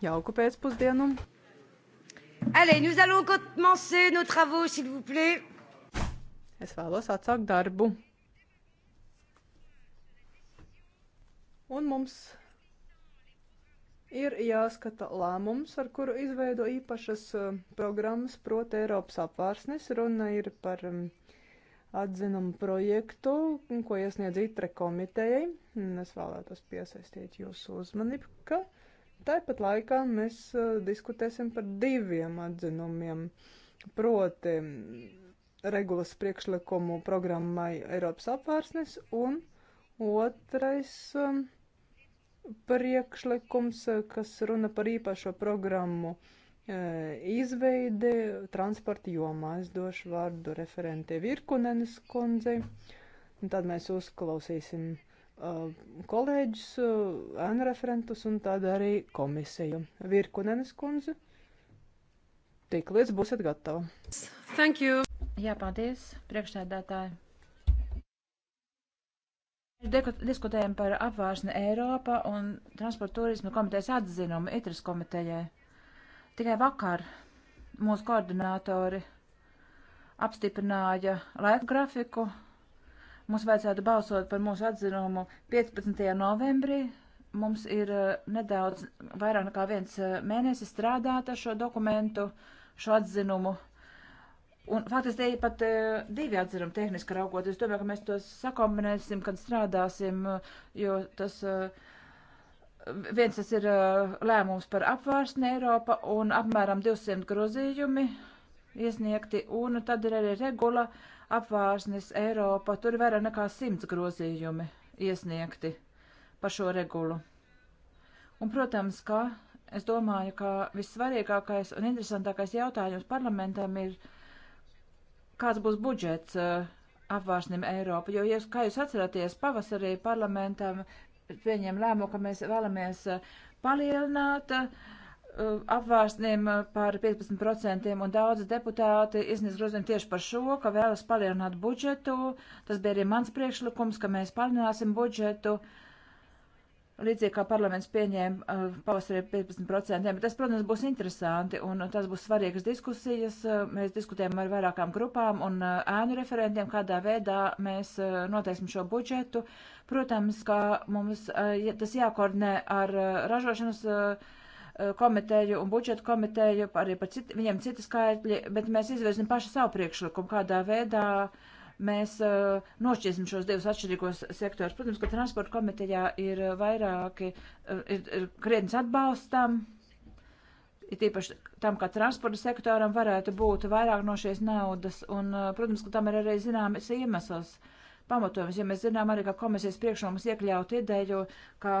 Jauku pēcpusdienu! Allez, nous allons commencer nos travaux, s'il vous plaît. Es vēlos atsākt darbu. Un mums ir jāskata lēmums, ar kuru izveido īpašas eh, programmas, proti Eiropas apvārsnes. Runa ir par mm, atzinumu projektu, ko iesniedz ITRE komitejai. Mm, es vēlētos piesaistīt jūsu uzmanību, ka Tāpat laikā mēs eh, diskutēsim par diviem atzinumiem, proti mm, regulas priekšlikumu programmai Eiropas apvārsnes un otrais mm, priekšlikums, eh, kas runa par īpašo programmu eh, izveidi transporta jomā. Es došu vārdu referentē Virkunenes kundzei, un tad mēs uzklausīsim Uh, kolēģis, uh, ēnreferentus un tad arī komisiju. Virkunenes kundze, tik līdz būsiet gatava. Thank you! Jā, paldies, priekšstādātāji. Diskutējam par apvārsni Eiropa un transporta turismu komitejas atzinumu ITRIS komitejai. Tikai vakar mūsu koordinātori apstiprināja laika grafiku Mums vajadzētu balsot par mūsu atzinumu 15. novembrī. Mums ir eh, nedaudz vairāk nekā viens eh, mēnesis strādāt ar šo dokumentu, šo atzinumu. Un faktiski te ir pat eh, divi atzinumi tehniski raugoties. Es domāju, ka mēs tos sakombinēsim, kad strādāsim, jo tas. Viens tas ir lēmums par apvārsni Eiropa un apmēram 200 grozījumi iesniegti, un tad ir arī regula, uh, apvārsnes Eiropa, tur ir vairāk nekā simts grozījumi iesniegti par šo regulu. Un, protams, ka es domāju, ka vissvarīgākais un interesantākais jautājums parlamentam ir, kāds būs budžets uh, apvārsnim Eiropu, jo, ja, kā jūs atceraties, pavasarī parlamentam pieņem lēmumu, ka mēs vēlamies eh, palielināt uh, apvārsniem eh, par 15%, un daudzi deputāti iznes grozījumu tieši par šo, ka vēlas palielināt budžetu. Tas bija arī mans priekšlikums, ka mēs palielināsim budžetu, līdzīgi kā parlaments pieņēma eh, pavasarī 15%, bet tas, protams, būs interesanti, un tas būs svarīgas diskusijas. Mēs diskutējam ar vairākām grupām un eh, ēnu referentiem, kādā veidā mēs noteiksim šo budžetu. Protams, ka mums tas jākoordinē ar ražošanas komiteju un budžeta komiteju, arī par cit, viņiem citi skaitļi, bet mēs izvirsim paši savu priekšlikumu, kādā veidā mēs uh, nošķiesim šos divus atšķirīgos sektorus. Protams, ka transporta komitejā ir vairāki, uh, ir, ir krietnes atbalstam, ir tīpaši tam, kā transporta sektoram varētu būt vairāk no šīs naudas, un, uh, protams, ka tam ir arī zināmas iemesls pamatojums, ja mēs zinām arī, ka komisijas priekšlikums iekļaut ideju, ka. Kā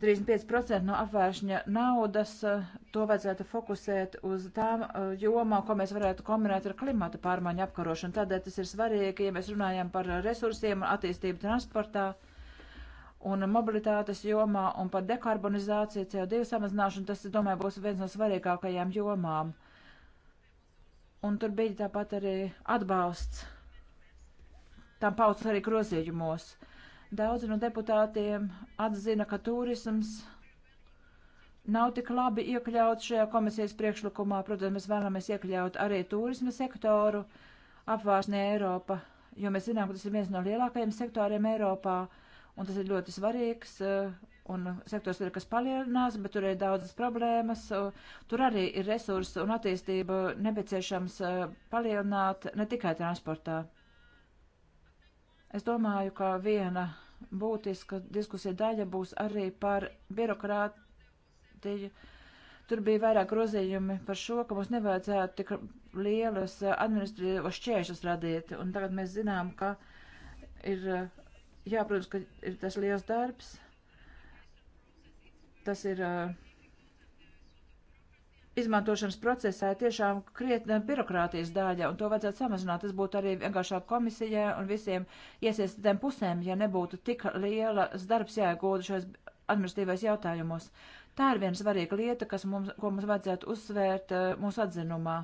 35% no apvēršņa naudas, eh, to vajadzētu fokusēt uz tām eh, jomām, ko mēs varētu kombinēt ar klimata pārmaiņu apkarošanu. Tādēļ tas ir svarīgi, ja mēs runājam par resursiem un attīstību transportā un mobilitātes jomā un par dekarbonizāciju, CO2 samazināšanu, tas, domāju, būs viens no svarīgākajām jomām. Un tur bija tāpat arī atbalsts tam paudzes arī grozījumos. Uh, Daudzi no deputātiem atzina, ka turisms nav tik labi iekļauts šajā komisijas priekšlikumā. Protams, mēs vēlamies iekļaut arī turisma sektoru apvārsnē Eiropa, jo mēs zinām, ka tas ir viens no lielākajiem sektoriem Eiropā, un tas ir ļoti svarīgs, eh, un sektors ir, kas palielinās, bet tur ir daudzas problēmas. Eh, tur arī ir resursi un attīstība nepieciešams eh, palielināt ne tikai transportā. Es domāju, ka viena būtiska diskusija daļa būs arī par birokrātiju. Tur bija vairāk grozījumi par šo, ka mums nevajadzētu tik lielas administratīvas šķēršas radīt. Un tagad mēs zinām, ka ir, jā, protams, ka ir tas liels darbs. Tas ir uh, izmantošanas procesā ir tiešām krietna birokrātijas daļa, un to vajadzētu samazināt. Tas būtu arī vienkāršāk komisijai un visiem iesaistītēm pusēm, ja nebūtu tik liela darbs jāiegūda šajos administratīvais jautājumos. Tā ir viena svarīga lieta, kas mums, ko mums vajadzētu uzsvērt eh, mūsu atzinumā.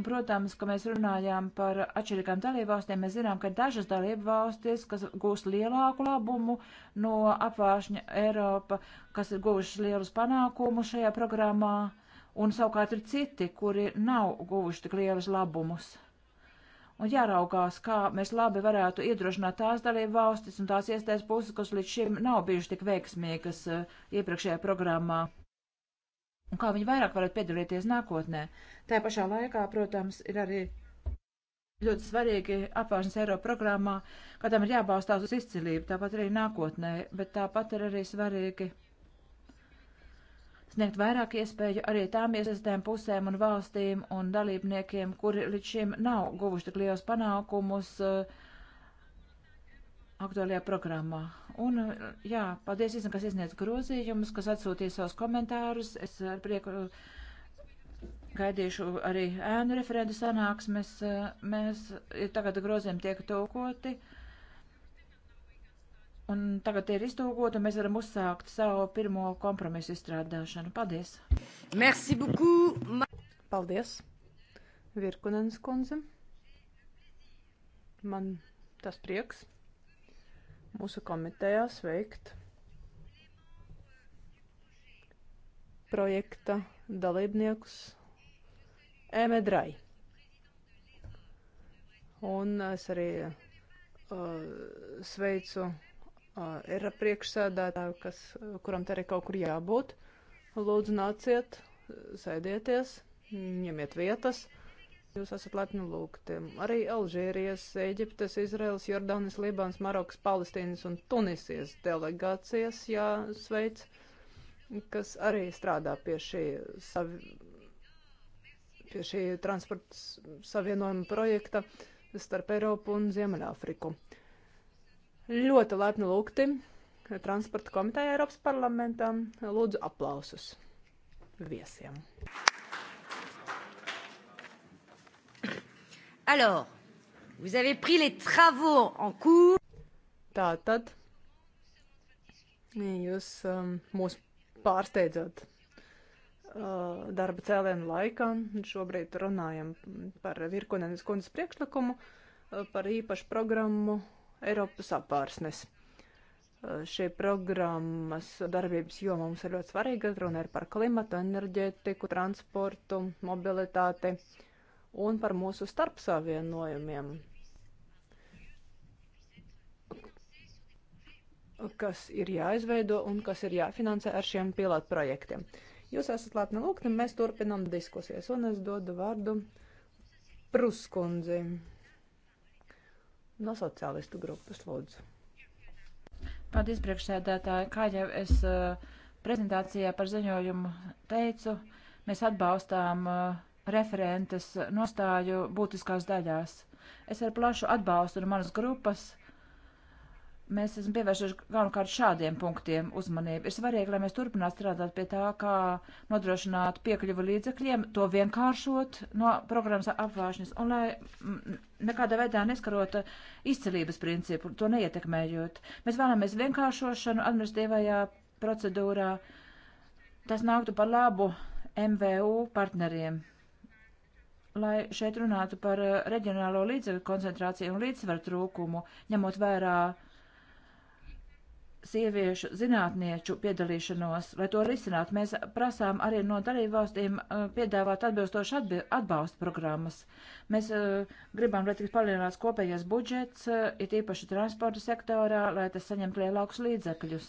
Un, protams, ka mēs runājām par atšķirīgām dalībvalstīm, mēs zinām, ka dažas dalībvalstis, kas gūs lielāku labumu no apvāršņa Eiropa, kas ir guvušas lielus panākumus šajā programmā, un savukārt ir citi, kuri nav guvuši tik lielus labumus un jāraugās, kā mēs labi varētu iedrošināt tās dalību valstis un tās iestājas puses, kas līdz šim nav bijušas tik veiksmīgas uh, iepriekšējā programmā un kā viņi vairāk varētu piedalīties nākotnē. Tā pašā laikā, protams, ir arī ļoti svarīgi apvāršanas eiro programmā, ka tam ir jābalstās uz izcilību, tāpat arī nākotnē, bet tāpat ir arī svarīgi sniegt vairāk iespēju arī tām iesaistēm pusēm un valstīm un dalībniekiem, kuri līdz šim nav guvuši tik liels panākumus, uh, aktuālajā programmā. Un, eh, jā, paldies visiem, kas iesniedz grozījumus, kas atsūtīja savus komentārus. Es ar prieku eh, gaidīšu arī ēnu referendu sanāksmes. Eh, mēs tagad grozījumi tiek tūkoti. Un tagad ir iztūkot, un mēs varam uzsākt savu pirmo kompromisu izstrādāšanu. Paldies! Merci beaucoup! Paldies! Virkunenes kundze. Man tas prieks mūsu komitejās veikt projekta dalībniekus Emedrai. Un es arī uh, sveicu uh, ir priekšsēdētāju, kas, kuram te arī kaut kur jābūt. Lūdzu, nāciet, sēdieties, ņemiet vietas. Uh, Jūs esat lepni lūgti. Arī Alžīrijas, Eģiptes, Izraels, Jordānas, Libāns, Marokas, Palestīnas un Tunisijas delegācijas jāsveic, kas arī strādā pie šī, savi, pie šī transporta savienojuma projekta starp Eiropu un Ziemeļāfriku. Ļoti lepni lūgti transporta komiteja Eiropas parlamentā. Lūdzu aplausus viesiem. Alors, vous avez pris les travaux en cours. Tātad, jūs um, mūs pārsteidzat uh, darba cēlienu laikā. Šobrīd runājam par Virkunenes kundzes priekšlikumu uh, par īpašu programmu Eiropas apārsnes. Uh, šī programmas darbības joma mums ir ļoti svarīga. Runa ir par klimatu, enerģētiku, transportu, mobilitāti. Uh, un par mūsu starpsavienojumiem, kas ir jāizveido un kas ir jāfinansē ar šiem pilotu projektiem. Jūs esat lēpni lūgti, mēs turpinam diskusijas, un es dodu vārdu Pruskundzi no sociālistu grupas lūdzu. Paldies, priekšsēdētāji. Kā jau es uh, prezentācijā par ziņojumu teicu, mēs atbalstām uh, referentes nostāju būtiskās daļās. Es ar plašu atbalstu no manas grupas. Mēs esam pievērsuši galvenokārt šādiem punktiem uzmanību. Ir svarīgi, lai mēs turpinātu strādāt pie tā, kā nodrošināt piekļuvu līdzekļiem, to vienkāršot no programmas apvāršanas un lai nekādā veidā neskarot izcelības principu, to neietekmējot. Mēs vēlamies vienkāršošanu administratīvajā procedūrā. Tas nāktu par labu MVU partneriem lai šeit runātu par eh, reģionālo līdzekļu koncentrāciju un līdzsvaru trūkumu, ņemot vērā sieviešu zinātnieču piedalīšanos, lai to risinātu, mēs prasām arī no dalībvalstīm eh, piedāvāt atbilstošu atbi atbalstu programmas. Mēs uh, gribam, lai tiks palielināts kopējais budžets, uh, it īpaši transporta sektorā, lai tas saņemtu lielākus līdzekļus.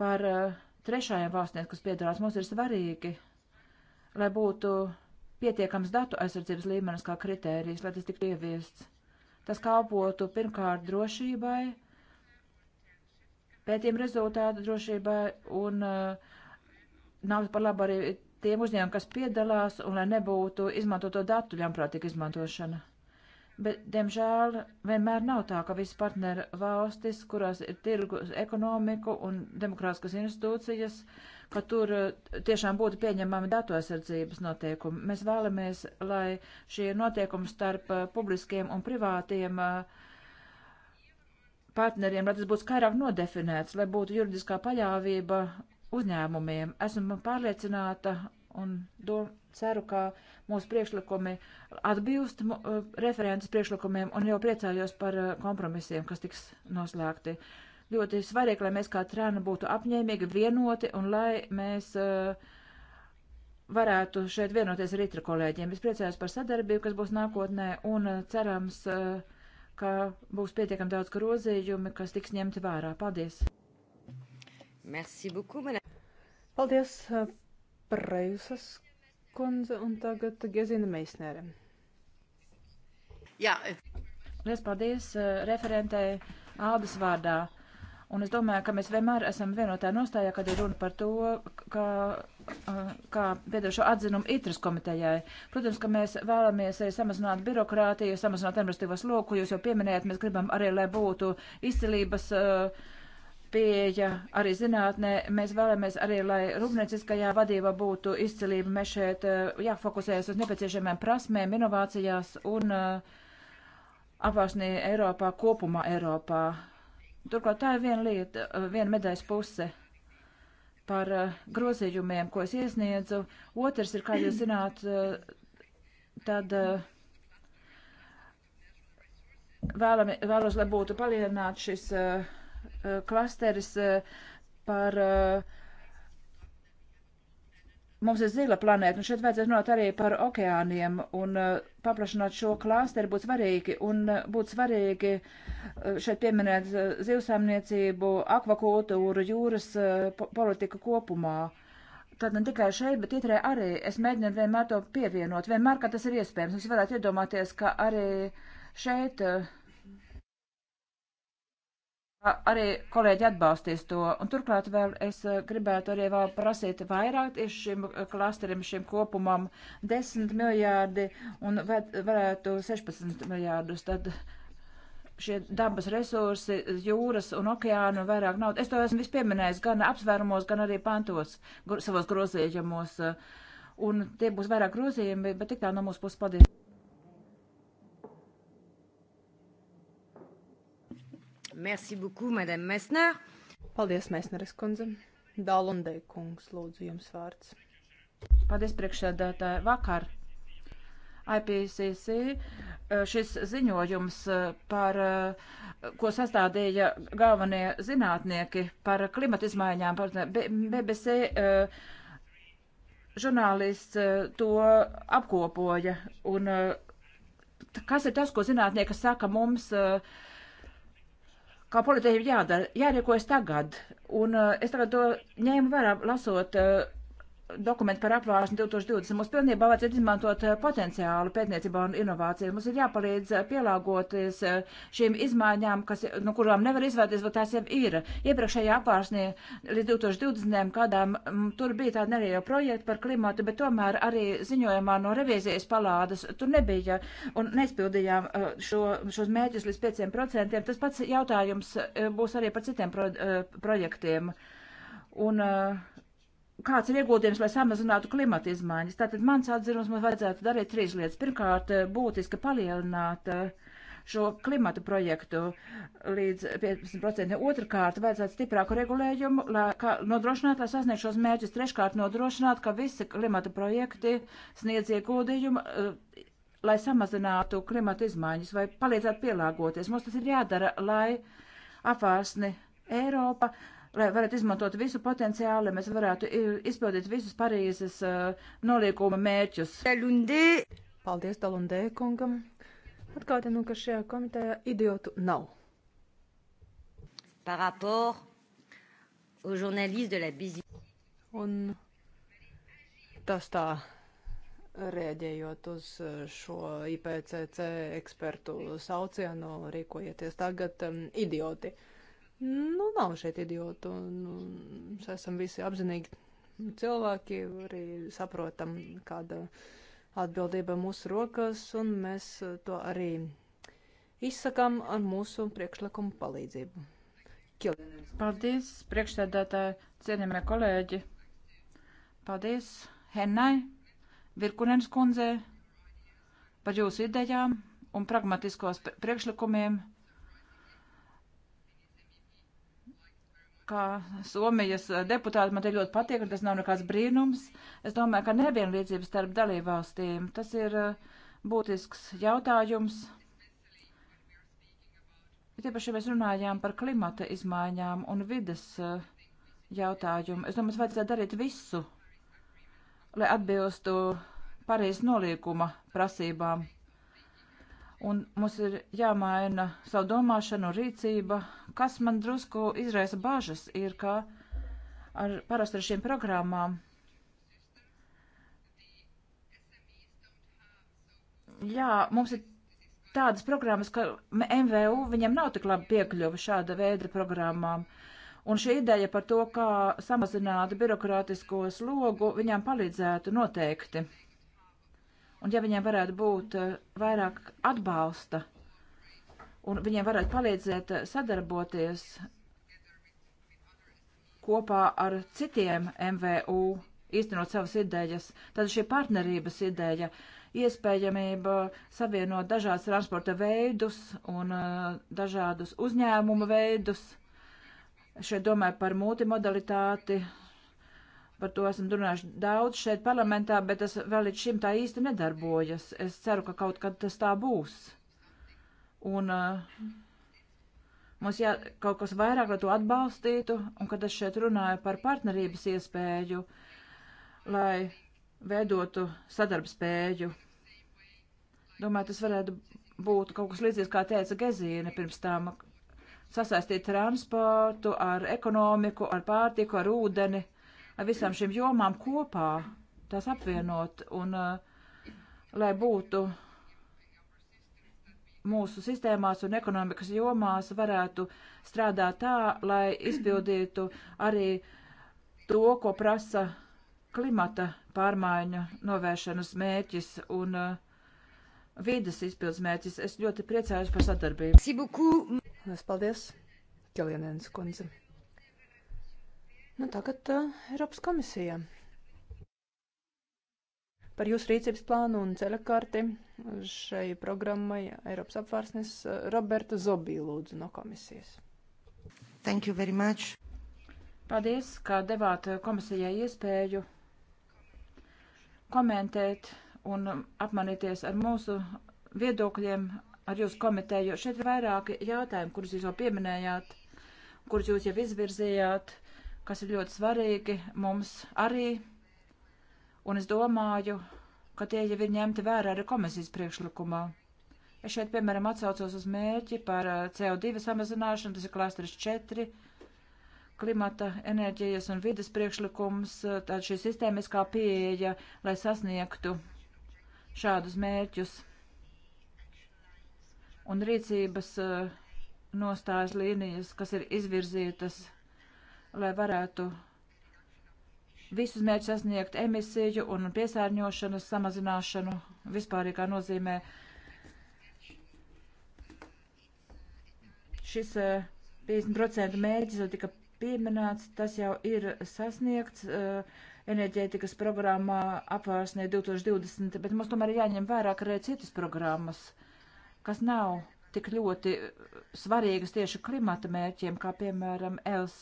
Par uh, trešajiem valstīm, kas piedalās, mums ir svarīgi, lai būtu uh, pietiekams datu aizsardzības līmenis kā kritērijs, lai tas tiktu ieviests. Tas kalpotu pirmkārt drošībai, pētījuma rezultātu drošībai un uh, nāks par labu arī tiem uzņēmumiem, kas piedalās un lai nebūtu izmantoto datu ļaunprātīga izmantošana. Bet, diemžēl, vienmēr nav tā, ka visi partneru valstis, kurās ir tirgus ekonomiku un demokrātiskas institūcijas, uh, ka tur eh, tiešām būtu pieņemami datorsardzības noteikumi. Mēs vēlamies, lai šie noteikumi starp eh, publiskiem un privātiem eh, partneriem, lai tas būtu skaidrāk nodefinēts, lai būtu juridiskā paļāvība uzņēmumiem. Esmu pārliecināta un do, ceru, ka mūsu priekšlikumi atbilst referents priekšlikumiem un jau priecājos par kompromisiem, kas tiks noslēgti. Uh, Ļoti svarīgi, lai mēs kā trēna būtu apņēmīgi, vienoti un lai mēs uh, varētu šeit vienoties ar itra kolēģiem. Es priecājos par sadarbību, kas būs nākotnē, un eh, cerams, eh, ka būs pietiekam daudz grozījumi, kas tiks ņemti vērā. Paldies! Merci beaucoup, man... Paldies, Prejusas kundze, un tagad Gezina Meisnere. Jā. Lies paldies referentei Ādas vārdā. Un es domāju, ka mēs vienmēr esam vienotā nostājā, kad ir runa par to, kā, kā piedošo atzinumu itras komitejai. Protams, ka mēs vēlamies arī samazināt birokrātiju, samazināt administratīvo sloku, jūs jau pieminējat, mēs gribam arī, lai būtu izcilības uh, pieeja arī zinātnē. Mēs vēlamies arī, lai rūpnieciskajā vadībā būtu izcilība. Mēs šeit uh, jāfokusējas uz nepieciešamiem prasmēm, inovācijās un uh, apvārsnī Eiropā, kopumā Eiropā Turklāt tā ir viena lieta, eh, viena medaļas puse par eh, grozījumiem, ko es iesniedzu. Otrs ir, kā jūs zināt, eh, tad vēlam, vēlos, lai būtu palielināts šis klasteris par uh, mums ir zila planēta, un šeit vajadzētu runāt arī par okeāniem, un uh, paplašināt šo klāsteru būtu svarīgi, un uh, būtu svarīgi uh, šeit pieminēt uh, zivsaimniecību, akvakultūru, jūras uh, po politiku kopumā. Tad ne tikai šeit, bet itrē arī es mēģinu vienmēr to pievienot, vienmēr, ka tas ir iespējams. Jūs varētu iedomāties, ka arī šeit. Uh, arī kolēģi atbalstīs to. Un turklāt vēl es gribētu arī vēl prasīt vairāk tieši šim klasterim, šim kopumam 10 miljārdi un varētu 16 miljārdus. Tad šie dabas resursi, jūras un okeānu un vairāk naudas. Es to esmu vispieminējis gan apsvērumos, gan arī pantos savos grozījumos. Un tie būs vairāk grozījumi, bet tik tā no mūsu puses paldies. Merci beaucoup, Madame Mesner. Paldies, Mesneres kundze. Dālundei kungs, lūdzu, jums vārds. Paldies, priekšsēdētāji. Vakar IPCC eh, šis ziņojums eh, par, eh, ko sastādīja galvenie zinātnieki par klimatizmaiņām, par BBC žurnālists to apkopoja. Un kas ir tas, ko zinātnieki saka mums? Uh, kā politiķiem jādara, jārīkojas tagad. Un uh, es tagad to ņēmu vērā, lasot uh, dokumenti par apvāršanu 2020. Mums pilnībā vajadzētu izmantot eh, potenciālu pētniecībā un inovāciju. Mums ir jāpalīdz eh, pielāgoties eh, šīm izmaiņām, kas, no nu, kurām nevar izvairīties, bet tās jau ir. Iepriekšējā apvāršanī līdz 2020. gadām mm, tur bija tāda neliela projekta par klimatu, bet tomēr arī ziņojumā no revīzijas palādas tur nebija un neizpildījām šo, šos mēķus līdz 5%. Tas pats jautājums būs arī par citiem pro, projektiem. Un uh, kāds ir ieguldījums, lai samazinātu klimata izmaiņas. Tātad mans atzinums mums vajadzētu darīt trīs lietas. Pirmkārt, eh, būtiski palielināt eh, šo klimatu projektu līdz 15%. Otrakārt, vajadzētu stiprāku regulējumu, lai nodrošinātu, lai sasniegtu šos mērķus. Treškārt, nodrošināt, ka visi klimata projekti sniedz ieguldījumu eh, lai samazinātu klimatu izmaiņas vai palīdzētu pielāgoties. Mums tas ir jādara, lai apvārsni Eiropa uh, lai varētu izmantot visu potenciālu, lai mēs varētu izpildīt visus Parīzes uh, noliekuma mērķus. Paldies Dalundē kungam. Atgādinu, ka šajā komitejā idiotu nav. Par rapport aux journalistes de la busy. Un tas tā rēģējot uz uh, šo IPCC ekspertu saucienu, rīkojieties tagad um, idioti. Uh, Nu, nav šeit idiotu, un mēs esam visi apzinīgi cilvēki, arī saprotam, kāda atbildība mūsu rokās, un mēs to arī izsakām ar mūsu priekšlikumu palīdzību. Kildenes. Paldies, priekšsēdētāji, cienījamie kolēģi. Paldies Hennai, Virkunens kundzei par jūsu idejām un pragmatiskos priekšlikumiem. kā Somijas eh, deputāti man te ļoti patīk, un tas nav nekāds brīnums. Es domāju, ka nevienlīdzības starp dalībvalstīm tas ir eh, būtisks jautājums. Tiepaši mēs runājām par klimata izmaiņām un vides eh, jautājumu. Es domāju, vajadzētu darīt visu, lai atbilstu Parīzes noliekuma prasībām. Un mums ir jāmaina savu domāšanu un rīcība. Kas man drusku izraisa bažas, ir, ka ar parasti ar šīm programmām Jā, mums ir tādas programmas, ka MVU viņiem nav tik labi piekļuva šāda veida programmām. Un šī ideja par to, kā samazināt birokrātisko slogu, viņām palīdzētu noteikti. Un ja viņiem varētu būt eh, vairāk atbalsta un viņiem varētu palīdzēt eh, sadarboties kopā ar citiem MVU, īstenot savas idejas, tad šī partnerības ideja, iespējamība savienot dažādas transporta veidus un eh, dažādus uzņēmumu veidus. Šeit domāju par multimodalitāti, Par to esam runājuši daudz šeit parlamentā, bet tas vēl līdz šim tā īsti nedarbojas. Es ceru, ka kaut kad tas tā būs. Un uh, mums jā, kaut kas vairāk, lai to atbalstītu, un kad es šeit runāju par partnerības iespēju, lai veidotu sadarbspēju. Domāju, tas varētu būtu kaut kas līdzīgs, kā teica Gezīne pirms tam, sasaistīt transportu ar ekonomiku, ar pārtiku, ar ūdeni ar visām šīm jomām kopā, tās apvienot un uh, lai būtu mūsu sistēmās un ekonomikas jomās varētu strādāt tā, lai izpildītu arī to, ko prasa klimata pārmaiņu novēršanas mērķis un uh, eh, vides izpildes mērķis. Es ļoti priecājos par sadarbību. Paldies, Kalienēns kundze. Nu, tagad uh, Eiropas komisija. Par jūsu rīcības plānu un ceļakārti šai programmai Eiropas apvārsnes Roberta Zobī lūdzu no komisijas. Thank you very much. Paldies, ka devāt komisijai iespēju komentēt un apmanīties ar mūsu viedokļiem, ar jūsu komiteju. Šeit ir vairāki jautājumi, kurus jūs jau pieminējāt, kurus jūs jau izvirzījāt. Uh, kas ir ļoti svarīgi mums arī, un es domāju, ka tie jau ir ņemti vērā arī komisijas priekšlikumā. Es šeit, piemēram, atsaucos uz mērķi par uh, CO2 samazināšanu, tas ir klāsteris 4, klimata, enerģijas un vidas priekšlikums, uh, tāda šī sistēmiskā pieeja, lai sasniegtu šādus mērķus un rīcības uh, nostājas līnijas, kas ir izvirzītas lai varētu visus mērķus sasniegt emisiju un piesārņošanas samazināšanu vispārīgā nozīmē. Šis 50% eh, mērķis jau tika pieminēts, tas jau ir sasniegts eh, enerģētikas programmā apvārsnē 2020, bet mums tomēr ir jāņem vērā, ka arī citas programmas, kas nav tik ļoti eh, svarīgas tieši klimata mērķiem, kā piemēram ELS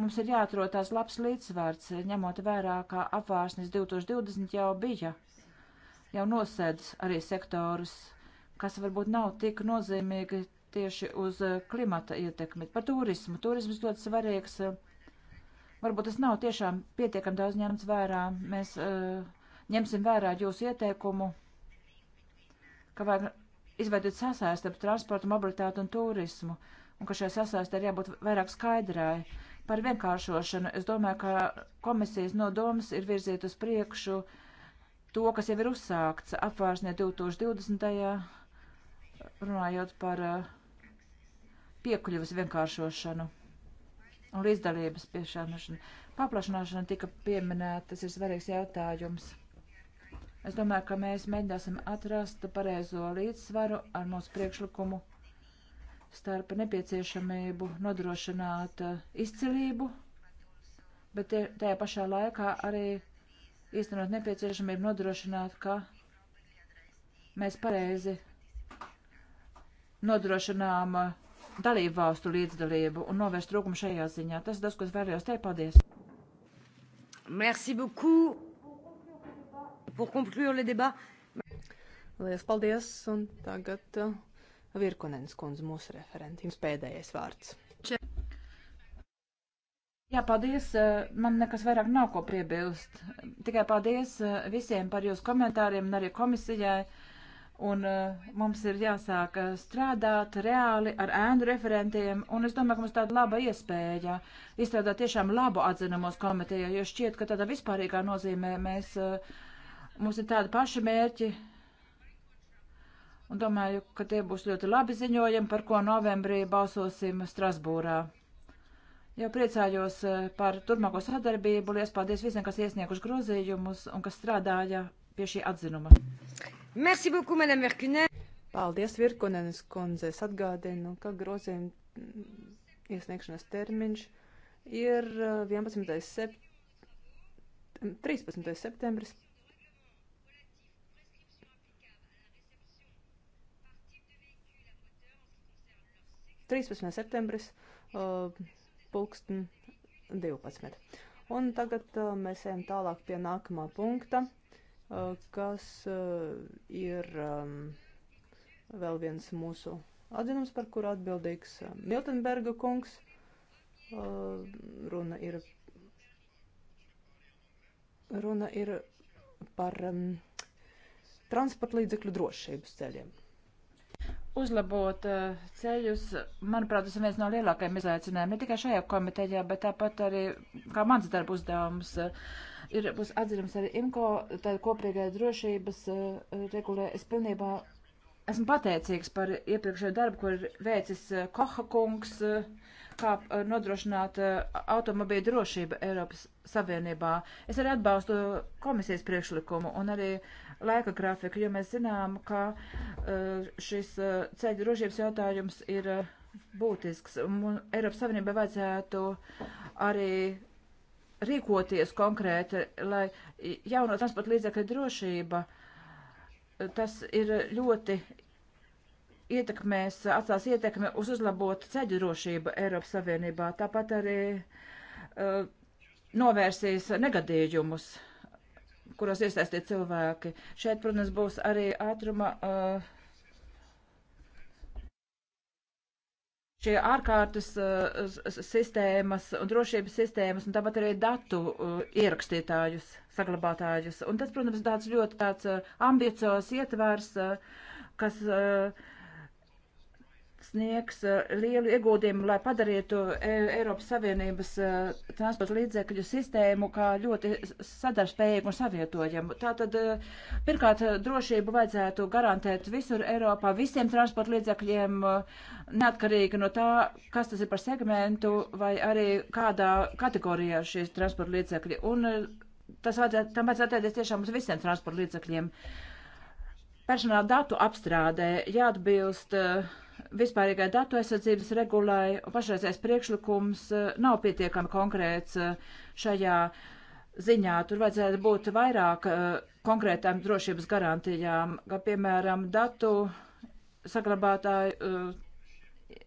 Mums ir jāatrod tās labs līdzsvārds, ņemot vērā, kā apvārsnes 2020 jau bija, jau nosēdz arī sektorus, kas varbūt nav tik nozīmīgi tieši uz eh, klimata ietekmi. Par turismu. Turisms ļoti svarīgs. Eh, varbūt tas nav tiešām pietiekami daudz ņemts vērā. Mēs uh, ņemsim vērā jūsu ieteikumu, ka vajag izveidot sasaisti ar transportu, mobilitātu un turismu, un ka šajā sasaistē ir jābūt vairāk skaidrāji Par vienkāršošanu es domāju, ka komisijas nodoms ir virzīt uz priekšu to, kas jau ir uzsākts apvārsnē 2020. runājot par eh, piekļuvas vienkāršošanu un līdzdalības piešānošanu. Paplašināšana tika pieminēta, tas ir svarīgs jautājums. Es domāju, ka mēs mēģināsim atrast pareizo līdzsvaru ar mūsu priekšlikumu starp nepieciešamību nodrošināt eh, izcilību, bet tajā pašā laikā arī īstenot nepieciešamību nodrošināt, ka mēs pareizi nodrošinām eh, dalību valstu līdzdalību un novērst trūkumu šajā ziņā. Tas ir tas, ko es vēlējos teikt. Paldies! Merci beaucoup pour conclure le débat. Lielas paldies, un tagad uh, Virkunens kundze, mūsu referenti. Jums pēdējais vārds. Jā, paldies. Eh, man nekas vairāk nav ko piebilst. Tikai paldies eh, visiem par jūsu komentāriem un arī komisijai. Un eh, mums ir jāsāk strādāt reāli ar ēnu referentiem, un es domāju, ka mums tāda laba iespēja izstrādāt tiešām labu atzinumos komitejā, jo šķiet, ka tādā vispārīgā nozīmē mēs, mums ir tādi paši mērķi, un domāju, ka tie būs ļoti labi ziņojumi, par ko novembrī balsosim Strasbūrā. Jau priecājos eh, par turpmāko sadarbību, liels paldies visiem, kas iesnieguši grozījumus un kas strādāja pie šī atzinuma. Merci beaucoup, Madame Verkunen. Paldies, Virkunenes kundze. Es atgādinu, ka grozījuma mm, iesniegšanas termiņš ir 11. Sep... 13. septembris 13. septembris, uh, pulksten 12. Un tagad uh, mēs ejam tālāk pie nākamā punkta, uh, kas ir um, vēl viens mūsu atzinums, par kuru atbildīgs Miltenberga kungs. Runa ir, runa ir par um, transportlīdzekļu drošības ceļiem uzlabot eh, ceļus, manuprāt, tas ir viens no lielākajiem izaicinājumiem, ne tikai šajā komitejā, bet tāpat arī, kā mans darba uzdevums, eh, ir, būs atzinums arī IMCO, tāda kopīgā drošības eh, regulē. Es pilnībā esmu pateicīgs par iepriekšējo darbu, ko ir veicis Koha kungs, kā nodrošināt automobīļu drošību Eiropas Savienībā. Es arī atbalstu komisijas priekšlikumu un arī uh, laika grafiku, jo mēs zinām, ka eh, šis eh, ceļu drošības jautājums ir eh, būtisks. Un Eiropas Savienībai vajadzētu arī rīkoties konkrēti, lai jauno transporta līdzekļu drošība, tas ir ļoti ietekmēs, atstās ietekmi uz uzlabot ceļu drošību Eiropas Savienībā. Tāpat arī uh, novērsīs negadījumus kuros iesaistīt cilvēki. Šeit, protams, būs arī ātruma. Uh, Šie ārkārtas uh, sistēmas un drošības sistēmas, un tāpat arī datu uh, ierakstītājus, saglabātājus. Un tas, protams, tāds ļoti tāds uh, ambiciozs ietvars, uh, kas uh, sniegs eh, lielu ieguldījumu, lai padarītu eh, Eiropas Savienības eh, transporta līdzekļu sistēmu kā ļoti sadarbspējīgu un savietojamu. Tātad, pirmkārt, drošību vajadzētu garantēt visur Eiropā visiem transporta līdzekļiem, neatkarīgi no tā, kas tas ir par segmentu vai arī kādā kategorijā šīs transporta līdzekļi. Un tas vajadzētu, tam vajadzētu attiekties tiešām uz visiem transporta līdzekļiem. Personāla datu apstrādē jāatbilst uh, vispārīgai datu aizsardzības regulai un pašreizējais priekšlikums eh, nav pietiekami konkrēts eh, šajā ziņā. Tur vajadzētu būt vairāk eh, konkrētām drošības garantijām, kā piemēram datu saglabātāju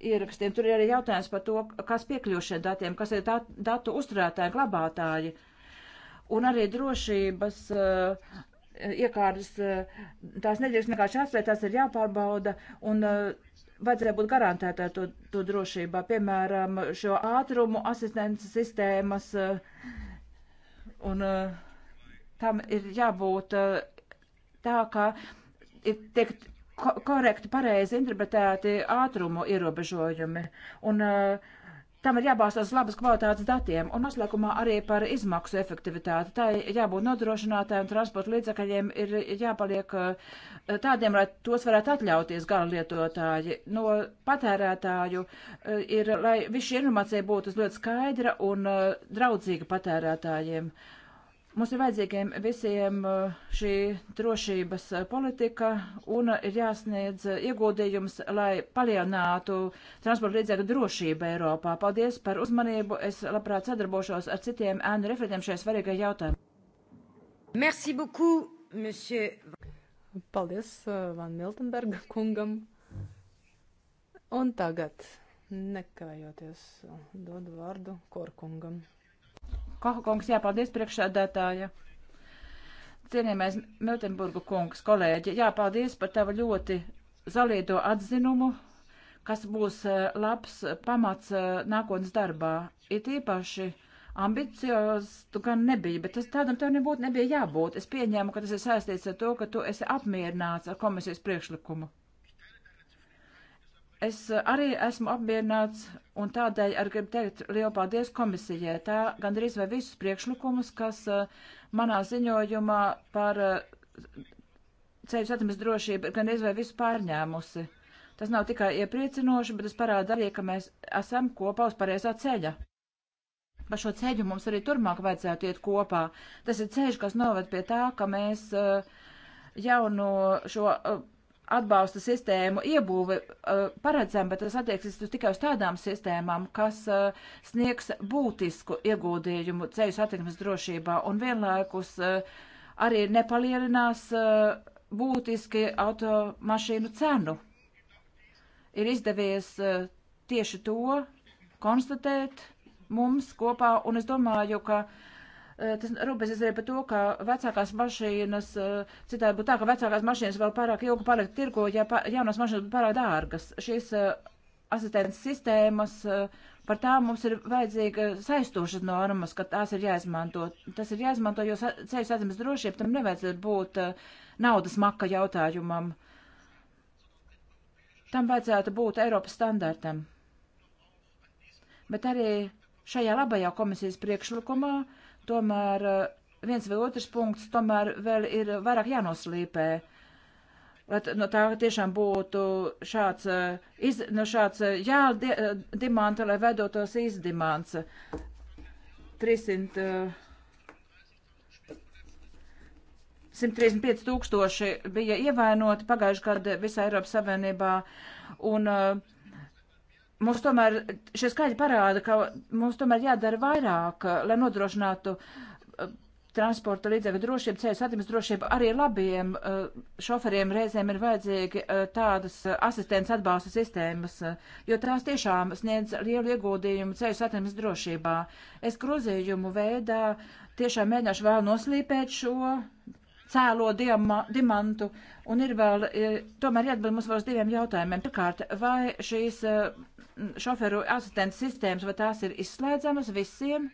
ierakstiem. Tur ir arī jautājums par to, kas piekļūst šiem datiem, kas ir datu uzturētāji, glabātāji. Un arī drošības uh, iekārtas, tās nedrīkst vienkārši atstāt, tās ir jāpārbauda, un uh, vajadzēja būt garantētā to, to drošībā, piemēram, šo ātrumu asistences sistēmas, eh, un eh, tam ir jābūt eh, tā, ka ir tiek korekti, pareizi interpretēti ātrumu ierobežojumi. Un uh, Tam ir jābalstās uz labas kvalitātes datiem un noslēgumā arī par izmaksu efektivitāti. Tā ir jābūt nodrošinātājiem un transporta līdzakaļiem ir jāpaliek eh, tādiem, lai tos varētu atļauties gala lietotāji. No patērētāju eh, ir, lai viss šī informācija būtu ļoti skaidra un eh, draudzīga patērētājiem. Uh, Mums ir vajadzīgiem visiem eh, šī drošības eh, politika un ir jāsniedz eh, ieguldījums, lai palielinātu transporta līdzekļu drošību Eiropā. Paldies par uzmanību. Es labprāt sadarbošos ar citiem ēnu referentiem šajā svarīgajā jautājumā. Merci beaucoup, monsieur. Paldies Van Miltenberga kungam. Un tagad, nekavējoties, dodu vārdu Korkungam. Kahakungs, jā, paldies priekšsēdētāja. Cienījamais Miltenburgu kungs, kolēģi, jā, paldies par tavu ļoti zalieto atzinumu, kas būs eh, labs eh, pamats eh, nākotnes darbā. Ir īpaši ambiciozs tu gan nebija, bet tas tādam tev nebūtu nebija jābūt. Es pieņēmu, ka tas ir saistīts ar to, ka tu esi apmierināts ar komisijas priekšlikumu. Es arī esmu apmierināts Un tādēļ arī gribu teikt lielu paldies komisijai. Tā gandrīz vai visus priekšlikumus, kas uh, manā ziņojumā par uh, ceļu satiksmes drošību ir gandrīz vai visu pārņēmusi. Tas nav tikai iepriecinoši, bet tas parāda arī, ka mēs esam kopā uz pareizā ceļa. Pa šo ceļu mums arī turmāk vajadzētu iet kopā. Tas ir ceļš, kas noved pie tā, ka mēs uh, eh, jaunu šo. Uh, atbalsta sistēmu iebūve eh, paredzam, bet tas attieksies tikai uz tādām sistēmām, kas eh, sniegs būtisku ieguldījumu ceļu satiksmes drošībā un vienlaikus eh, arī nepalielinās būtiski automašīnu cenu. Ir izdevies tieši to konstatēt mums kopā, un es domāju, ka uh, Eh, tas rūpēsies arī par to, ka vecākās mašīnas, eh, citādi būtu tā, ka vecākās mašīnas vēl pārāk ilgi paliek tirgo, ja pa, jaunās mašīnas būtu pārāk dārgas. Šīs eh, asistents sistēmas, par tām mums ir vajadzīga saistošas normas, ka tās ir jāizmanto. Tas ir jāizmanto, jo ceļu satiksmes drošība tam nevajadzētu būt naudas maka jautājumam. Tam vajadzētu būt Eiropas standartam. Bet arī šajā labajā komisijas priekšlikumā uh, Tomēr eh, viens vai otrs punkts tomēr vēl ir vairāk jānoslīpē. Lai no tā tiešām būtu šāds, eh, iz, no šāds eh, jā, di, dimanta, lai vedotos izdimants. 300. 135 tūkstoši bija ievainoti pagājuši gadu visā Eiropas Savienībā, un uh, mums tomēr šie skaļi parāda, ka mums tomēr jādara vairāk, eh, lai nodrošinātu eh, transporta līdzekļu drošību, ceļu satiksmes drošību. Arī labiem eh, šoferiem reizēm ir vajadzīgi tādas asistents atbalsta sistēmas, jo tās tiešām sniedz lielu ieguldījumu ceļu satiksmes drošībā. Es grozījumu veidā tiešām mēģināšu vēl noslīpēt šo cēlo diama, dimantu, un ir vēl, e, tomēr jāatbild mums vēl uz diviem jautājumiem. Pirmkārt, vai šīs e, šoferu asistents sistēmas, vai tās ir izslēdzamas visiem?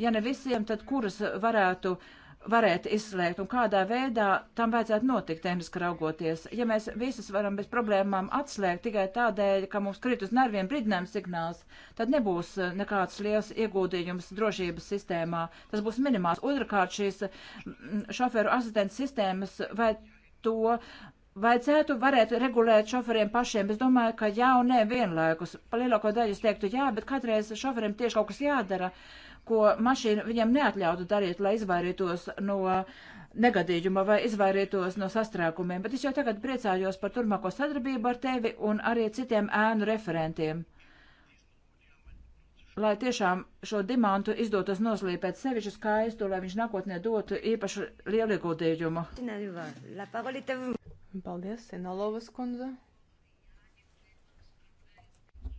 Ja ne visiem, tad kuras varētu uh, varētu izslēgt un kādā veidā tam vajadzētu notikt, tēmiski raugoties. Ja mēs visas varam bez problēmām atslēgt tikai tādēļ, ka mums krīt uz nerviem brīdinājums signāls, tad nebūs eh, nekāds liels ieguldījums drošības sistēmā. Tas būs minimāls. Otrakārt šīs mm, šoferu asistents sistēmas vai to. Vajadzētu varētu regulēt šoferiem pašiem, bet domāju, ka jā un nē vienlaikus. Pa lielāko daļu es teiktu jā, bet kādreiz šoferiem tieši kaut kas jādara. Uh, ko mašīna viņam neatļautu darīt, lai izvairītos no negadījuma vai izvairītos no sastrēgumiem, bet es jau tagad priecājos par turmāko sadarbību ar tevi un arī citiem ēnu referentiem. Lai tiešām šo dimantu izdotos noslīpēt sevišķu skaistu, lai viņš nākotnē dotu īpašu lielu ieguldījumu. Paldies, Sinalovas kundze.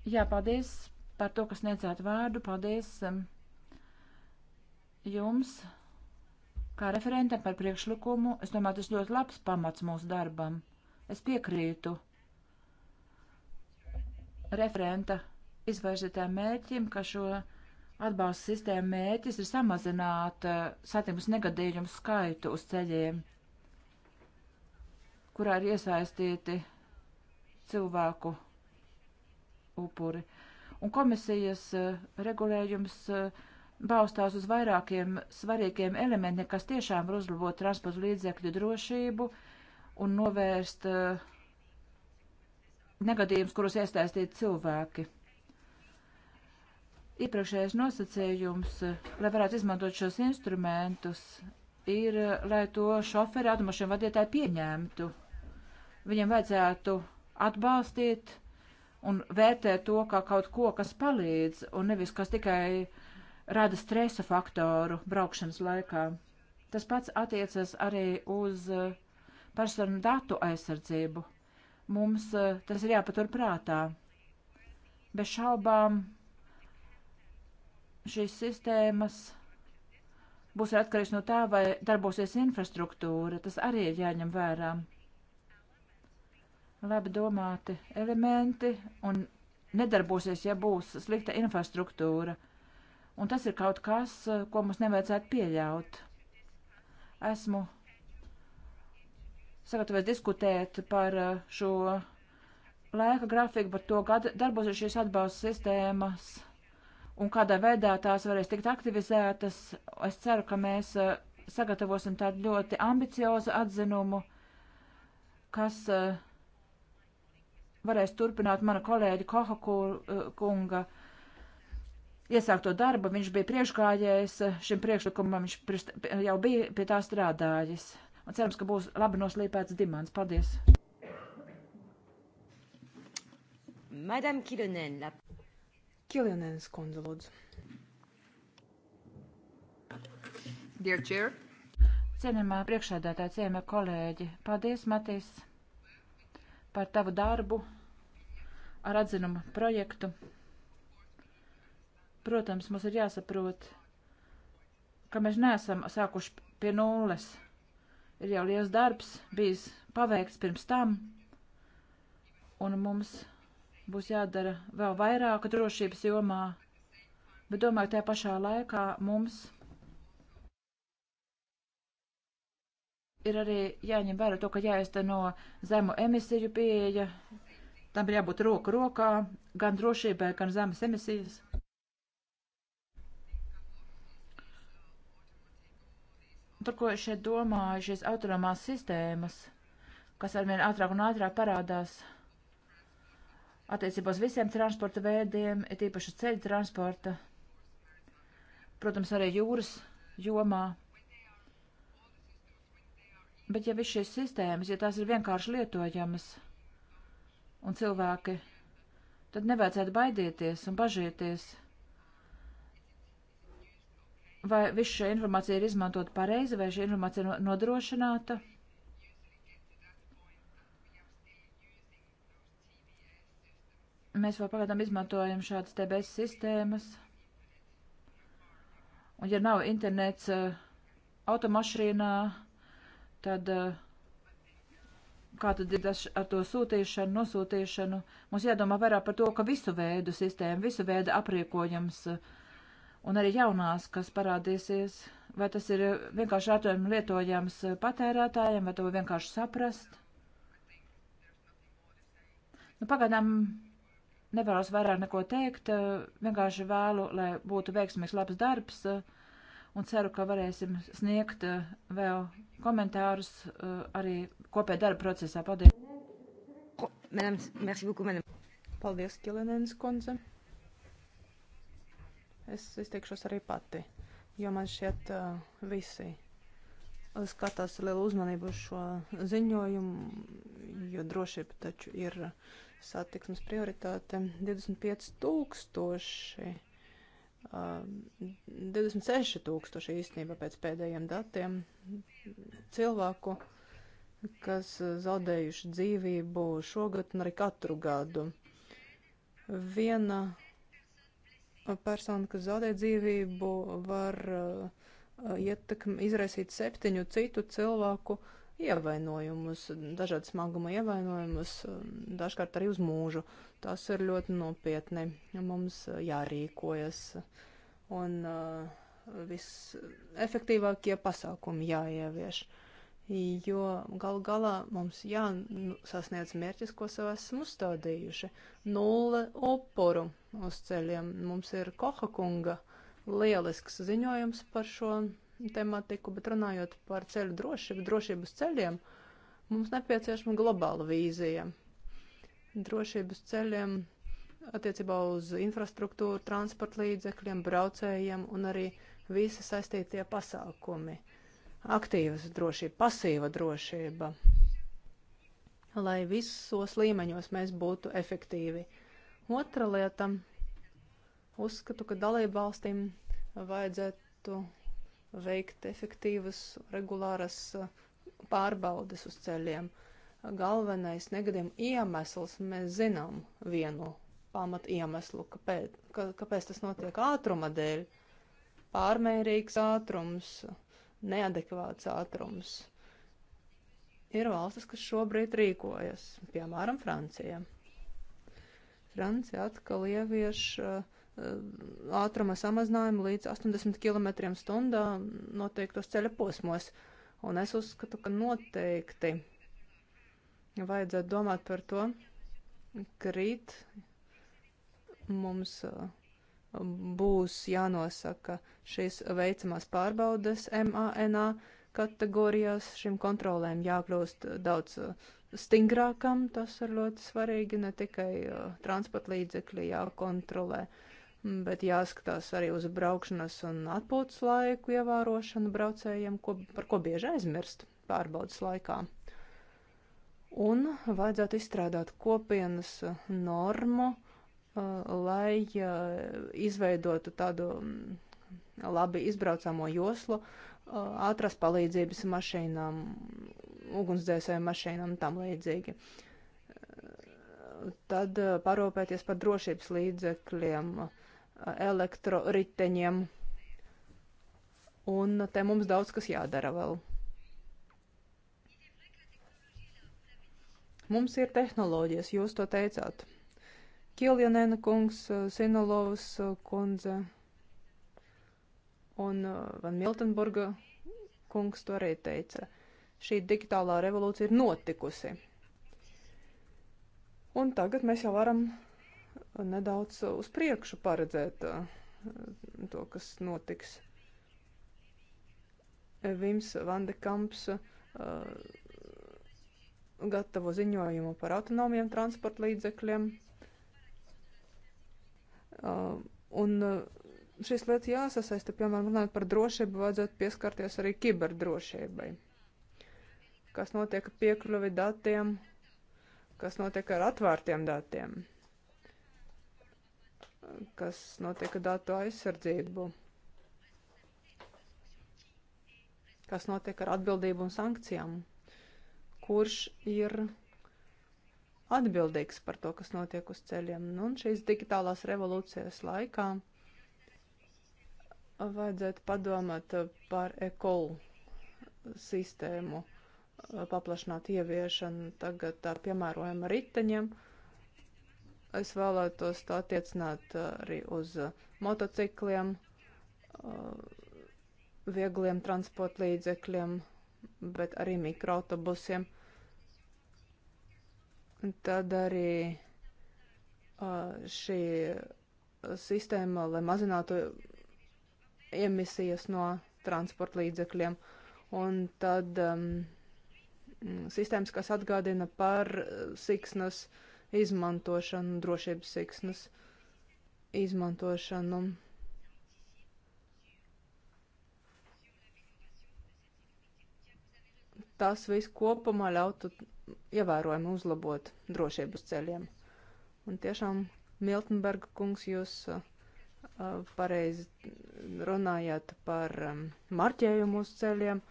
Jā, paldies par to, kas niedzētu vārdu. Paldies. Um, jums, kā referentam par priekšlikumu, es domāju, tas ļoti labs pamats mūsu darbam. Es piekrītu referenta izvērsītām mērķim, ka šo atbalsta sistēmu mērķis ir samazināt eh, satiksmes negadījumu skaitu uz ceļiem, kurā ir iesaistīti cilvēku upuri. Un komisijas eh, regulējums uh, balstās uz vairākiem svarīgiem elementiem, kas tiešām var uzlabot transporta līdzekļu drošību un novērst uh, negadījumus, kurus iesaistīt cilvēki. Iepriekšējais nosacījums, eh, lai varētu izmantot šos instrumentus, ir, eh, lai to šoferi automašīnu vadītāji pieņemtu. Viņam vajadzētu atbalstīt un vērtēt to kā kaut ko, kas palīdz, un nevis kas tikai uh, rada stresa faktoru braukšanas laikā. Tas pats attiecas arī uz eh, personu datu aizsardzību. Mums eh, tas ir jāpatur prātā. Bez šaubām šīs sistēmas būs atkarīgs no tā, vai darbosies infrastruktūra. Tas arī ir jāņem vērā. Labi domāti elementi un nedarbosies, ja būs slikta infrastruktūra. Un tas ir kaut kas, eh, ko mums nevajadzētu pieļaut. Esmu sagatavojies diskutēt par eh, šo laika grafiku, par to, kā darbosies šīs atbalsta sistēmas un kādā veidā tās varēs tikt aktivizētas. Es ceru, ka mēs eh, sagatavosim tādu ļoti ambiciozu atzinumu, kas varēs turpināt mana kolēģa Koha kunga. Kur, iesākto darbu, viņš bija priekšgājējis eh, šim priekšlikumam, viņš priekš, jau bija pie tā strādājis. Un cerams, ka būs labi noslīpēts dimants. Paldies! Madame Kilonen. La... Kilonens kundze, lūdzu. Dear Chair. Cienījumā priekšādātāja ciemē kolēģi. Paldies, Matīs, par tavu darbu ar atzinumu projektu. Protams, mums ir jāsaprot, ka mēs neesam sākuši pie nulles. Ir jau liels darbs bijis paveikts pirms tam, un mums būs jādara vēl vairāk drošības jomā, bet domāju, tajā pašā laikā mums ir arī jāņem vērā to, ka jāizteno zemu emisiju pieeja, tam ir jābūt roku rokā, gan drošībai, gan zemes emisijas. par ko es šeit domāju, šīs autonomās sistēmas, kas arvien ātrāk un ātrāk parādās attiecībos visiem transporta veidiem, ir īpaši ceļu transporta, protams, arī jūras jomā. Bet ja viss šīs sistēmas, ja tās ir vienkārši lietojamas un cilvēki, tad nevajadzētu baidīties un bažīties – vai viss šī informācija ir izmantot pareizi, vai šī informācija ir nodrošināta. Mēs vēl pagaidām izmantojam šādas TBS sistēmas. Un ja nav internets uh, automašīnā, tad uh, kā tad ir tas ar to sūtīšanu, nosūtīšanu? Mums jādomā vairāk par to, ka visu veidu sistēmu, visu veidu aprīkojums uh, un arī jaunās, kas parādīsies, vai tas ir vienkārši ārtojumi lietojams patērētājiem, vai to vienkārši saprast. Nu, pagaidām nevēlos vairāk neko teikt, vienkārši vēlu, lai būtu veiksmīgs labs darbs, un ceru, ka varēsim sniegt vēl komentārus arī kopē darba procesā. Paldies! Madame, merci beaucoup, madame. Paldies, Kilenens koncepts. Es izteikšos arī pati, jo man šķiet uh, visi skatās ar lielu uzmanību uz šo ziņojumu, jo drošība taču ir satiksmes prioritāte. 25 tūkstoši, uh, 26 tūkstoši īstenībā pēc pēdējiem datiem cilvēku, kas zaudējuši dzīvību šogad un arī katru gadu. Viena persona, kas zaudē dzīvību, var uh, ietekm, izraisīt septiņu citu cilvēku ievainojumus, dažādu smaguma ievainojumus, um, dažkārt arī uz mūžu. Tas ir ļoti nopietni. Mums jārīkojas. Un uh, visefektīvākie pasākumi jāievieš. Uh, jo gal galā mums jāsasniedz nu, mērķis, ko sev esam uzstādījuši. Nulle upuru uz ceļiem. Mums ir Koha kunga lielisks ziņojums par šo tematiku, bet runājot par ceļu drošību, drošības ceļiem, mums nepieciešama globāla vīzija. Drošības ceļiem attiecībā uz infrastruktūru, transporta līdzekļiem, braucējiem un arī visi saistītie pasākumi aktīvas drošība, pasīva drošība, lai visos līmeņos mēs būtu efektīvi. Otra lieta - uzskatu, ka dalību valstīm vajadzētu veikt efektīvas, regulāras uh, pārbaudes uz ceļiem. Galvenais negadījuma iemesls mēs zinām vienu pamat iemeslu, kāpēc, ka, kāpēc tas notiek ātruma dēļ. Pārmērīgs ātrums, uh, neadekvāts ātrums. Ir valstis, kas šobrīd rīkojas, piemēram, Francija. Francija atkal ievieš uh, ātruma samazinājumu līdz 80 km/h noteiktos ceļa posmos. Un es uzskatu, ka noteikti vajadzētu domāt par to, ka rīt mums. Uh, būs jānosaka šīs veicamās pārbaudas MANA kategorijās. Šim kontrolēm jākļūst daudz uh, stingrākam, tas ir ļoti svarīgi, ne tikai uh, transporta līdzekļi jākontrolē, bet jāskatās arī uz braukšanas un atpūtas laiku ievērošanu braucējiem, ko, par ko bieži aizmirst pārbaudas laikā. Un vajadzētu izstrādāt kopienas uh, normu Uh, lai uh, izveidotu tādu mm, labi izbraucamo joslu ātrās uh, palīdzības mašīnām, ugunsdzēsēju mašīnām un tam līdzīgi. Tad parūpēties par drošības līdzekļiem, elektroriteņiem. Un te mums daudz kas jādara vēl. Mums ir tehnoloģijas, jūs to teicāt. Kiljanēna kungs, eh, Sinolovas eh, kundze un eh, Van Miltenburga kungs to arī teica. Šī digitālā revolūcija ir notikusi. Un tagad mēs jau varam nedaudz uz priekšu paredzēt to, kas notiks. Vims Vandekamps uh, gatavo ziņojumu par autonomiem transporta līdzekļiem. Uh, un uh, šīs lietas jāsasaista, piemēram, runājot par drošību, vajadzētu pieskarties arī kiberdrošībai. Kas notiek ar piekļuvi datiem, kas notiek ar atvērtiem datiem, kas notiek ar datu aizsardzību, kas notiek ar atbildību un sankcijām, kurš ir atbildīgs par to, kas notiek uz ceļiem. Nu, un šīs digitālās revolūcijas laikā vajadzētu padomāt par ekolu sistēmu paplašināt ieviešanu tagad tā piemērojama riteņiem. Es vēlētos to attiecināt arī uz motocikliem, viegliem transportlīdzekļiem, bet arī mikroautobusiem. Tad arī šī sistēma, lai mazinātu emisijas no transporta līdzekļiem. Un tad um, sistēmas, kas atgādina par siksnas izmantošanu, drošības siksnas izmantošanu. Um, tas viss kopumā ļautu ievērojami uzlabot drošības ceļiem. Un tiešām, Miltenberga kungs, jūs uh, pareizi runājāt par um, marķējumu uz ceļiem.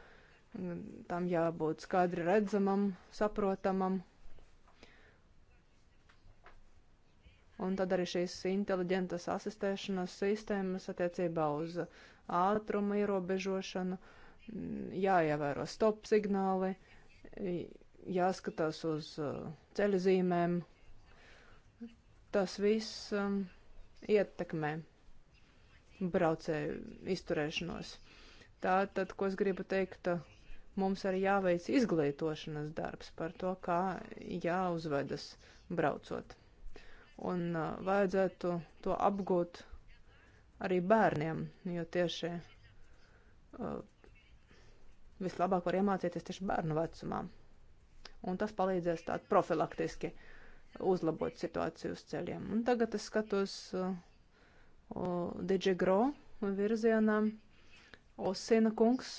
Tam jābūt skaidri redzamam, saprotamam. Un tad arī šīs inteliģentas asistēšanas sistēmas attiecībā uz ātruma ierobežošanu. Uh, jāievēro stop signāli, jāskatās uz uh, ceļu zīmēm. Tas viss um, ietekmē braucēju izturēšanos. Tātad, ko es gribu teikt, mums arī jāveic izglītošanas darbs par to, kā jāuzvedas braucot. Un uh, vajadzētu to apgūt arī bērniem, jo tieši uh, vislabāk var iemācīties tieši bērnu vecumā. Un tas palīdzēs tādu profilaktiski uzlabot situāciju uz ceļiem. Un tagad es skatos uh, Digigro virzienā. Osina kungs,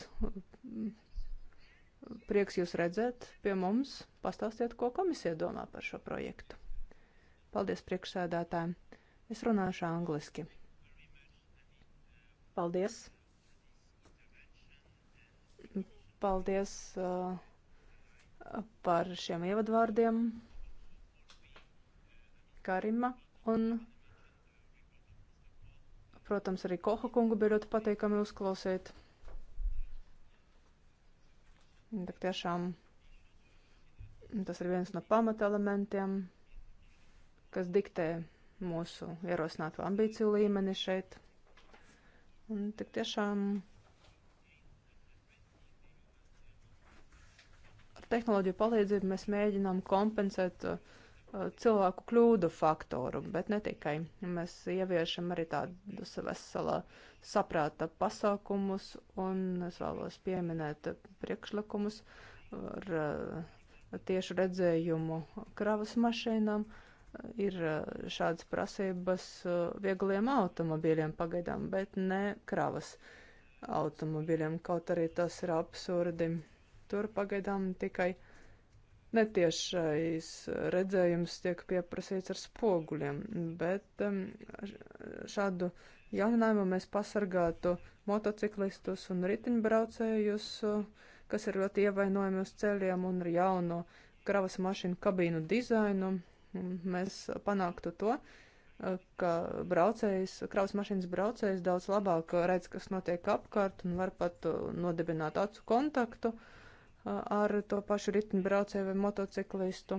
prieks jūs redzēt pie mums. Pastāstiet, ko komisija domā par šo projektu. Paldies priekšsēdētājiem. Es runāšu angliski. Paldies! Paldies uh, par šiem ievadvārdiem Karima un, protams, arī Koha kungu bija ļoti pateikami uzklausīt. Tak tiešām tas ir viens no pamatelementiem, kas diktē mūsu ierosināto ambīciju līmeni šeit. Un tik tiešām tehnoloģiju palīdzību mēs mēģinām kompensēt uh, uh, cilvēku kļūdu faktoru, bet ne tikai. Mēs ieviešam arī tādus veselā saprāta pasākumus, un es vēlos pieminēt priekšlikumus ar uh, tiešu redzējumu kravas mašīnām. Ir uh, šādas prasības viegliem automobīļiem pagaidām, bet ne kravas automobīļiem, kaut arī tas ir absurdi. Tur pagaidām tikai netiešais redzējums tiek pieprasīts ar spoguļiem, bet um, šādu jauninājumu mēs pasargātu motociklistus un ritiņbraucējus, kas ir ļoti ievainojami uz ceļiem un ar jauno kravas mašīnu kabīnu dizainu. Mēs panāktu to, ka braucējs, kravas mašīnas braucējs daudz labāk redz, kas notiek apkārt un var pat nodibināt acu kontaktu. Uh, ar to pašu riteņbraucēju vai motociklistu.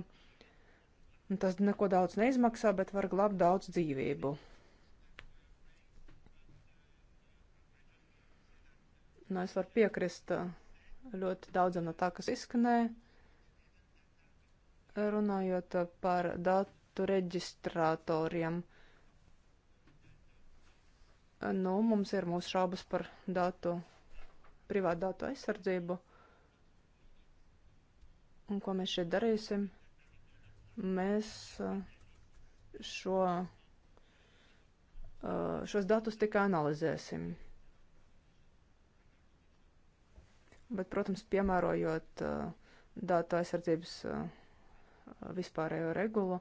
Un tas neko daudz neizmaksā, bet var glābt daudz dzīvību. Nu, es varu piekrist ļoti daudzam no tā, kas izskanēja. Runājot par datu reģistrātoriem, nu, mums ir mūsu šaubas par datu, privātu datu aizsardzību. Un ko mēs šeit darīsim? Mēs uh, šo, uh, šos datus tikai analizēsim. Bet, protams, piemērojot uh, datu aizsardzības vispārējo regulu,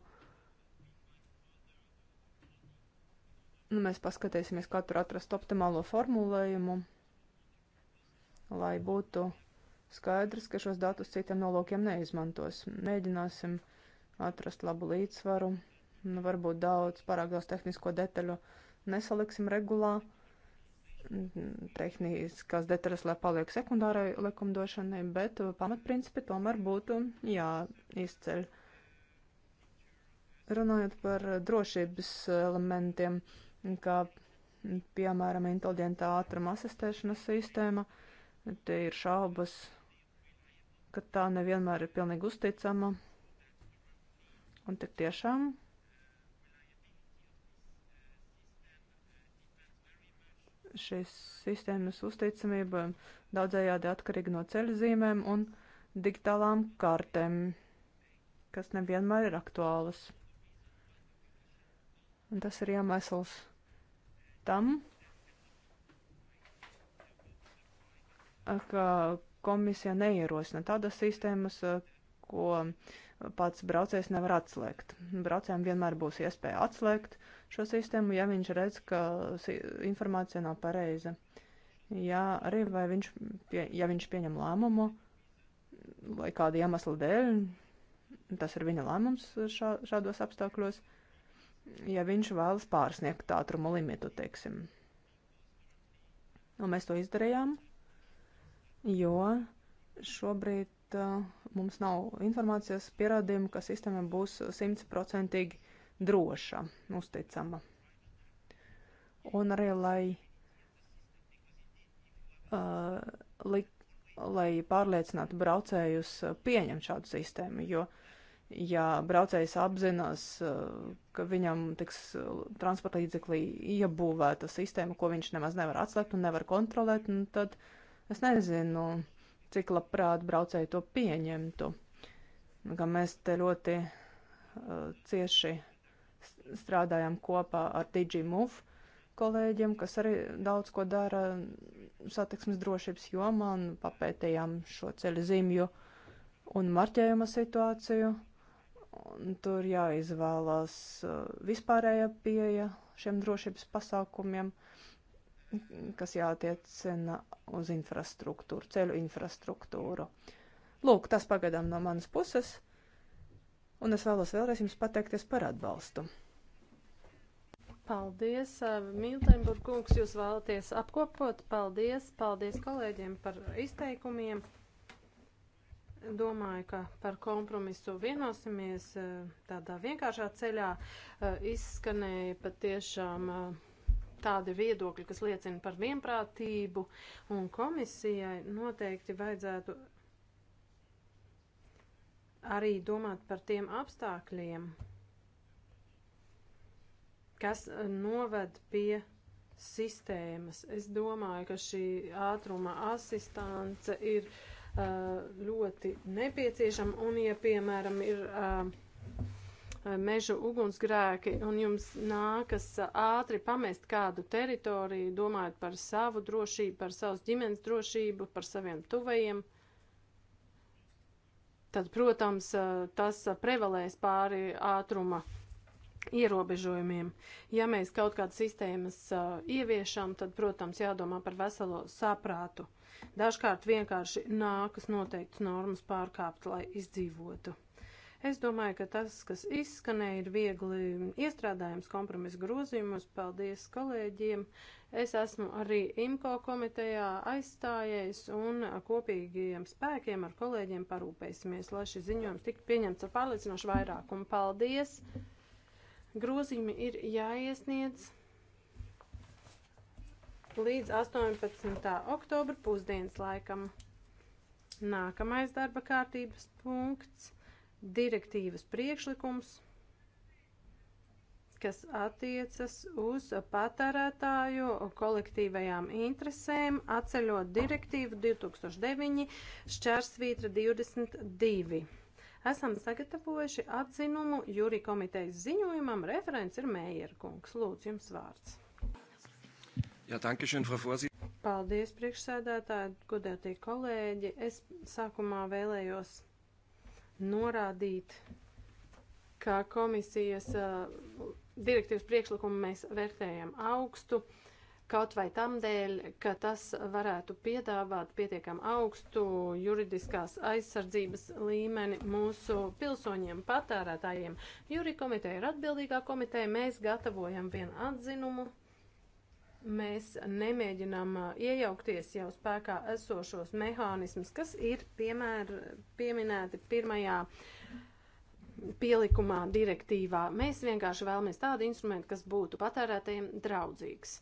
nu, mēs paskatīsimies katru atrast optimālo formulējumu, lai būtu skaidrs, ka šos datus citiem nolūkiem neizmantos. Mēģināsim atrast labu līdzsvaru, nu, varbūt daudz pārāk daudz tehnisko detaļu nesaliksim regulā. Tehniskās detaļas, lai paliek sekundārai likumdošanai, bet pamatprincipi tomēr būtu jāizceļ. Runājot par drošības elementiem, kā piemēram inteliģentā ātruma asistēšanas sistēma, te ir šaubas ka tā nevienmēr ir pilnīgi uzticama. Un tik tiešām šīs sistēmas uzticamība daudzējādi atkarīga no ceļzīmēm un digitālām kartēm, kas nevienmēr ir aktuālas. Un tas ir iemesls tam, ka komisija neierosina tādas sistēmas, eh, ko pats braucējs nevar atslēgt. Braucējiem vienmēr būs iespēja atslēgt šo sistēmu, ja viņš redz, ka informācija nav pareiza. Ja arī viņš, pie, ja viņš pieņem lēmumu vai kādu iemeslu dēļ, tas ir viņa lēmums šā, šādos apstākļos, ja viņš vēlas pārsniegt ātrumu limitu, teiksim. Un mēs to izdarījām jo šobrīd uh, mums nav informācijas pierādījumu, ka sistēma būs simtprocentīgi droša, uzticama. Un arī, lai, uh, li, lai pārliecinātu braucējus eh, pieņemt šādu sistēmu, jo, ja braucējs apzinās, uh, ka viņam tiks transporta līdzeklī iebūvēta sistēma, ko viņš nemaz nevar atslēgt un nevar kontrolēt, un nu tad uh, Es nezinu, cik labprāt braucēji to pieņemtu, ka mēs te ļoti uh, cieši strādājam kopā ar DigiMove kolēģiem, kas arī daudz ko dara satiksmes drošības jomā un papētījām šo ceļu zīmju un marķējuma situāciju. Un tur jāizvēlās uh, vispārējā pieeja šiem drošības pasākumiem. Uh, kas jātiecina uz infrastruktūru, ceļu infrastruktūru. Lūk, tas pagaidām no manas puses, un es vēlos vēlreiz jums pateikties par atbalstu. Paldies, Miltenburg kungs, jūs vēlaties apkopot. Paldies, paldies kolēģiem par izteikumiem. Domāju, ka par kompromisu vienosimies tādā vienkāršā ceļā. Izskanēja patiešām. tiešām tādi viedokļi, kas liecina par vienprātību, un komisijai noteikti vajadzētu arī domāt par tiem apstākļiem, kas eh, noved pie sistēmas. Es domāju, ka šī ātruma asistance ir uh, ļoti nepieciešama, un ja, piemēram, ir uh, Eh, mežu ugunsgrēki un jums nākas eh, ātri pamest kādu teritoriju, domājot par savu drošību, par savas ģimenes drošību, par saviem tuvajiem, tad, protams, eh, tas prevalēs pāri ātruma ierobežojumiem. Ja mēs kaut kādas sistēmas uh, ieviešam, tad, protams, jādomā par veselo saprātu. Dažkārt vienkārši nākas noteikts normas pārkāpt, lai izdzīvotu. Es domāju, ka tas, kas izskanēja, ir viegli iestrādājams kompromisa grozījumos. Paldies kolēģiem! Es esmu arī IMCO komitejā aizstājies un kopīgiem spēkiem ar kolēģiem parūpēsimies, lai šis ziņojums tiktu pieņemts ar pārliecinošu vairākumu. Paldies! Grozījumi ir jāiesniedz līdz 18. oktobra pusdienas laikam. Nākamais darba kārtības punkts direktīvas priekšlikums, kas attiecas uz patērētāju kolektīvajām interesēm, atceļot direktīvu 2009 šķērsvītra 22. Esam sagatavojuši atzinumu jūri komitejas ziņojumam. Referents ir Mējerkungs. Lūdzu, jums vārds. Jā, tankišan, Frau Fosī. Paldies, priekšsēdētāji, godētie kolēģi. Es sākumā vēlējos norādīt, ka komisijas direktīvas priekšlikumu mēs vērtējam augstu, kaut vai tam dēļ, ka tas varētu piedāvāt pietiekam augstu juridiskās aizsardzības līmeni mūsu pilsoņiem, patērētājiem. Juri komiteja ir atbildīgā komiteja, mēs gatavojam vienu atzinumu mēs nemēģinām iejaukties jau spēkā esošos mehānismus, kas ir piemēr, pieminēti pirmajā pielikumā direktīvā. Mēs vienkārši vēlamies tādu instrumentu, kas būtu patērētājiem draudzīgs.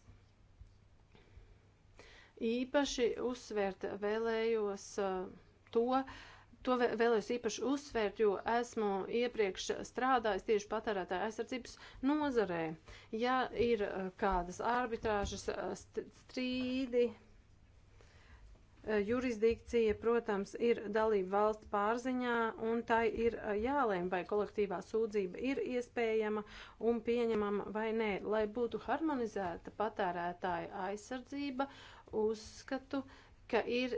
Īpaši uzsvērt vēlējos to, uh, To vēlēs īpaši uzsvērt, jo esmu iepriekš strādājis tieši patērētāja aizsardzības nozarē. Ja ir eh, kādas arbitrāžas eh, strīdi, eh, jurisdikcija, protams, ir dalība valsts pārziņā, un tai ir jālēm, vai kolektīvā sūdzība ir iespējama un pieņemama vai nē, lai būtu harmonizēta patērētāja aizsardzība, uzskatu, ka ir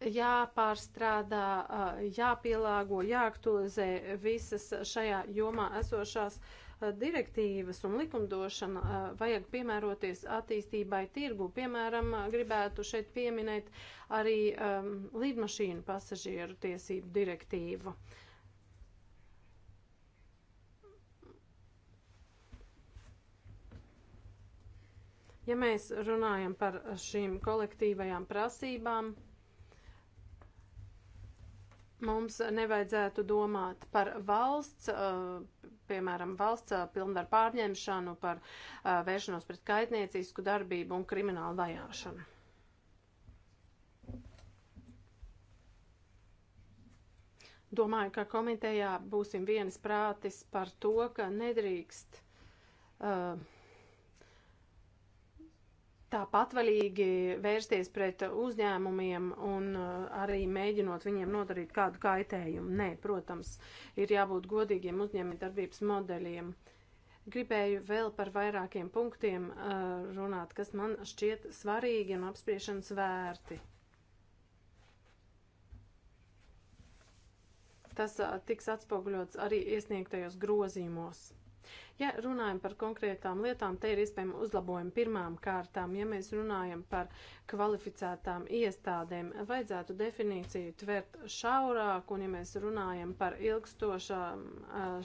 jāpārstrādā, jāpielāgo, jāaktualizē visas šajā jomā esošās direktīvas un likumdošana vajag piemēroties attīstībai tirgu. Piemēram, gribētu šeit pieminēt arī um, līdmašīnu pasažieru tiesību direktīvu. Ja mēs runājam par šīm kolektīvajām prasībām, mums nevajadzētu domāt par valsts, eh, piemēram, valsts eh, pilnvaru pārņemšanu, par eh, vēršanos pret kaitniecīsku darbību un kriminālu vajāšanu. Domāju, ka komitejā būsim vienas prātis par to, ka nedrīkst uh, Tāpat vaļīgi vērsties pret uzņēmumiem un uh, arī mēģinot viņiem nodarīt kādu kaitējumu. Nē, protams, ir jābūt godīgiem uzņēmējdarbības modeļiem. Gribēju vēl par vairākiem punktiem uh, runāt, kas man šķiet svarīgi un apspriešanas vērti. Tas uh, tiks atspoguļots arī iesniegtajos grozījumos. Ja runājam par konkrētām lietām, te ir iespējama uzlabojuma pirmām kārtām. Ja mēs runājam par kvalificētām iestādēm, vajadzētu definīciju tvert šaurāk, un ja mēs runājam par ilgstošām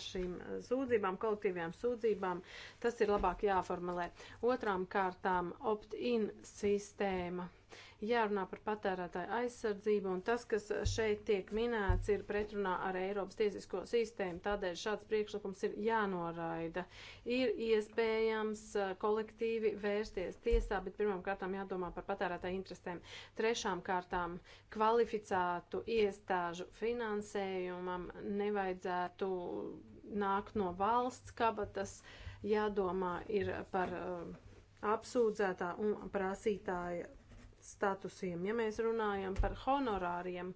šīm sūdzībām, kolektīvajām sūdzībām, tas ir labāk jāformulē. Otrām kārtām opt-in sistēma jārunā par patērētāju aizsardzību, un tas, kas šeit tiek minēts, ir pretrunā ar Eiropas tiesisko sistēmu. Tādēļ šāds priekšlikums ir jānoraida. Ir iespējams eh, kolektīvi vērsties tiesā, bet pirmām kārtām jādomā par patērētāju interesēm. Trešām kārtām kvalificētu iestāžu finansējumam nevajadzētu nākt no valsts kabatas. Jādomā ir par uh, apsūdzētā un prasītāja statusiem. Ja mēs runājam par honorāriem,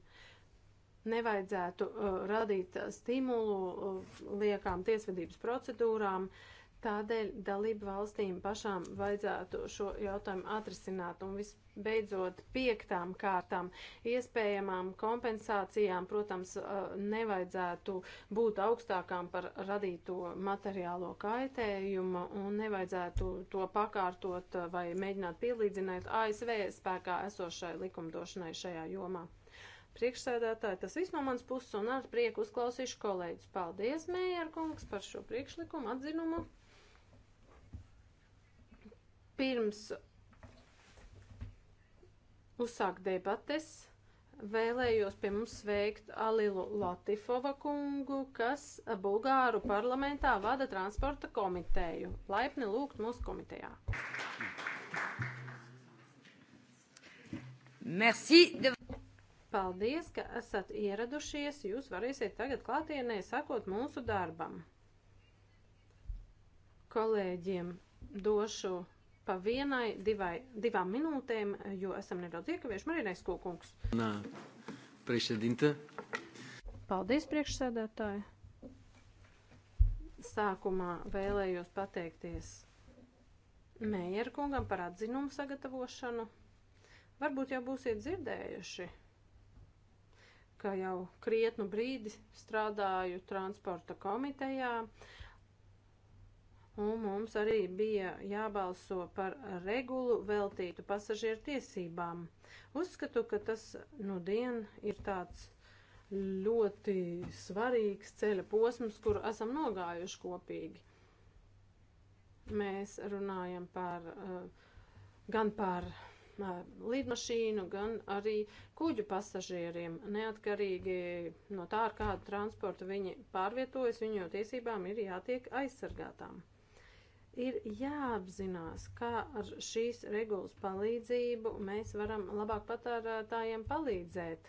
nevajadzētu uh, radīt stimulu uh, liekām tiesvedības procedūrām. Uh, Tādēļ dalību valstīm pašām vajadzētu šo jautājumu atrisināt un visbeidzot piektām kārtām iespējamām kompensācijām, protams, eh, nevajadzētu būt augstākām par radīto materiālo kaitējumu un nevajadzētu to pakārtot eh, vai mēģināt pielīdzināt ASV spēkā esošai likumdošanai šajā jomā. Priekšsēdētāji, tas viss no manas puses un ar prieku uzklausīšu kolēģus. Paldies, Mējērkungs, par šo priekšlikumu atzinumu. Pirms uzsākt debates, vēlējos pie mums sveikt Alilu Latifova kungu, kas Bulgāru parlamentā vada transporta komiteju. Laipni lūgt mūsu komitejā. Merci! De... Paldies, ka esat ieradušies. Jūs varēsiet tagad klātienē sakot mūsu darbam. Kolēģiem došu pa vienai, divai, divām minūtēm, jo esam nedaudz iekavējuši. Marinais Kokungs. Nā, priekšsēdinte. Paldies, priekšsēdētāji. Sākumā vēlējos pateikties Mējer kungam par atzinumu sagatavošanu. Varbūt jau būsiet dzirdējuši, ka jau krietnu brīdi strādāju transporta komitejā. Uh, un mums arī bija jābalso par regulu veltītu pasažieru tiesībām. Uzskatu, ka tas nu dien ir tāds ļoti svarīgs ceļa posms, kuru esam nogājuši kopīgi. Mēs runājam par eh, gan par eh, lidmašīnu, gan arī kuģu pasažieriem. Neatkarīgi no tā, ar kādu transportu viņi pārvietojas, viņu tiesībām ir jātiek aizsargātām ir jāapzinās, kā ar šīs regulas palīdzību mēs varam labāk patērētājiem palīdzēt.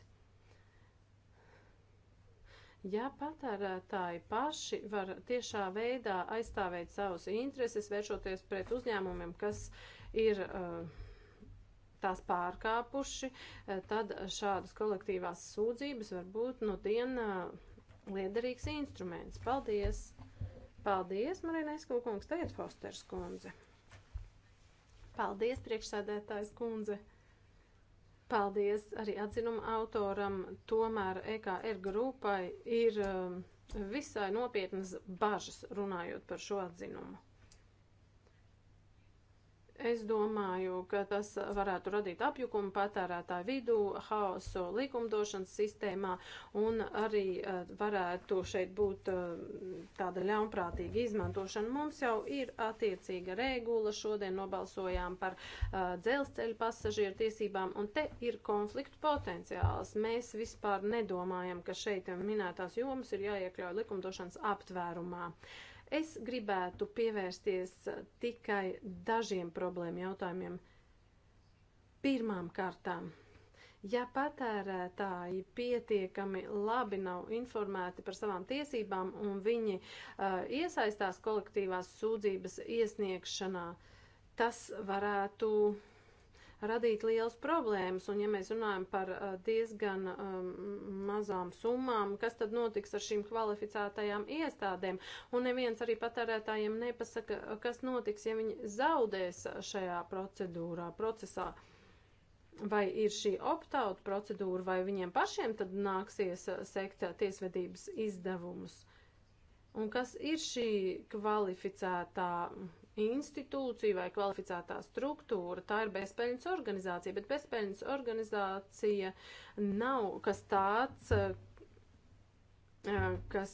Ja patērētāji paši var tiešā veidā aizstāvēt savus intereses, vēršoties pret uzņēmumiem, kas ir eh, tās pārkāpuši, eh, tad šādas kolektīvās sūdzības var būt no nu diena eh, liederīgs instruments. Paldies! Paldies, Marinesko kungs, tagad Fosters kundze. Paldies, priekšsēdētājs kundze. Paldies arī atzinuma autoram. Tomēr EKR grupai ir um, visai nopietnas bažas runājot par šo atzinumu. Es domāju, ka tas varētu radīt apjukumu patērētāju vidū, haosu likumdošanas sistēmā un arī eh, varētu šeit būt eh, tāda ļaunprātīga izmantošana. Mums jau ir attiecīga regula, šodien nobalsojām par eh, dzelzceļa pasažieru tiesībām un te ir konfliktu potenciāls. Mēs vispār nedomājam, ka šeit minētās jomas ir jāiekļauj likumdošanas aptvērumā. Uh, Es gribētu pievērsties uh, tikai dažiem problēmu jautājumiem. Pirmām kārtām, ja patērētāji pietiekami labi nav informēti par savām tiesībām un viņi uh, iesaistās kolektīvās sūdzības iesniegšanā, tas varētu uh, radīt liels problēmas, un ja mēs runājam par uh, diezgan um, mazām summām, kas tad notiks ar šīm kvalificētajām iestādēm, un neviens arī patērētājiem nepasaka, uh, kas notiks, ja viņi zaudēs šajā procedūrā, procesā. Vai ir šī optauta procedūra, vai viņiem pašiem tad nāksies uh, sekt tiesvedības izdevumus? Un kas ir šī kvalificētā institūcija vai kvalificētā struktūra, tā ir bezpēļņas organizācija, bet bezpēļņas organizācija nav kas tāds, kas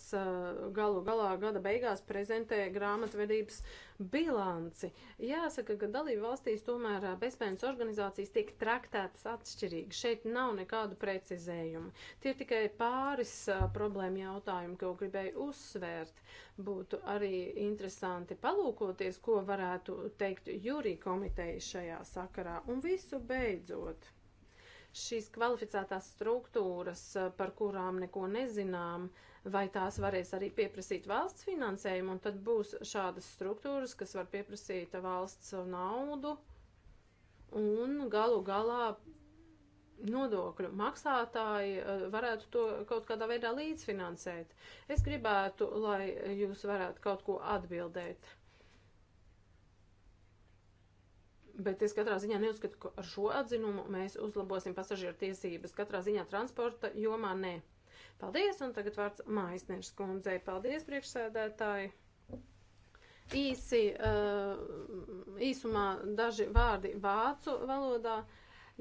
galu galā gada beigās prezentē grāmatvedības bilanci. Jāsaka, ka dalību valstīs tomēr bezpējas organizācijas tiek traktētas atšķirīgi. Šeit nav nekādu precizējumu. Tie ir tikai pāris problēma jautājumi, ko gribēju uzsvērt. Būtu arī interesanti palūkoties, ko varētu teikt jūrī komiteja šajā sakarā. Un visu beidzot šīs kvalificētās struktūras, eh, par kurām neko nezinām, vai tās varēs arī pieprasīt valsts finansējumu, un tad būs šādas struktūras, kas var pieprasīt valsts naudu un galu galā nodokļu maksātāji eh, varētu to kaut kādā veidā līdzfinansēt. Es gribētu, lai jūs varētu kaut ko atbildēt. Bet es katrā ziņā neuzskatu, ka ar šo atzinumu mēs uzlabosim pasažieru tiesības. Katrā ziņā transporta jomā nē. Paldies, un tagad vārds Maisnieks kundzei. Paldies, priekšsēdētāji! Īsi, uh, īsumā daži vārdi vācu valodā.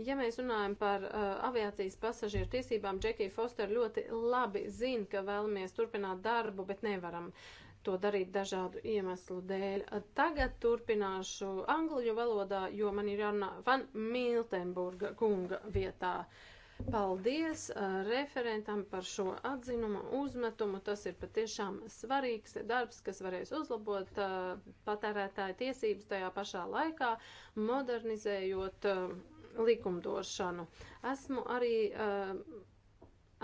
Ja mēs runājam par uh, aviācijas pasažieru tiesībām, Džekija Foster ļoti labi zina, ka vēlamies turpināt darbu, bet nevaram. Uh, to darīt dažādu iemeslu dēļ. Tagad turpināšu angļu valodā, jo man ir jārunā Van Miltenburga kunga vietā. Paldies uh, referentam par šo atzinumu, uzmetumu. Tas ir patiešām svarīgs darbs, kas varēs uzlabot uh, patērētāju tiesības tajā pašā laikā, modernizējot uh, likumdošanu. Esmu arī uh,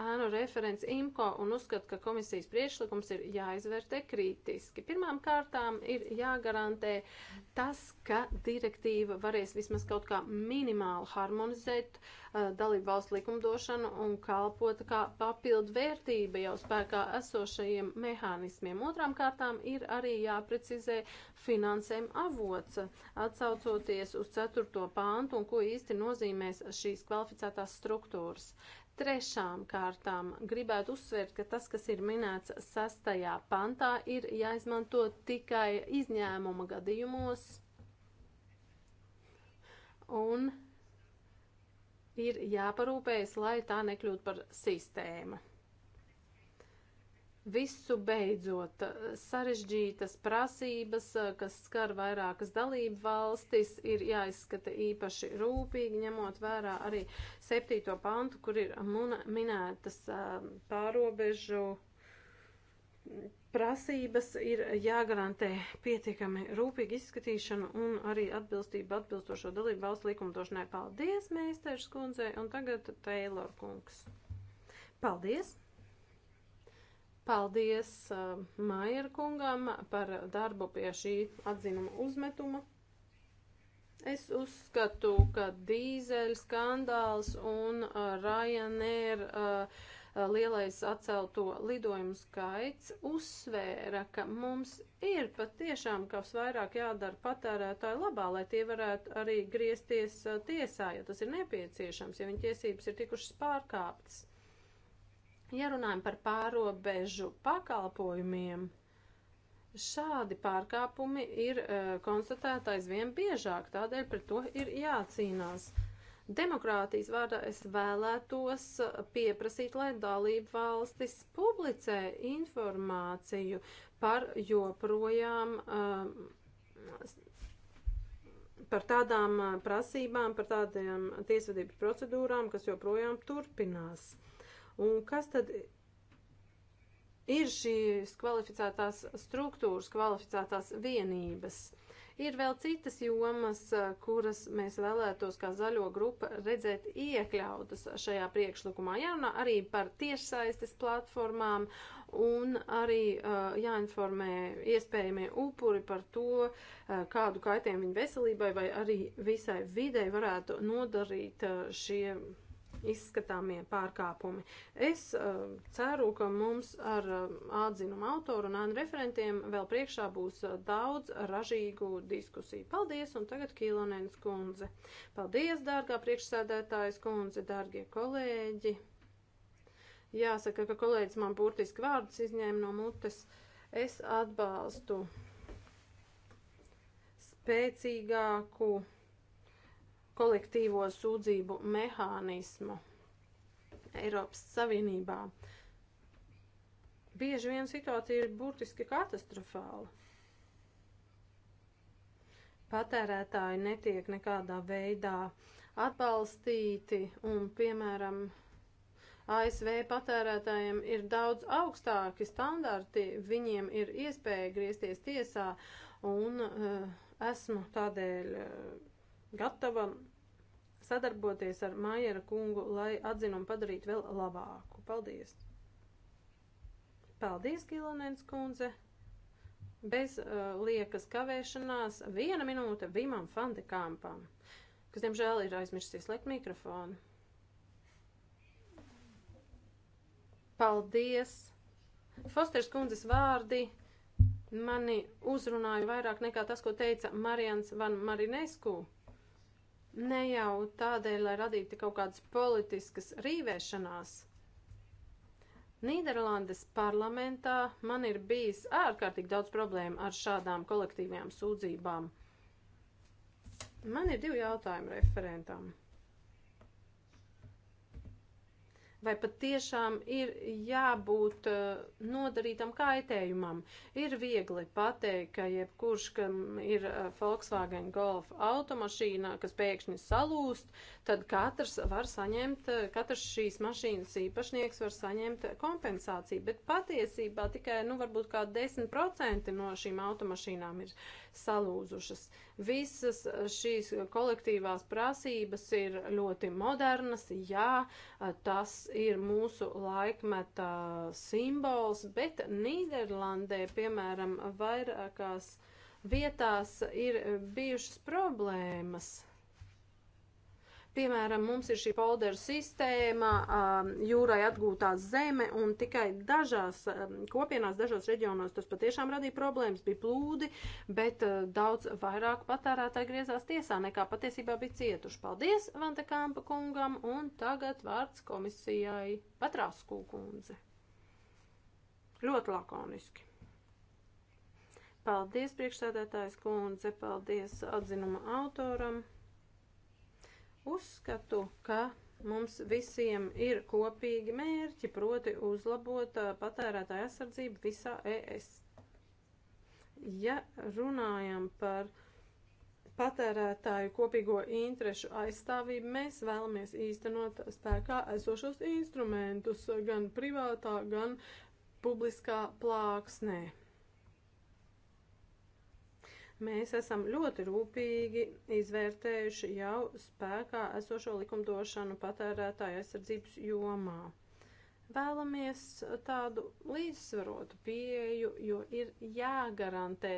ēnu referents IMCO un uzskata, ka komisijas priešlikums ir jāizvērtē kritiski. Pirmām kārtām ir jāgarantē tas, ka direktīva varēs vismaz kaut kā minimāli harmonizēt uh, dalību valstu likumdošanu un kalpot kā papildu vērtība jau spēkā esošajiem mehānismiem. Otrām kārtām ir arī jāprecizē finansēm avots, atsaucoties uz 4. pāntu un ko īsti nozīmēs šīs kvalificētās struktūras. Trešām kārtām gribētu uzsvērt, ka tas, kas ir minēts sastajā pantā, ir jāizmanto tikai izņēmuma gadījumos un ir jāparūpējas, lai tā nekļūtu par sistēmu. Visu beidzot, sarežģītas prasības, kas skar vairākas dalību valstis, ir jāizskata īpaši rūpīgi, ņemot vērā arī septīto pantu, kur ir minētas pārobežu prasības, ir jāgarantē pietiekami rūpīgi izskatīšana un arī atbilstība atbilstošo dalību valstu likumdošanai. Paldies, Meistērš kundzei, un tagad Teilor kungs. Paldies! Paldies uh, Maira kungam par darbu pie šī atzinuma uzmetuma. Es uzskatu, ka dīzeļu skandāls un uh, Ryanair uh, uh, lielais atcelto lidojumu skaits uzsvēra, ka mums ir patiešām kaut vairāk jādara patērētāju labā, lai tie varētu arī griezties uh, tiesā, ja tas ir nepieciešams, ja viņu tiesības ir tikušas pārkāptas. Ja runājam par pārobežu pakalpojumiem, šādi pārkāpumi ir uh, konstatēti aizvien biežāk, tādēļ pret to ir jācīnās. Demokrātijas vārdā es vēlētos pieprasīt, lai dalību valstis publicē informāciju par joprojām uh, par tādām e, prasībām, par tādām tiesvedības procedūrām, kas joprojām turpinās. Un kas tad ir šīs kvalificētās struktūras, kvalificētās vienības? Ir vēl citas jomas, kuras mēs vēlētos kā zaļo grupa redzēt iekļautas šajā priekšlikumā. Jārunā arī par tiešsaistes platformām un arī uh, jāinformē iespējamie upuri par to, uh, kādu kaitējumu viņu veselībai vai arī visai videi varētu nodarīt uh, šie izskatāmie pārkāpumi. Es uh, ceru, ka mums ar uh, atzinumu autoru un ānu referentiem vēl priekšā būs uh, daudz ražīgu diskusiju. Paldies, un tagad Kilonēns kundze. Paldies, dārgā priekšsēdētājas kundze, dārgie kolēģi. Jāsaka, ka kolēģis man burtiski vārdus izņēma no mutes. Es atbalstu spēcīgāku kolektīvo sūdzību mehānismu Eiropas Savienībā. Bieži vien situācija ir burtiski katastrofāla. Patērētāji netiek nekādā veidā atbalstīti un, piemēram, ASV patērētājiem ir daudz augstāki standarti, viņiem ir iespēja griezties tiesā, un uh, esmu tādēļ uh, gatava sadarboties ar Maiera kungu, lai atzinumu padarītu vēl labāku. Paldies! Paldies, Kilonens kundze! Bez uh, liekas kavēšanās viena minūte Vimam Fantekampam, kas, diemžēl, ir aizmirsis slēgt mikrofonu. Paldies! Fosters kundzes vārdi mani uzrunāja vairāk nekā tas, ko teica Marians Van Marinesku. Ne jau tādēļ, lai radītu kaut kādas politiskas rīvēšanās. Nīderlandes parlamentā man ir bijis ārkārtīgi daudz problēmu ar šādām kolektīvajām sūdzībām. Man ir divi jautājumi referentam. vai pat tiešām ir jābūt eh, nodarītam kaitējumam. Ir viegli pateikt, ka jebkurš, kam ir eh, Volkswagen Golf automašīna, kas pēkšņi salūst, tad katrs var saņemt, eh, katrs šīs mašīnas īpašnieks var saņemt kompensāciju, bet patiesībā tikai, nu, varbūt kā 10% no šīm automašīnām ir salūzušas. Visas šīs kolektīvās prasības ir ļoti modernas, jā, tas ir mūsu laikmeta simbols, bet Nīderlandē, piemēram, vairākās vietās ir bijušas problēmas. Piemēram, mums ir šī polderu sistēma, um, jūrai atgūtā zeme, un tikai dažās um, kopienās, dažos reģionos tas patiešām radīja problēmas, bija plūdi, bet uh, daudz vairāk patērētāji griezās tiesā nekā patiesībā bija cietuši. Paldies Vanta Kampa kungam, un tagad vārds komisijai Patrāsku kundze. Ļoti lakoniski. Paldies, priekšsēdētājs kundze, paldies atzinuma autoram. Uzskatu, ka mums visiem ir kopīgi mērķi, proti uzlabot patērētāja aizsardzību visā ES. Ja runājam par patērētāju kopīgo interešu aizstāvību, mēs vēlamies īstenot spēkā esošos instrumentus gan privātā, gan publiskā plāksnē. Mēs esam ļoti rūpīgi izvērtējuši jau spēkā esošo likumdošanu patērētāju aizsardzības jomā. Vēlamies tādu līdzsvarotu pieeju, jo ir jāgarantē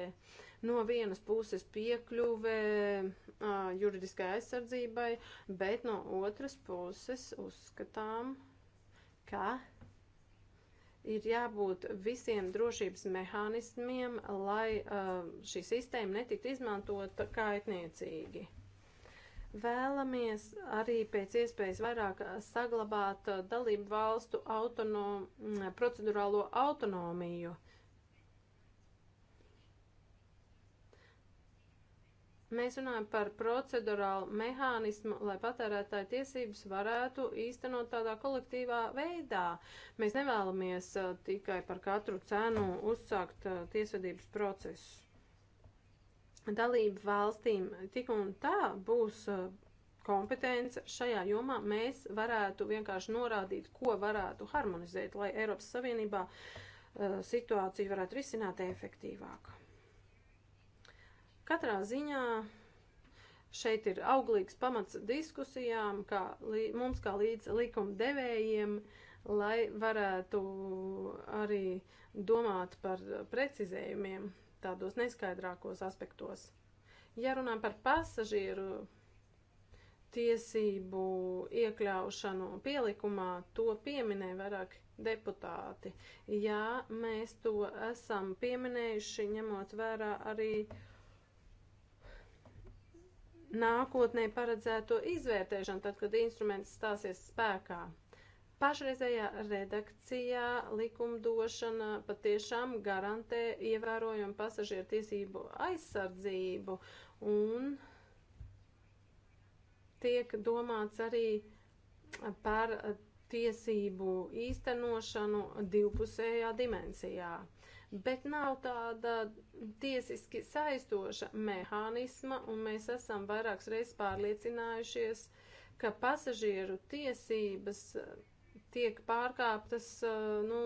no vienas puses piekļuve juridiskai aizsardzībai, bet no otras puses uzskatām, ka ir jābūt visiem drošības mehānismiem, lai uh, šī sistēma netiktu izmantota kaitniecīgi. Vēlamies arī pēc iespējas vairāk uh, saglabāt uh, dalību valstu autonom, procedurālo autonomiju. Uh, Mēs runājam par procedurālu mehānismu, lai patērētāju tiesības varētu īstenot tādā kolektīvā veidā. Mēs nevēlamies uh, tikai par katru cenu uzsākt uh, tiesvedības procesu. Dalību valstīm tik un tā būs uh, kompetence šajā jomā. Mēs varētu vienkārši norādīt, ko varētu harmonizēt, lai Eiropas Savienībā uh, situāciju varētu risināt efektīvāk. Katrā ziņā šeit ir auglīgs pamats diskusijām, kā li, mums kā līdz likumdevējiem, lai varētu arī domāt par precizējumiem tādos neskaidrākos aspektos. Ja runājam par pasažieru tiesību iekļaušanu pielikumā, to pieminē vairāk deputāti. Jā, mēs to esam pieminējuši, ņemot vērā arī uh, nākotnē paredzēto izvērtēšanu, tad, kad instruments stāsies spēkā. Pašreizējā redakcijā likumdošana patiešām garantē ievērojumu pasažieru tiesību aizsardzību un tiek domāts arī par tiesību īstenošanu divpusējā dimensijā bet nav tāda tiesiski saistoša mehānisma, un mēs esam vairākas reizes pārliecinājušies, ka pasažieru tiesības eh, tiek pārkāptas, eh, nu,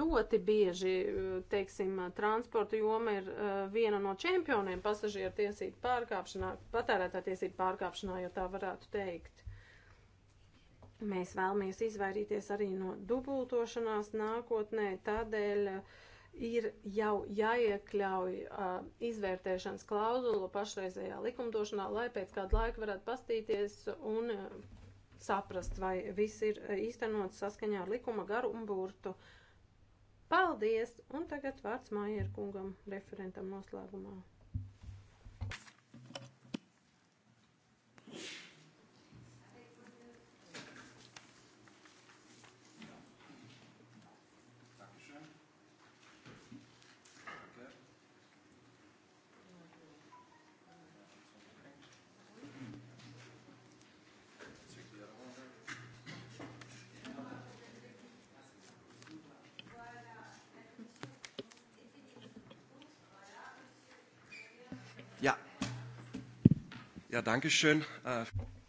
ļoti bieži, eh, teiksim, transporta joma ir viena no čempioniem pasažieru tiesību pārkāpšanā, patērētā tiesību pārkāpšanā, ja tā varētu teikt. Mēs vēlamies izvairīties arī no dubultošanās nākotnē, tādēļ uh, ir jau jāiekļauj uh, izvērtēšanas klauzulu pašreizējā likumdošanā, lai pēc kāda laika varētu pastīties un uh, saprast, vai viss ir uh, īstenots saskaņā ar likuma garu un burtu. Paldies! Un tagad vārds Mājierkungam, referentam noslēgumā. Jā, dankeschön.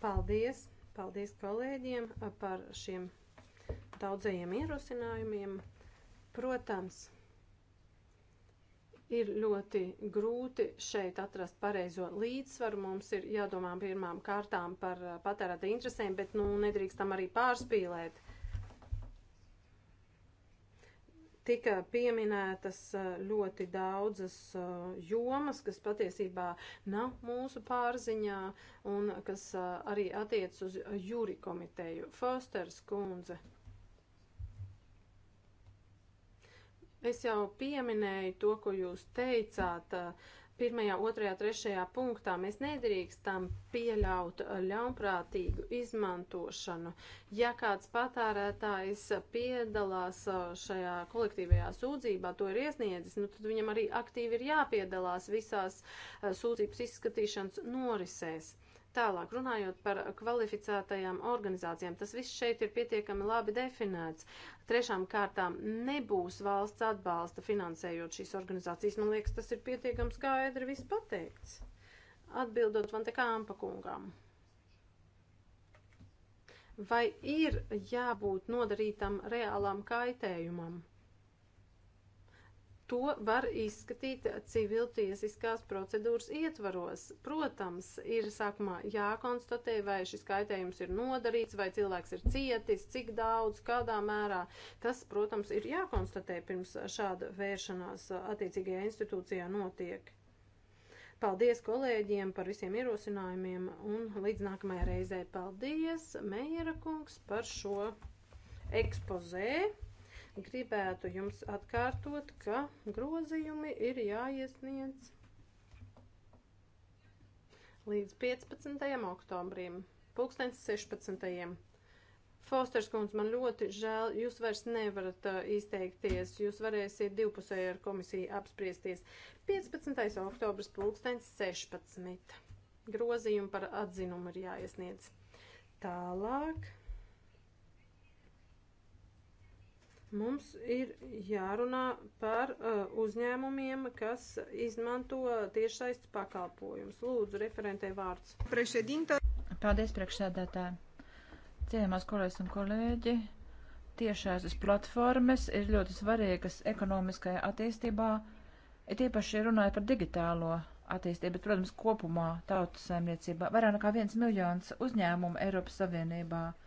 Paldies, paldies kolēģiem par šiem daudzajiem ierosinājumiem. Protams, ir ļoti grūti šeit atrast pareizo līdzsvaru. Mums ir jādomā pirmām kārtām par patērēta interesēm, bet nu, nedrīkstam arī pārspīlēt. tika pieminētas ļoti daudzas jomas, kas patiesībā nav mūsu pārziņā un kas arī attiec uz jūri komiteju. Fosters kundze. Es jau pieminēju to, ko jūs teicāt. Uh, pirmajā, otrajā, trešajā punktā mēs nedrīkstam pieļaut ļaunprātīgu izmantošanu. Ja kāds patērētājs piedalās uh, šajā kolektīvajā sūdzībā, to ir iesniedzis, nu, tad viņam arī aktīvi ir jāpiedalās visās uh, sūdzības izskatīšanas norisēs. Tālāk, runājot par kvalificētajām organizācijām, tas viss šeit ir pietiekami labi definēts. Trešām kārtām nebūs valsts atbalsta finansējot šīs organizācijas. Man liekas, tas ir pietiekami skaidri viss pateikts. Atbildot man te kāmpa kungām. Vai ir jābūt nodarītam reālām kaitējumam? to var izskatīt civiltiesiskās procedūras ietvaros. Protams, ir sākumā jākonstatē, vai šis kaitējums ir nodarīts, vai cilvēks ir cietis, cik daudz, kādā mērā. Tas, protams, ir jākonstatē pirms šāda vēršanās attiecīgajā institūcijā notiek. Paldies kolēģiem par visiem ierosinājumiem un līdz nākamajai reizei paldies Meijera kungs par šo ekspozē. Gribētu jums atkārtot, ka grozījumi ir jāiesniedz līdz 15. oktobrim, pulkstens 16. Fosters kundze, man ļoti žēl, jūs vairs nevarat uh, izteikties, jūs varēsiet divpusēji ar komisiju apspriesties. 15. oktobris pulkstens 16. Grozījumi par atzinumu ir jāiesniedz. Tālāk. Mums ir jārunā par uh, uzņēmumiem, kas izmanto tiešsaistes pakalpojumus. Lūdzu, referentē vārds. Prešedinta. Paldies, priekšsēdētāji. Cienījamās kolēģis un kolēģi, tiešsaistes platformas ir ļoti svarīgas ekonomiskajā attīstībā, ir īpaši runāja par digitālo attīstību, bet, protams, kopumā tautas saimniecībā vairāk nekā viens miljons uzņēmumu Eiropas Savienībā. Uh,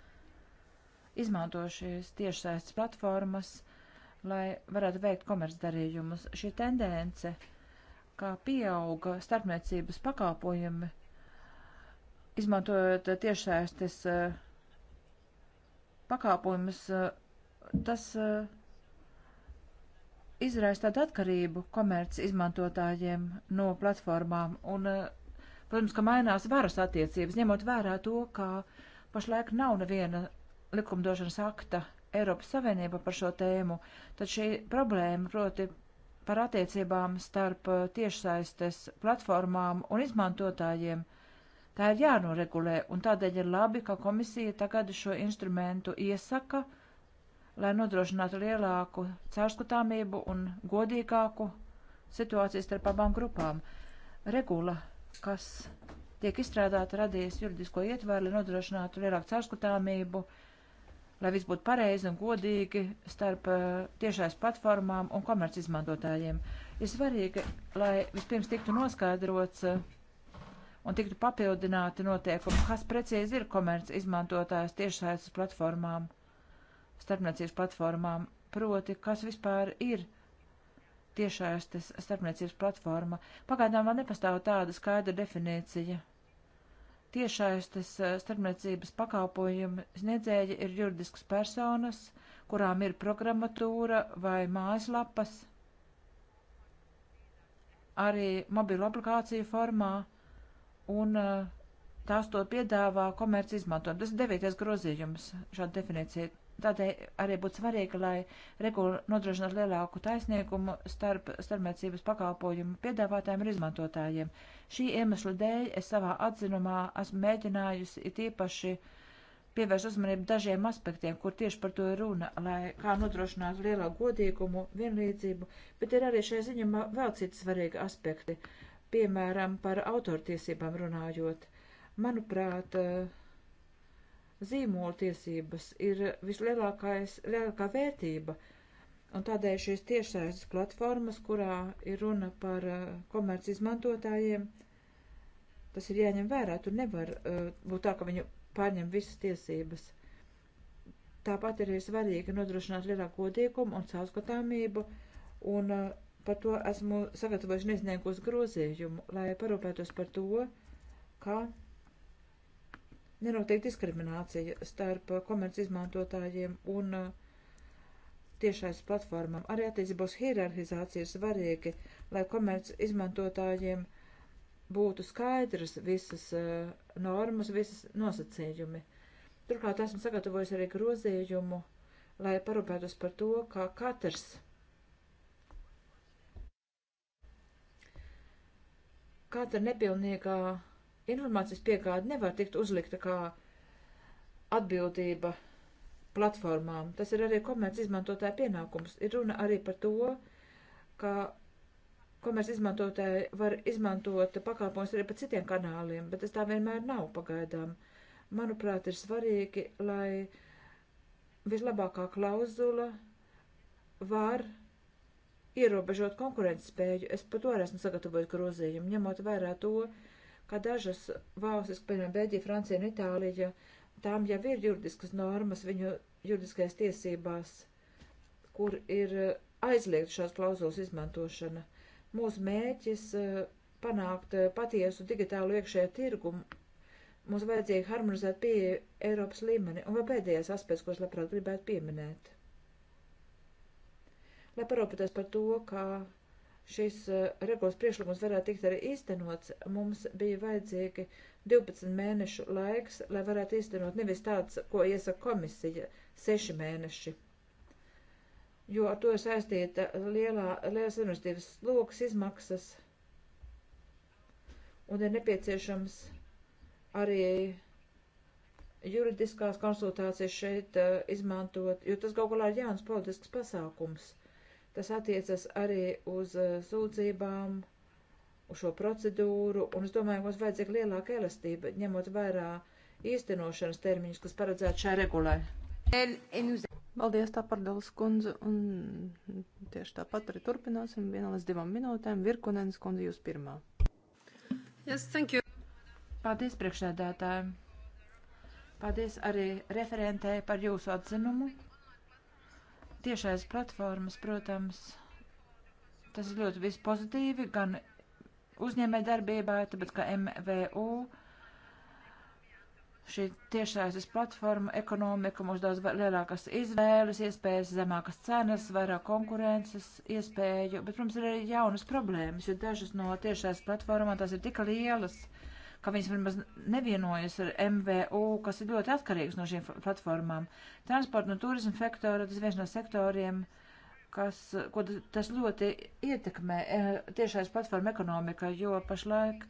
izmanto šīs tiešsaistes platformas, lai varētu veikt komercdarījumus. Šī tendence, kā pieauga starpniecības pakalpojumi, izmantojot tiešsaistes eh, pakalpojumus, eh, tas eh, izraisa tādu atkarību komerci izmantotājiem no platformām. Un, protams, ka mainās varas attiecības, ņemot vērā to, ka pašlaik nav neviena likumdošanas akta Eiropas Savienība par šo tēmu, tad šī problēma, proti par attiecībām starp eh, tiešsaistes platformām un izmantotājiem, tā ir jānoregulē, un tādēļ ir labi, ka komisija tagad šo instrumentu iesaka, lai nodrošinātu lielāku caurskatāmību un godīgāku situāciju starp abām grupām. Regula, kas tiek izstrādāta, radīs juridisko ietvaru, lai nodrošinātu lielāku caurskatāmību, uh, lai viss būtu pareizi un godīgi starp uh, tiešais platformām un komerc izmantotājiem. Ir svarīgi, lai vispirms tiktu noskaidrots uh, un tiktu papildināti noteikumi, kas precīzi ir komerc izmantotājs tiešais platformām, starpniecības platformām, proti, kas vispār ir tiešais starpniecības platforma. Pagaidām vēl nepastāv tāda skaidra definīcija tiešaistes eh, starpniecības pakalpojumu sniedzēji ir juridiskas personas, kurām ir programmatūra vai mājaslapas, arī mobilo aplikāciju formā, un eh, tās to piedāvā komerci izmantojumi. Tas ir devītais grozījums šāda definīcija. Tādēļ arī būtu svarīgi, lai regula nodrošinātu lielāku taisnīgumu starp starpniecības pakalpojumu piedāvātājiem un izmantotājiem. Šī iemesla dēļ es savā atzinumā esmu mēģinājusi it īpaši pievērš uzmanību dažiem aspektiem, kur tieši par to ir runa, lai kā nodrošināt lielāku godīgumu, vienlīdzību, bet ir arī šajā ziņā vēl citi svarīgi aspekti, piemēram, par autortiesībām runājot. Manuprāt, uh, zīmola tiesības ir vislielākais, lielākā vērtība. Un tādēļ šīs tiešsaistes platformas, kurā ir runa par uh, komerc izmantotājiem, tas ir jāņem vērā. Tur nevar uh, būt tā, ka viņi pārņem visas tiesības. Tāpat arī ir svarīgi nodrošināt lielāku godīgumu un caurskatāmību, un uh, par to esmu sagatavojuši neizniegus grozījumu, lai parūpētos par to, ka nenotiek diskriminācija starp komerc izmantotājiem un uh, tiešais platformām. Arī attiecībos hierarhizācija ir svarīgi, lai komerc izmantotājiem būtu skaidrs visas uh, normas, visas nosacījumi. Turklāt esmu sagatavojis arī grozījumu, lai parūpētos par to, kā katrs katra nepilnīgā informācijas piegāde nevar tikt uzlikta kā atbildība platformām. Tas ir arī komerc izmantotāja pienākums. Ir runa arī par to, ka komerc izmantotāji var izmantot pakalpojumus arī pa citiem kanāliem, bet tas tā vienmēr nav pagaidām. Manuprāt, ir svarīgi, lai vislabākā klauzula var ierobežot konkurences spēju. Es par to arī esmu sagatavojis grozījumu, ņemot vērā to, uh, ka dažas valstis, piemēram, Beļģija, Francija un Itālija, tām jau ir juridiskas normas viņu juridiskais tiesībās, kur ir eh, aizliegt šās klauzulas izmantošana. Mūsu mēķis eh, panākt eh, patiesu digitālu iekšējo tirgumu. Mums vajadzēja harmonizēt pieeju Eiropas līmeni, un vēl pēdējais aspekts, ko es labprāt gribētu pieminēt. Lai parūpētos par to, ka šis eh, regulas priekšlikums varētu tikt arī īstenots, mums bija vajadzīgi 12 mēnešu laiks, lai varētu īstenot nevis tāds, ko iesaka komisija, 6 mēneši. Jo ar to saistīta lielā, liels administratīvas sloks, izmaksas, un ir nepieciešams arī juridiskās konsultācijas šeit uh, izmantot, jo tas galu galā ir jauns politisks pasākums Tas attiecas arī uz uh, sūdzībām, uz šo procedūru, un es domāju, mums vajadzīga lielāka elastība, ņemot vērā īstenošanas termiņus, kas paredzēti šai regulai. Paldies, Tapardalas kundze, un tieši tāpat arī turpināsim vienā līdz divām minūtēm. Virkunenes kundze, jūs pirmā. Yes, thank you. Paldies, priekšsēdētāji. Paldies arī referentē par jūsu atzinumu tiešais platformas, protams, tas ir ļoti viss pozitīvi, gan uzņēmē darbībā, tāpēc ka MVU šī tiešsaistes platforma ekonomika mums daudz lielākas izvēles, iespējas, zemākas cenas, vairāk konkurences iespēju, bet, protams, ir arī jaunas problēmas, jo dažas no tiešsaistes platformām tās ir tik lielas, uh, ka viņas vismaz nevienojas ar MVU, kas ir ļoti atkarīgs no šīm platformām. Transporta un turisma sektora, tas viens no sektoriem, kas, ko tas ļoti ietekmē e, tiešais platforma ekonomika, jo pašlaik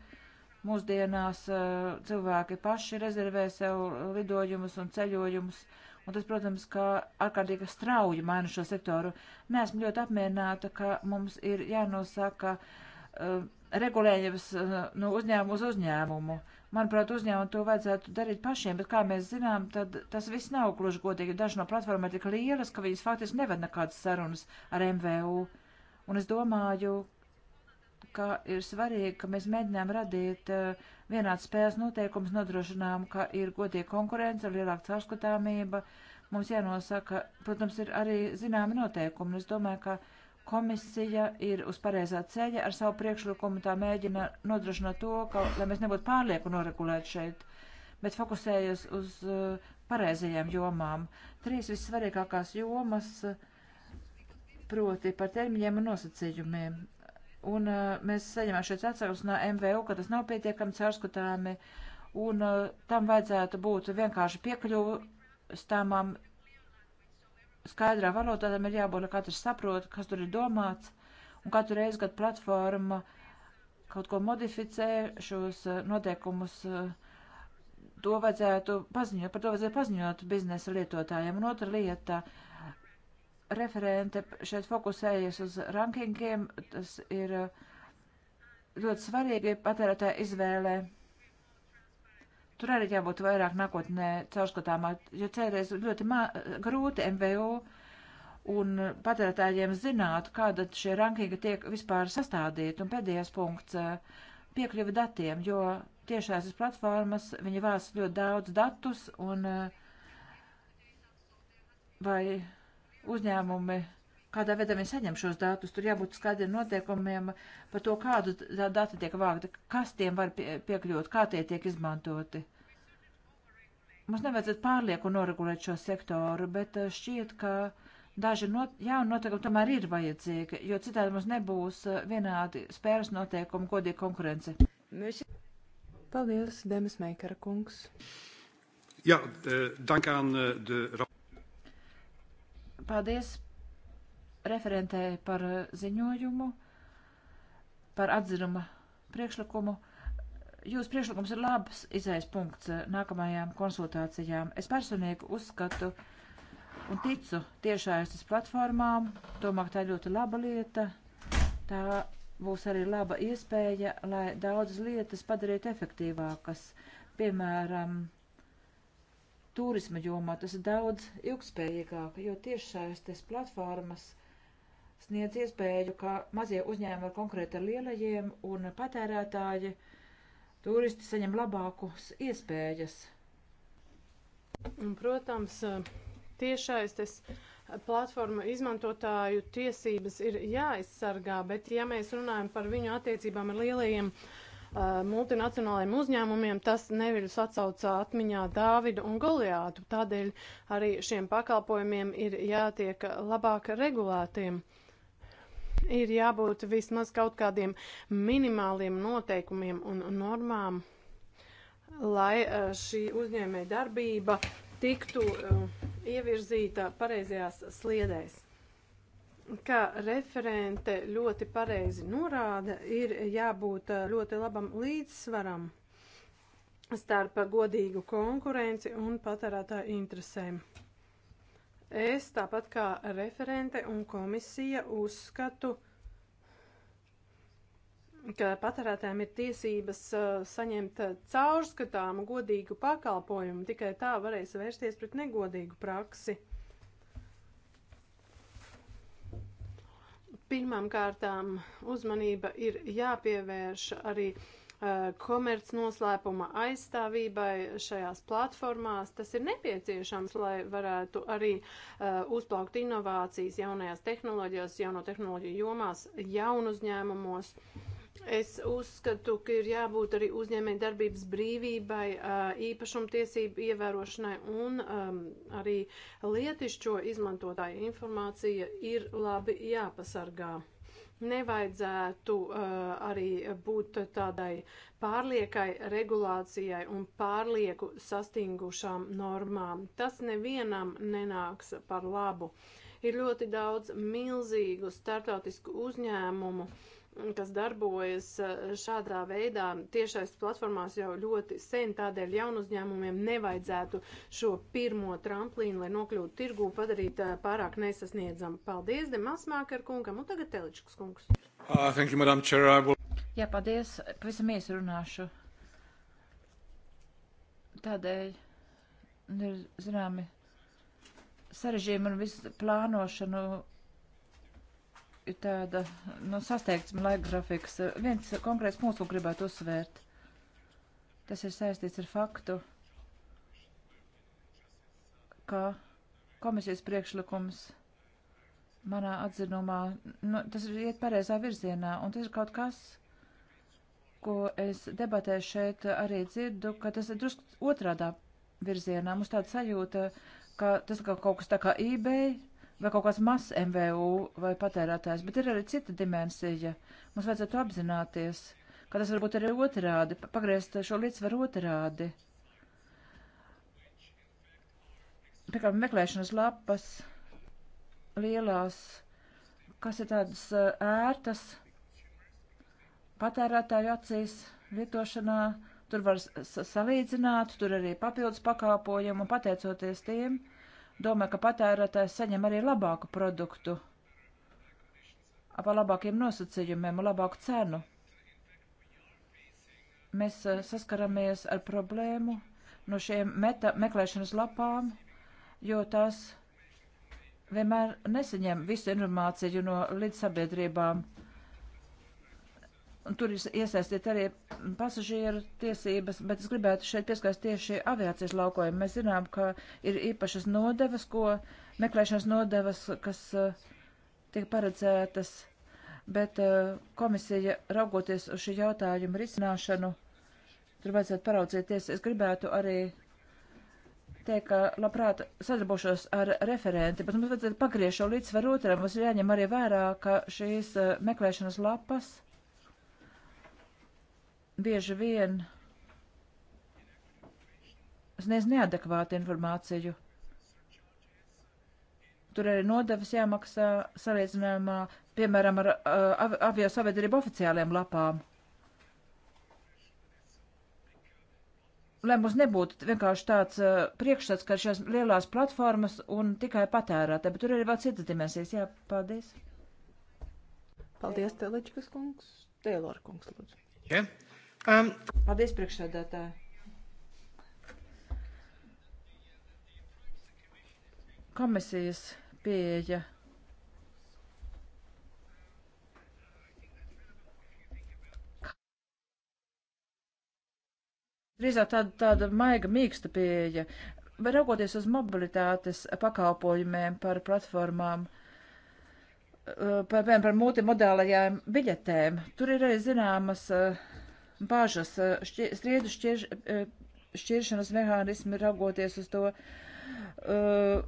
mūsdienās e, cilvēki paši rezervē sev lidojumus un ceļojumus. Un tas, protams, ka ārkārtīgi strauji maina šo sektoru. Nē, esmu ļoti apmierināta, ka mums ir jānosaka uh, regulējums eh, no uzņēmuma uz uzņēmumu. Manuprāt, uzņēmumu to vajadzētu darīt pašiem, bet, kā mēs zinām, tad tas viss nav gluži godīgi. Daži no platformām ir tik lielas, ka viņas faktiski neved nekādas sarunas ar MVU. Un es domāju, ka ir svarīgi, ka mēs mēģinām radīt uh, eh, vienādas spēles noteikumus, nodrošinām, ka ir godīga konkurence, lielāka caurskatāmība. Mums jānosaka, protams, ir arī zināmi noteikumi. Es domāju, ka Komisija ir uz pareizā ceļa ar savu priekšlikumu, tā mēģina nodrošināt to, ka, lai mēs nebūtu pārlieku noregulēti šeit, bet fokusējas uz uh, pareizajām jomām. Trīs vissvarīgākās jomas, uh, proti par termiņiem un nosacījumiem. Un uh, mēs saņemam šeit atsaukus no MVU, ka tas nav pietiekami caurskatāmi, un uh, tam vajadzētu būt vienkārši piekļuvu stāmām skaidrā valodā tam ir jābūt, lai katrs saprot, kas tur ir domāts, un katru reizi, kad platforma kaut ko modificē šos eh, noteikumus, eh, to vajadzētu paziņot, par to vajadzētu paziņot biznesa lietotājiem. Un otra lieta, referente šeit fokusējies uz rankingiem, tas ir eh, ļoti svarīgi patērētāja izvēlē. Tur arī jābūt vairāk nākotnē caurskatāmā, jo cēlēs ļoti mā, grūti MVU un patērētājiem zināt, kāda šie rankingi tiek vispār sastādīti. Un pēdējais punkts eh, - piekļuvi datiem, jo tiešās platformas, viņi vāc ļoti daudz datus un eh, vai uzņēmumi kādā veidā viņi saņem šos datus. Tur jābūt skaidriem noteikumiem par to, kādu dati tiek vākti, kas tiem var pie, piekļūt, kā tie tiek izmantoti. Mums nevajadzētu pārlieku noregulēt šo sektoru, bet eh, šķiet, ka daži not, jauni noteikumi tomēr ir vajadzīgi, jo citādi mums nebūs eh, vienādi spēras noteikumi, godīga konkurence. Paldies, Demis Meikara kungs. Jā, ja, eh, dank aan de. Paldies referentēja par eh, ziņojumu, par atzinuma priekšlikumu. Jūsu priekšlikums ir labs izējas punkts eh, nākamajām konsultācijām. Es personīgi uzskatu un ticu tiešāistas platformām, domāju, ka tā ir ļoti laba lieta. Tā būs arī laba iespēja, lai daudzas lietas padarītu efektīvākas. Piemēram, turisma jomā tas ir daudz ilgspējīgāk, jo tiešsaistes platformas sniedz iespēju, ka mazie uzņēmumi var konkurēt ar lielajiem un patērētāji, turisti saņem labākus iespējas. Un, protams, tiešais tas platforma izmantotāju tiesības ir jāaizsargā, bet ja mēs runājam par viņu attiecībām ar lielajiem uh, multinacionālajiem uzņēmumiem, tas neviļus atsaucā atmiņā Dāvidu un Goliātu. Tādēļ arī šiem pakalpojumiem ir jātiek labāk regulētiem. Uh, ir jābūt vismaz kaut kādiem minimāliem noteikumiem un normām, lai eh, šī uzņēmē darbība tiktu eh, ievirzīta pareizajās sliedēs. Kā referente ļoti pareizi norāda, ir jābūt eh, ļoti labam līdzsvaram starp godīgu konkurenci un patērētāju interesēm. Es tāpat kā referente un komisija uzskatu, ka patērētājiem ir tiesības uh, saņemt uh, caurskatāmu godīgu pakalpojumu, tikai tā varēs vērsties pret negodīgu praksi. Pirmām kārtām uzmanība ir jāpievērš arī uh, Eh, komerc noslēpuma aizstāvībai šajās platformās. Tas ir nepieciešams, lai varētu arī uh, uzplaukt inovācijas jaunajās tehnoloģijās, jauno tehnoloģiju jomās, jaunu uzņēmumos. Es uzskatu, ka ir jābūt arī uzņēmēji darbības brīvībai, eh, īpašumtiesību ievērošanai un um, arī lietišķo izmantotāju informācija ir labi jāpasargā. Nevajadzētu uh, arī būt tādai pārliekai regulācijai un pārlieku sastingušām normām. Tas nevienam nenāks par labu. Ir ļoti daudz milzīgu startautisku uzņēmumu, uh, kas darbojas e, šādā veidā tiešais platformās jau ļoti sen, tādēļ jaunuzņēmumiem nevajadzētu šo pirmo tramplīnu, lai nokļūtu tirgū, padarīt e, pārāk nesasniedzam. Paldies, Demas Mākar kungam, un tagad Teličkas kungs. Uh, thank you, Madam Chair. I will... Jā, paldies. Pavisam ies runāšu. Tādēļ ir nu, zināmi sarežģījumi un visu plānošanu ir tāda, nu, sasteigts laika grafiks. Viens konkrēts punkts, ko gribētu uzsvērt, tas ir saistīts ar faktu, ka komisijas priekšlikums manā atzinumā, nu, tas ir iet pareizā virzienā, un tas ir kaut kas, ko es debatēju šeit arī dzirdu, ka tas ir drusku otrādā virzienā. Mums tāda sajūta, ka tas kā kaut kas tā kā eBay, vai kaut kāds mazs MVU vai patērētājs, bet ir arī cita dimensija. Mums vajadzētu apzināties, ka tas varbūt arī otrādi, pagriezt šo līdzsvaru otrādi. Piemēram, meklēšanas lapas lielās, kas ir tādas ērtas patērētāju acīs lietošanā, tur var salīdzināt, tur arī papildus pakāpojumu un pateicoties tiem Domāju, ka patērētājs saņem arī labāku produktu, ap labākiem nosacījumiem un labāku cenu. Mēs eh, saskaramies ar problēmu no šiem meta, meklēšanas lapām, jo tās vienmēr nesaņem visu informāciju no līdzsabiedrībām. Un tur ir iesaistīt arī pasažieru tiesības, bet es gribētu šeit pieskaist tieši aviācijas laukojumu. Mēs zinām, ka ir īpašas nodevas, ko meklēšanas nodevas, kas uh, tiek paredzētas, bet uh, komisija raugoties uz šī jautājuma risināšanu, tur vajadzētu paraudzīties. Es gribētu arī teikt, ka labprāt sadarbošos ar referenti, bet mums vajadzētu pagriezt šo līdzsvaru otram. Mums ir jāņem arī vērā, ka šīs uh, meklēšanas lapas bieži vien sniedz neadekvātu informāciju. Tur arī nodevas jāmaksā salīdzinājumā, piemēram, ar uh, avio sabiedrību oficiāliem lapām. Lai mums nebūtu vienkārši tāds uh, priekšstats, ka šīs lielās platformas un tikai patērētē, bet tur ir vēl citas dimensijas. Jā, paldies. Paldies, Teličkas kungs. Tēlor kungs, lūdzu. Yeah. Um. Paldies, priekšsēdētāji. Komisijas pieeja. Drīzāk tāda, tāda maiga, mīksta pieeja. Vai raugoties uz mobilitātes pakalpojumiem par platformām, uh, par, par multimodālajām biļetēm, tur ir arī zināmas uh, bažas, šķier, striedu šķir, šķiršanas mehānismi raugoties uz to. Uh,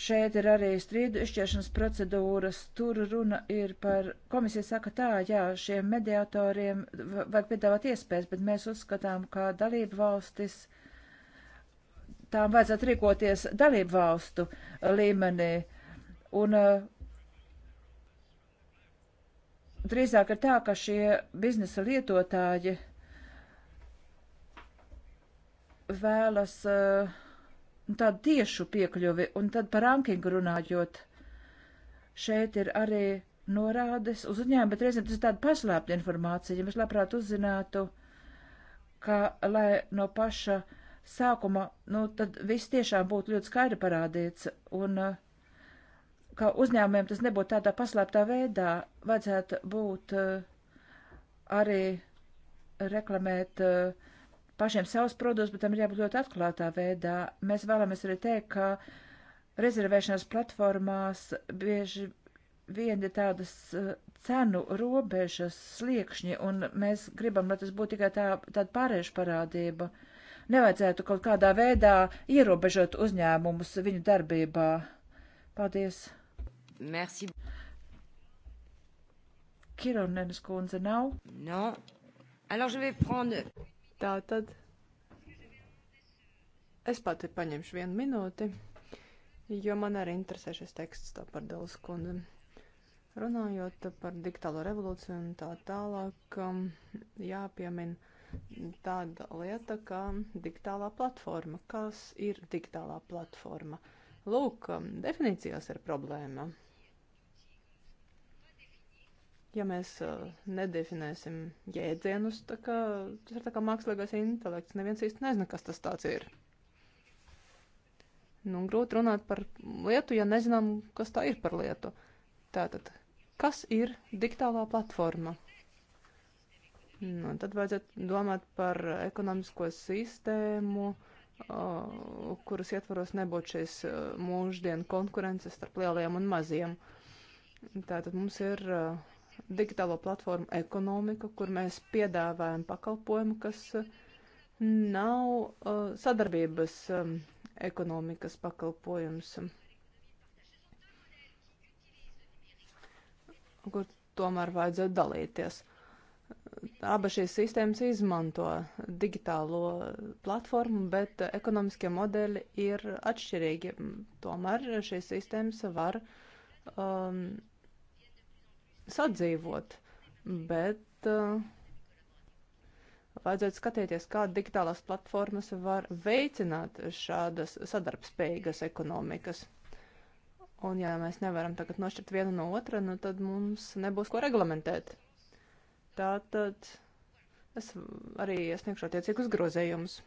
šeit ir arī strīdu izšķiršanas procedūras. Tur runa ir par, komisija saka tā, jā, šiem mediatoriem vajag piedāvāt iespējas, bet mēs uzskatām, ka dalību valstis tām vajadzētu rīkoties dalību valstu līmenī. Un uh, drīzāk ir tā, ka šie biznesa lietotāji vēlas uh, tādu tiešu piekļuvi, un tad par rankingu runājot, šeit ir arī norādes uz uzņēmumu, bet reizēm tas ir tāda paslēpta informācija, ja mēs labprāt uzzinātu, ka, lai no paša sākuma, nu, tad viss tiešām būtu ļoti skaidri parādīts, un uh, ka uzņēmumiem tas nebūtu tādā paslēptā veidā, vajadzētu būt uh, arī reklamēt uh, pašiem savus produktus, bet tam ir jābūt ļoti atklātā veidā. Mēs vēlamies arī teikt, ka rezervēšanas platformās bieži vien ir tādas uh, cenu robežas sliekšņi, un mēs gribam, lai tas būtu tikai tā, tāda pārējuša parādība. Nevajadzētu kaut kādā veidā ierobežot uzņēmumus viņu darbībā. Paldies! Merci. Kironnenes kundze nav? No. Alors je vais prendre... Tā tad. Es pati paņemšu vienu minūti, jo man arī interesē šis teksts tā par Dēlas kundzi. Runājot par digitālo revolūciju un tā tālāk, um, jāpiemin tāda lieta, kā digitālā platforma. Kas ir digitālā platforma? Lūk, um, definīcijās ir problēma ja mēs uh, nedefinēsim jēdzienus, tā kā, tas ir tā kā mākslīgais intelekts. Neviens īsti nezina, kas tas tāds ir. Nu, grūti runāt par lietu, ja nezinām, kas tā ir par lietu. Tātad, kas ir digitālā platforma? Nu, tad vajadzētu domāt par ekonomisko sistēmu, uh, kuras ietvaros nebūtu šīs uh, mūždienu konkurences starp lielajiem un maziem. Tātad mums ir uh, digitālo platformu ekonomiku, kur mēs piedāvājam pakalpojumu, kas uh, nav uh, sadarbības um, ekonomikas pakalpojums, kur tomēr vajadzētu dalīties. Aba šīs sistēmas izmanto digitālo platformu, bet ekonomiskie modeļi ir atšķirīgi. Tomēr šīs sistēmas var um, sadzīvot, bet uh, vajadzētu skatīties, kā digitālās platformas var veicināt šādas sadarbspējīgas ekonomikas. Un ja mēs nevaram tagad nošķirt vienu no otra, nu tad mums nebūs ko reglamentēt. Tātad es arī iesniegšu attiecīgus grozījumus.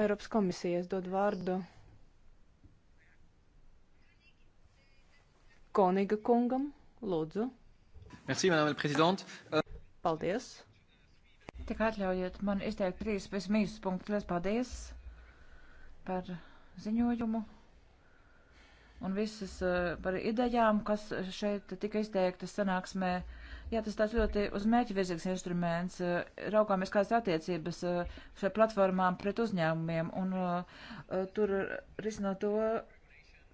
Eiropas komisijas dod vārdu Koniga kungam, lūdzu. Merci, madame prezident. Paldies. Tik atļaujiet man izteikt trīs vismīzus punktus. Lies paldies par ziņojumu un visas eh, par idejām, kas šeit tika izteiktas sanāksmē. Jā, tas tāds ļoti uz mēķi virzīgs instruments. Eh, raugāmies, kādas attiecības eh, šai platformām pret uzņēmumiem un tur risinot to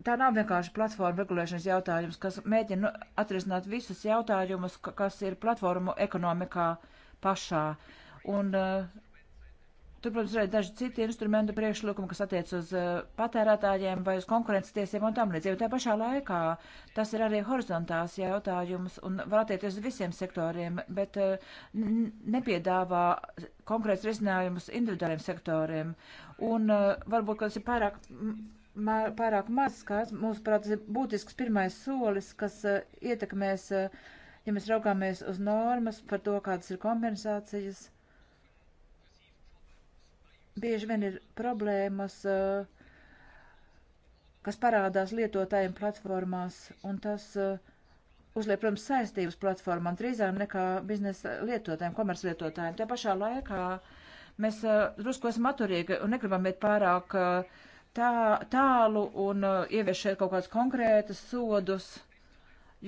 tā nav vienkārši platforma regulēšanas jautājums, kas mēģina nu, atrisināt visus jautājumus, kas ir platformu ekonomikā pašā. Un, eh, Tur, protams, ir daži citi instrumenti priekšlikumi, kas attiec uz eh, patērētājiem vai uz konkurences tiesiem un tam līdzīgi. Tā pašā laikā tas ir arī horizontāls jautājums un var attiekties uz visiem sektoriem, bet eh, nepiedāvā konkrēts risinājumus individuāliem sektoriem. Un varbūt, ka tas ir pārāk pārāk maz skats. Mūsuprāt, tas ir būtisks pirmais solis, kas uh, ietekmēs, uh, ja mēs raugāmies uz normas par to, kādas ir kompensācijas. Bieži vien ir problēmas, uh, kas parādās lietotājiem platformās, un tas uzliek, protams, saistības platformām drīzāk nekā biznesa lietotājiem, komerclietotājiem. Tajā pašā laikā mēs drusku esam atturīgi un negribam iet pārāk uh, tā, tālu un uh, ievies šeit kaut kādus konkrētus sodus.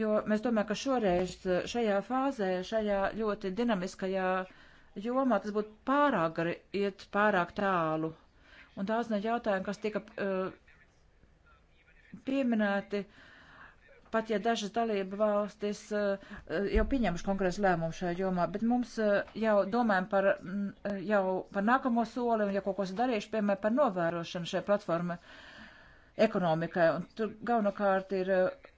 Jo mēs domājam, ka šoreiz uh, šajā fāzē, šajā ļoti dinamiskajā jomā tas būtu pārāk gari, iet pārāk tālu. Un daudz no jautājumiem, kas tika uh, pieminēti, uh, pat ja dažas dalība valstis eh, jau pieņemuši konkrēts lēmumu šajā jomā, bet mums eh, jau domājam par, mm, eh, jau par nākamo soli un ja kaut ko darījuši, piemēram, par novērošanu šajā platformā ekonomikai. Un tur galvenokārt ir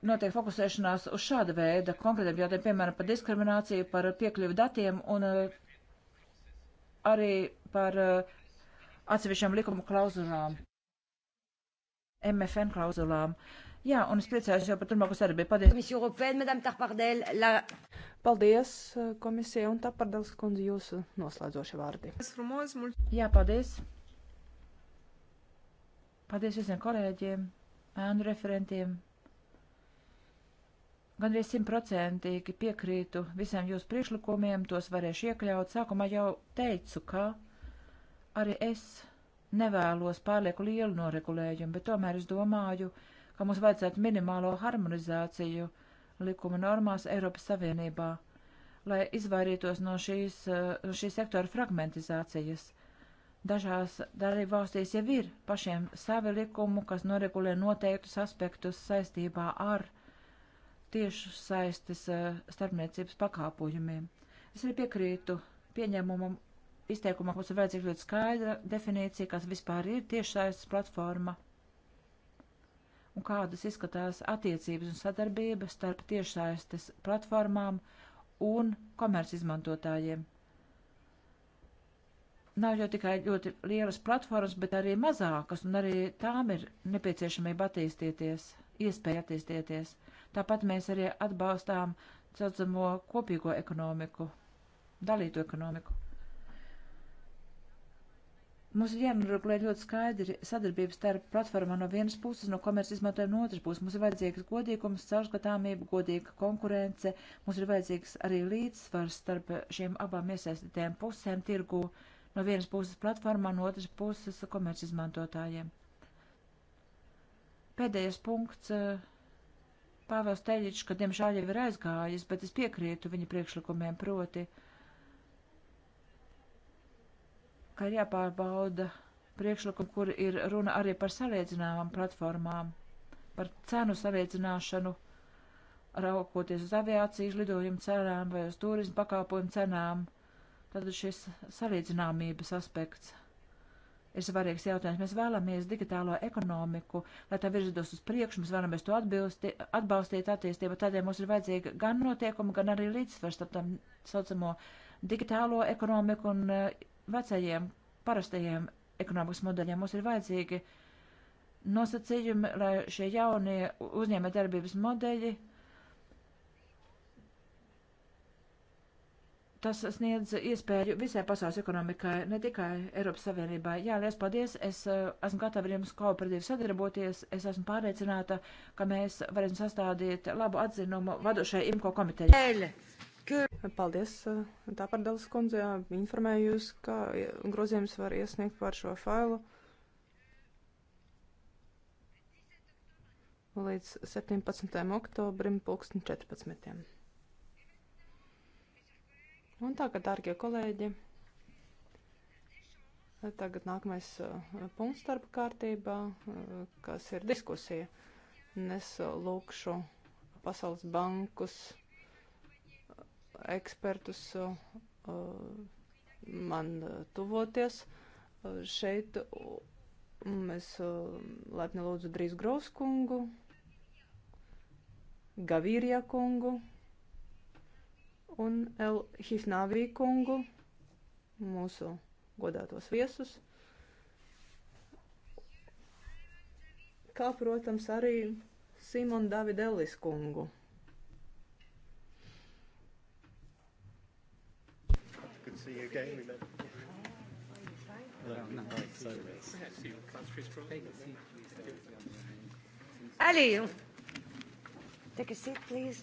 notiek fokusēšanās uz šāda veida konkrētiem jautājumiem, piemēram, par diskrimināciju, par piekļuvi datiem un arī par atsevišķām likumu klauzulām, MFN klauzulām. Uh, Jā, un es priecājos jau par turmāko sadarbību. Paldies! Paldies eh, komisijai un tāpardēls kundze jūsu noslēdzošie vārdi. Jā, paldies! Paldies visiem kolēģiem, ēnu referentiem. Gandrīz simtprocentīgi piekrītu visiem jūsu priekšlikumiem, tos varēšu iekļaut. Sākumā jau teicu, ka arī es nevēlos pārlieku lielu noregulējumu, bet tomēr es domāju, ka ka mums vajadzētu minimālo harmonizāciju likuma normās Eiropas Savienībā, lai izvairītos no šīs, eh, šī sektora fragmentizācijas. Dažās dalību valstīs jau ir pašiem savi likumu, kas noregulē noteiktus aspektus saistībā ar tiešu saistes eh, starpniecības pakāpojumiem. Es arī piekrītu pieņēmumam izteikumā, ka mums ir vajadzīga ļoti skaidra definīcija, kas vispār ir tiešsaistes platforma un kādas izskatās attiecības un sadarbība starp tiešsaistes platformām un komercizmantotājiem. Nav jau tikai ļoti lielas platformas, bet arī mazākas, un arī tām ir nepieciešamība attīstīties, iespēja attīstīties. Tāpat mēs arī atbalstām caucamo kopīgo ekonomiku, dalītu ekonomiku. Mums ir jānoregulē ļoti skaidri sadarbības starp platformā no vienas puses, no komerc izmantojuma no otras puses. Mums ir vajadzīgs godīgums, caurskatāmība, godīga konkurence. Mums ir vajadzīgs arī līdzsvars starp šīm abām iesaistītēm pusēm tirgu no vienas puses platformā, no otras puses komerc izmantotājiem. Pēdējais punkts. Eh, Pāvils Teļičs, ka diemžēl jau ir aizgājis, bet es piekrītu viņa priekšlikumiem proti. Uh, ka ir jāpārbauda priekšlikumi, kur ir runa arī par salīdzināmām platformām, par cenu salīdzināšanu, raukoties uz aviācijas lidojumu cenām vai uz turismu pakāpojumu cenām. Tad šis salīdzināmības aspekts ir svarīgs jautājums. Mēs vēlamies digitālo ekonomiku, lai tā virzītos uz priekšu, mēs vēlamies to atbilsti, atbalstīt attīstību, tādēļ mums ir vajadzīga gan notiekuma, gan arī līdzsvars starp tam saucamo digitālo ekonomiku un uh, vecajiem, parastajiem ekonomikas modeļiem. Mums ir vajadzīgi nosacījumi, lai šie jaunie uzņēmē darbības modeļi, tas sniedz iespēju visai pasaules ekonomikai, ne tikai Eiropas Savienībai. Jā, liels paldies, es eh, esmu gatava ar jums kooperatīvi sadarboties, es esmu pārliecināta, ka mēs varēsim sastādīt labu atzinumu vadošai IMKO komitejai. Paldies, eh, tā par Dalas kundze, informēju jūs, ka grozījums var iesniegt par šo failu līdz 17. oktobrim 2014. Un tagad, dārgie kolēģi, tagad nākamais eh, punkts starp kārtībā, eh, kas ir diskusija. Es lūkšu Pasaules bankus ekspertus man tuvoties. Šeit mēs lepni lūdzu drīz Grauskungu, Gavīrija kungu un El Hifnavī kungu, mūsu godātos viesus. Kā, protams, arī Simon Davidelis kungu. good seeing you again. We met. Allez, on... take a seat, please.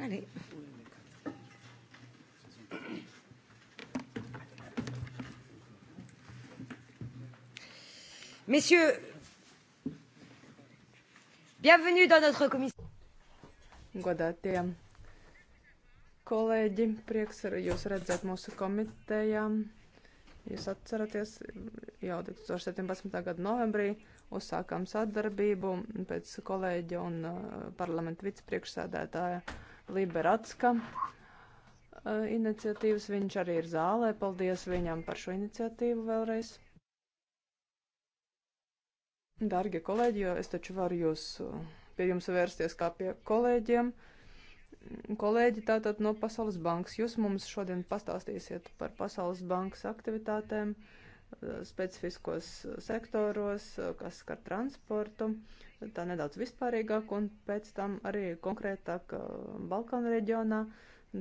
Allez. Messieurs, bienvenue dans notre commission. Godātiem kolēģi. Prieks ar jūs redzēt mūsu komitejā. Jūs atceraties, jau 2017. gada novembrī uzsākām sadarbību pēc kolēģa un uh, parlamenta vicepriekšsēdētāja Liberatska uh, iniciatīvas. Viņš arī ir zālē. Paldies viņam par šo iniciatīvu vēlreiz. Dargie kolēģi, jo es taču varu jūs uh, pie jums vērsties kā pie kolēģiem. Uh, kolēģi tātad no Pasaules bankas. Jūs mums šodien pastāstīsiet par Pasaules bankas aktivitātēm eh, specifiskos sektoros, eh, kas skar transportu, tā nedaudz vispārīgāk, un pēc tam arī konkrētāk eh, Balkānu reģionā.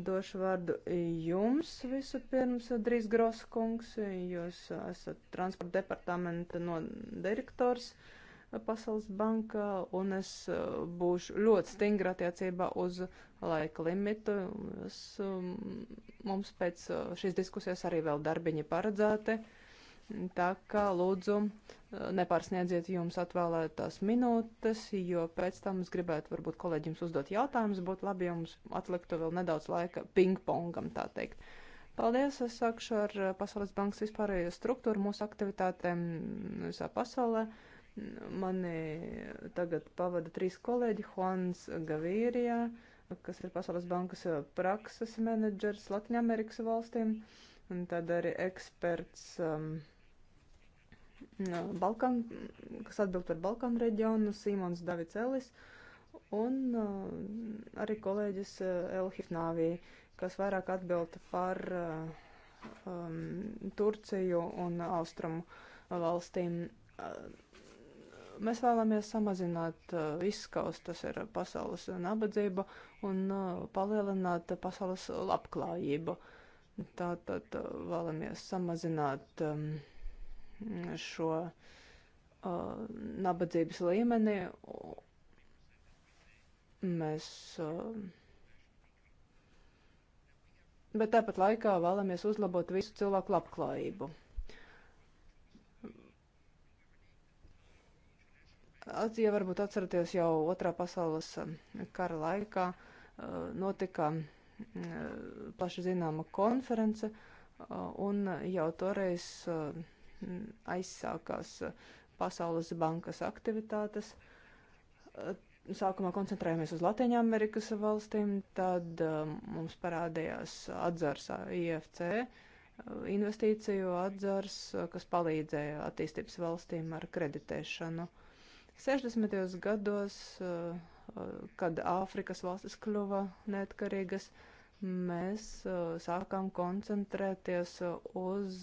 Došu vārdu jums visu pirms, Drīs Groskungs, jūs esat transporta departamenta no direktors. Uh, Pasaules bankā, un es uh, būšu ļoti stingra attiecībā uz laika limitu. Es, um, mums pēc uh, šīs diskusijas arī vēl darbiņi paredzēti. Tā kā lūdzu uh, nepārsniedziet jums atvēlētās minūtes, jo pēc tam es gribētu varbūt kolēģim uzdot jautājumus, būtu labi, ja mums atliktu vēl nedaudz laika pingpongam, tā teikt. Paldies, es sākšu ar Pasaules bankas vispārējo struktūru mūsu aktivitātēm visā pasaulē. Uh, Mani tagad pavada trīs kolēģi - Juans Gavīrijā, kas ir Pasaules bankas prakses menedžers Latvijas-Amerikas valstīm, un tad arī eksperts um, Balkan, kas atbild par Balkanu reģionu, Simons Davids Ellis, un uh, arī kolēģis uh, Elhifnāvī, kas vairāk atbild par uh, um, Turciju un Austrumu valstīm. Uh, Mēs vēlamies samazināt, uh, izskaust, tas ir pasaules nabadzību un uh, palielināt pasaules labklājību. Tātad uh, vēlamies samazināt um, šo nabadzības līmeni. Mēs. Bet tāpat laikā vēlamies uzlabot visu cilvēku labklājību. Ja varbūt atceraties jau otrā pasaules um, kara laikā uh, notika mm, uh, plaši zināma konference, uh, un jau toreiz aizsākās Pasaules bankas aktivitātes. Sākumā koncentrējāmies uz Latviju Amerikas valstīm, tad mums parādījās atzars IFC, investīciju atzars, kas palīdzēja attīstības valstīm ar kreditēšanu. 60. gados, eh, eh, kad Āfrikas valstis kļuva neatkarīgas, mēs eh, sākām koncentrēties uz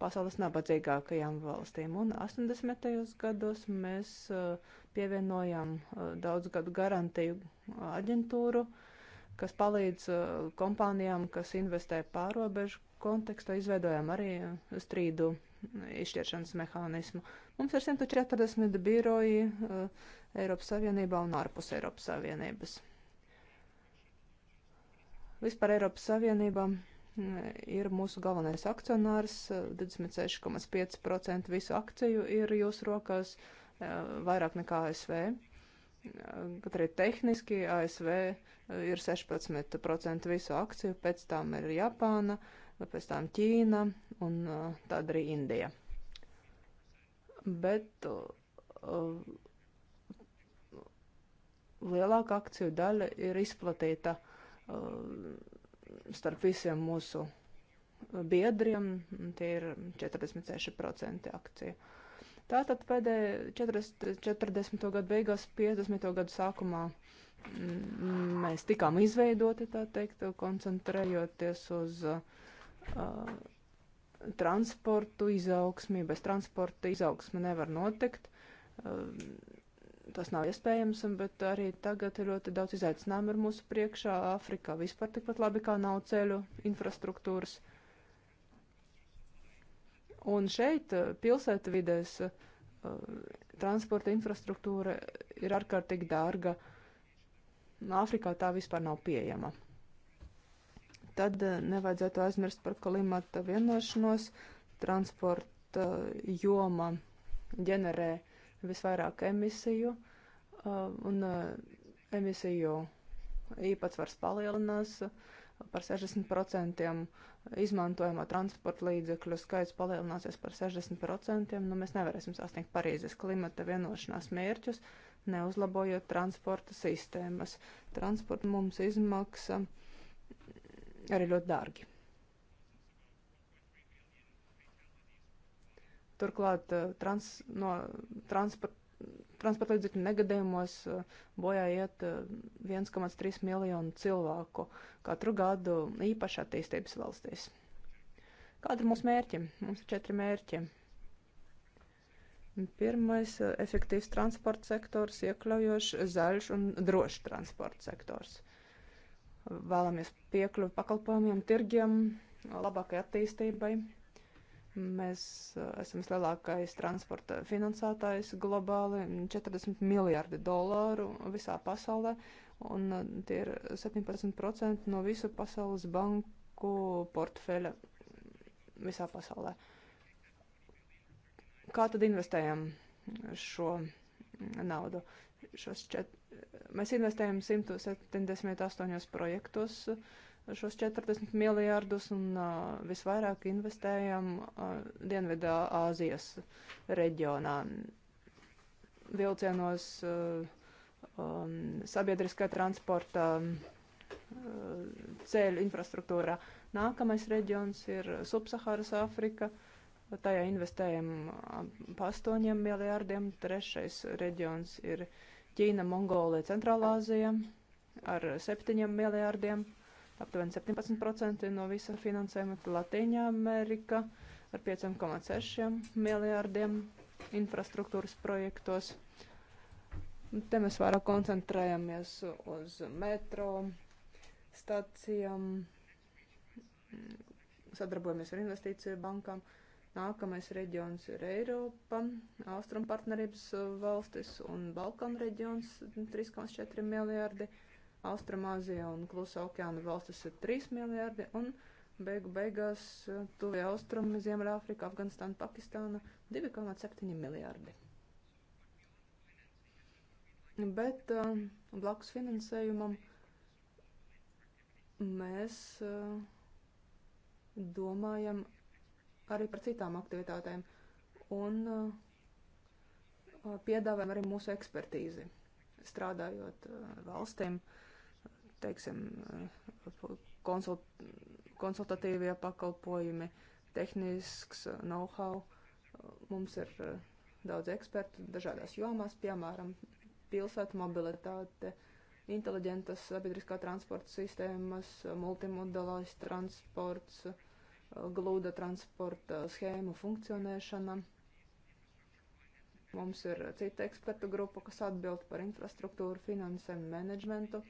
pasaules nabadzīgākajām valstīm. Un 80. gados mēs pievienojām daudz gadu garantiju aģentūru, kas palīdz kompānijām, kas investē pārobežu kontekstā izveidojām arī uh, strīdu izšķiršanas mehānismu. Mums ir 140 biroji uh, Eiropas Savienībā un ārpus Eiropas Savienības. Vispār Eiropas Savienībā uh, ir mūsu galvenais akcionārs, 26,5% uh, visu akciju ir jūsu rokās, vairāk nekā ASV. Pat arī tehniski ASV ir 16% visu akciju, pēc tam ir Japāna, uh, pēc tam Ķīna un tad arī Indija. Bet uh, lielāka akciju daļa ir izplatīta uh, starp visiem mūsu biedriem, tie ir 46% akciju. Tātad pēdējā 40. 40. gadu beigās, 50. gadu sākumā mēs tikām izveidoti, tā teikt, koncentrējoties uz uh, uh, transportu izaugsmi, bez transporta izaugsme nevar notikt. Uh, tas nav iespējams, bet arī tagad ir ļoti daudz izaicinājumu ar mūsu priekšā. Āfrikā vispār tikpat labi kā nav ceļu infrastruktūras. Un šeit uh, pilsētvidēs uh, transporta infrastruktūra ir ārkārtīgi dārga. Āfrikā tā vispār nav pieejama. Tad eh, nevajadzētu aizmirst par klimata vienošanos. Transporta eh, joma ģenerē visvairāk emisiju, eh, un emisiju īpatsvars palielinās par 60%, izmantojamo transporta līdzekļu skaits palielināsies par 60%, nu mēs nevarēsim sasniegt Parīzes klimata vienošanās mērķus, neuzlabojot transporta sistēmas. Transporta mums izmaksa arī ļoti dārgi. Turklāt uh, trans, no transporta transporta līdzekļu negadījumos uh, bojā iet 1,3 uh, miljonu cilvēku katru gadu īpaši attīstības valstīs. Kāda ir mūsu mērķi? Mums ir četri mērķi. Pirmais - efektīvs transporta sektors, iekļaujošs, zaļš un drošs transporta sektors. Vēlamies piekļuvi pakalpojumiem, tirgiem, labākai attīstībai. Mēs uh, esam vislielākais transporta finansētājs globāli - 40 miljardi dolāru visā pasaulē, un uh, tie ir 17% no visu pasaules banku portfeļa visā pasaulē. Kā tad investējam šo mm, naudu? šos čet... Mēs investējam 178 projektos eh, šos 40 miljārdus un uh, visvairāk investējam uh, Dienvidā Āzijas reģionā vilcienos, uh, um, sabiedriskā transporta, uh, ceļu infrastruktūrā. Nākamais reģions ir Subsaharas Afrika. Uh, tajā investējam ap 8 miljārdiem. Trešais reģions ir Ķīna, Mongolija, Centrālāzija ar 7 miljārdiem, aptuveni 17% no visa finansējuma, Latīņa Amerika ar 5,6 miljārdiem infrastruktūras projektos. Te mēs vairāk koncentrējamies uz metro stacijām, sadarbojamies ar investīciju bankām. Uh, Nākamais reģions ir Eiropa, Austrum partnerības uh, valstis un Balkanu reģions 3,4 miljārdi, Austrumāzija un Klusa okeāna valstis ir 3 miljārdi un beigu beigās uh, tuvie Austrumi, Ziemeļāfrika, Afganistāna, Pakistāna 2,7 miljārdi. Bet uh, blakus finansējumam mēs uh, domājam arī par citām aktivitātēm un uh, piedāvājam arī mūsu ekspertīzi, strādājot uh, valstīm, teiksim, uh, konsult, konsultatīvie pakalpojumi, tehnisks know-how. Mums ir daudz ekspertu dažādās jomās, piemēram, pilsētu mobilitāte, inteliģentas sabiedriskā transporta sistēmas, multimodalais transports, glūda transporta schēmu funkcionēšana. Mums ir cita ekspertu grupa, kas atbild par infrastruktūru, finansēm, menedžmentu.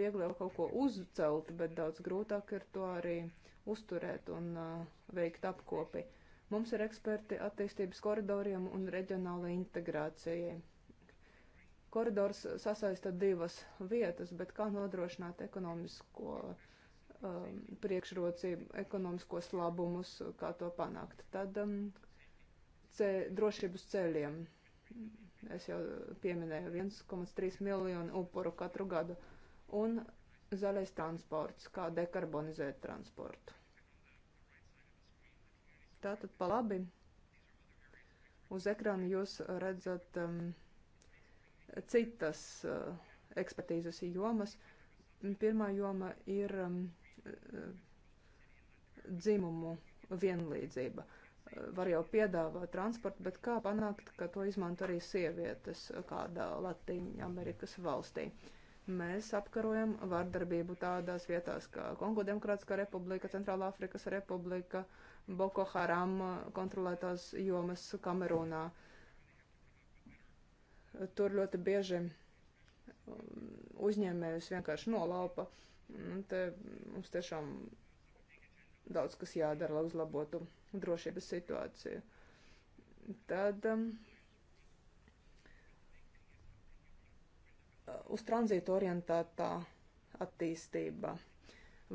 Viegli jau kaut ko uzcelt, bet daudz grūtāk ir to arī uzturēt un uh, veikt apkopi. Mums ir eksperti attīstības koridoriem un reģionālajai integrācijai. Koridors sasaista divas vietas, bet kā nodrošināt ekonomisko uh, um, priekšrocību, ekonomiskos labumus, kā to panākt. Tad um, ce, drošības ceļiem. Es jau pieminēju 1,3 miljonu upuru katru gadu. Un zaļais transports, kā dekarbonizēt transportu. Tātad pa labi. Uz ekrāna jūs redzat um, citas uh, ekspertīzes jomas. Pirmā joma ir um, dzimumu vienlīdzība. Var jau piedāvāt transportu, bet kā panākt, ka to izmanto arī sievietes kādā Latīņa Amerikas valstī? Mēs apkarojam vardarbību tādās vietās kā Kongo Demokrātiskā republika, Centrāla Afrikas republika, Boko Haram kontrolētās jomas Kamerūnā. Tur ļoti bieži um, uzņēmējus vienkārši nolaupa uh, Un nu, te mums tiešām daudz kas jādara, lai uzlabotu drošības situāciju. Tad um, uz tranzītu orientētā attīstība.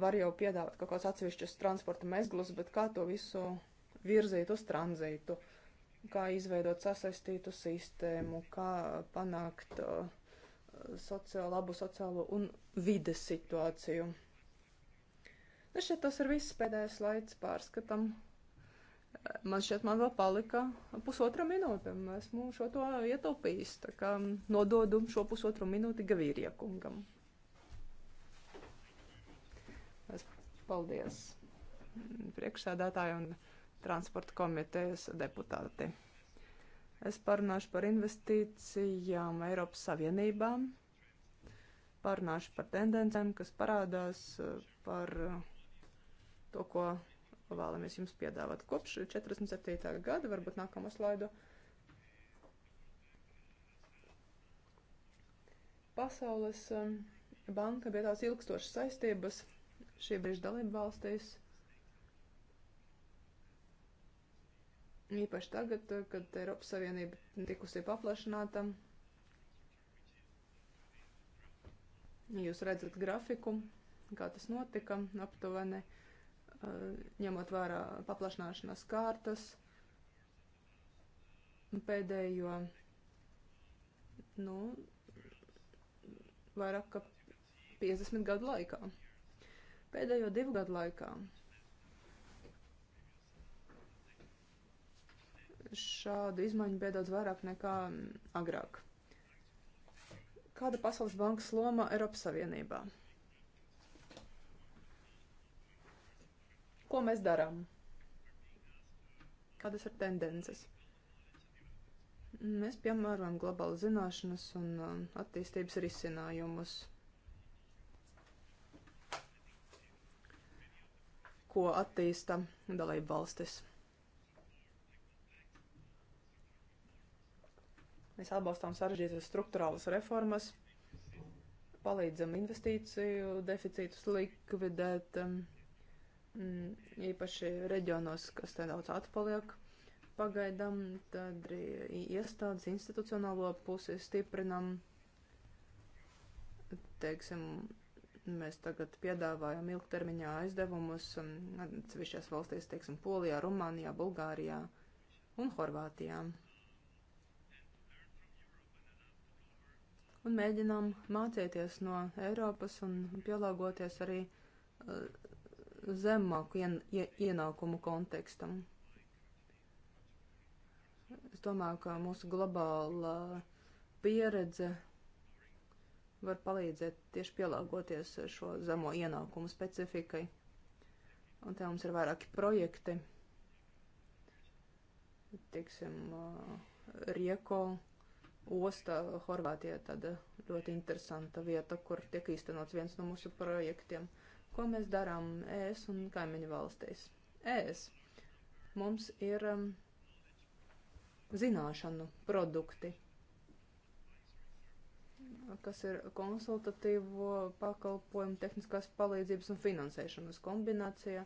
Var jau piedāvāt kaut kāds atsevišķus transporta mezglus, bet kā to visu virzīt uz tranzītu, kā izveidot sasaistītu sistēmu, kā panākt uh, sociālo, labu sociālo un vides situāciju. Nu, šeit tas ir viss pēdējais laiks pārskatam. Man šķiet, man vēl palika pusotra minūte. Esmu šo to ietaupījis, tā kā nododu šo pusotru minūti Gavīriekungam. Es paldies priekšsēdētāju un transporta komitejas deputāti. Es parunāšu par investīcijām Eiropas Savienībām, parunāšu par tendencēm, kas parādās, par eh, to, ko vēlamies jums piedāvāt. Kopš 47. gada, varbūt nākamo slaidu, Pasaules eh, banka bija tās ilgstošas saistības šī brīža dalību valstīs – Īpaši tagad, kad Eiropas Savienība tikusi paplašināta, jūs redzat grafiku, kā tas notika, aptuveni eh, ņemot vērā paplašināšanās kārtas pēdējo, nu, vairāk kā 50 gadu laikā. Pēdējo divu gadu laikā šādu izmaiņu bija daudz vairāk nekā agrāk. Kāda Pasaules bankas loma Eiropas Savienībā? Ko mēs darām? Kādas ir tendences? Mēs piemērojam globālu zināšanas un um, attīstības risinājumus. ko attīsta dalību valstis. Mēs atbalstām sarežģītas struktūrālas reformas, palīdzam investīciju deficītus likvidēt, um, mm, īpaši reģionos, kas te daudz atpaliek. Pagaidām tad arī iestādes institucionālo pusi stiprinam. Teiksim, mēs tagad piedāvājam ilgtermiņā aizdevumus um, atsevišķās valstīs, teiksim, Polijā, Rumānijā, Bulgārijā un Horvātijā. un mēģinām mācīties no Eiropas un pielāgoties arī uh, zemāku ien, ie, ienākumu kontekstam. Es domāju, ka mūsu globāla pieredze var palīdzēt tieši pielāgoties šo zemo ienākumu specifikai. Un te mums ir vairāki projekti. Teiksim, uh, eh, Rieko osta Horvātijā tāda eh, ļoti interesanta vieta, kur tiek īstenots viens no mūsu projektiem. Ko mēs darām ES un kaimiņu valstīs? ES. Mums ir um, zināšanu produkti, kas ir konsultatīvo pakalpojumu, tehniskās palīdzības un finansēšanas kombinācija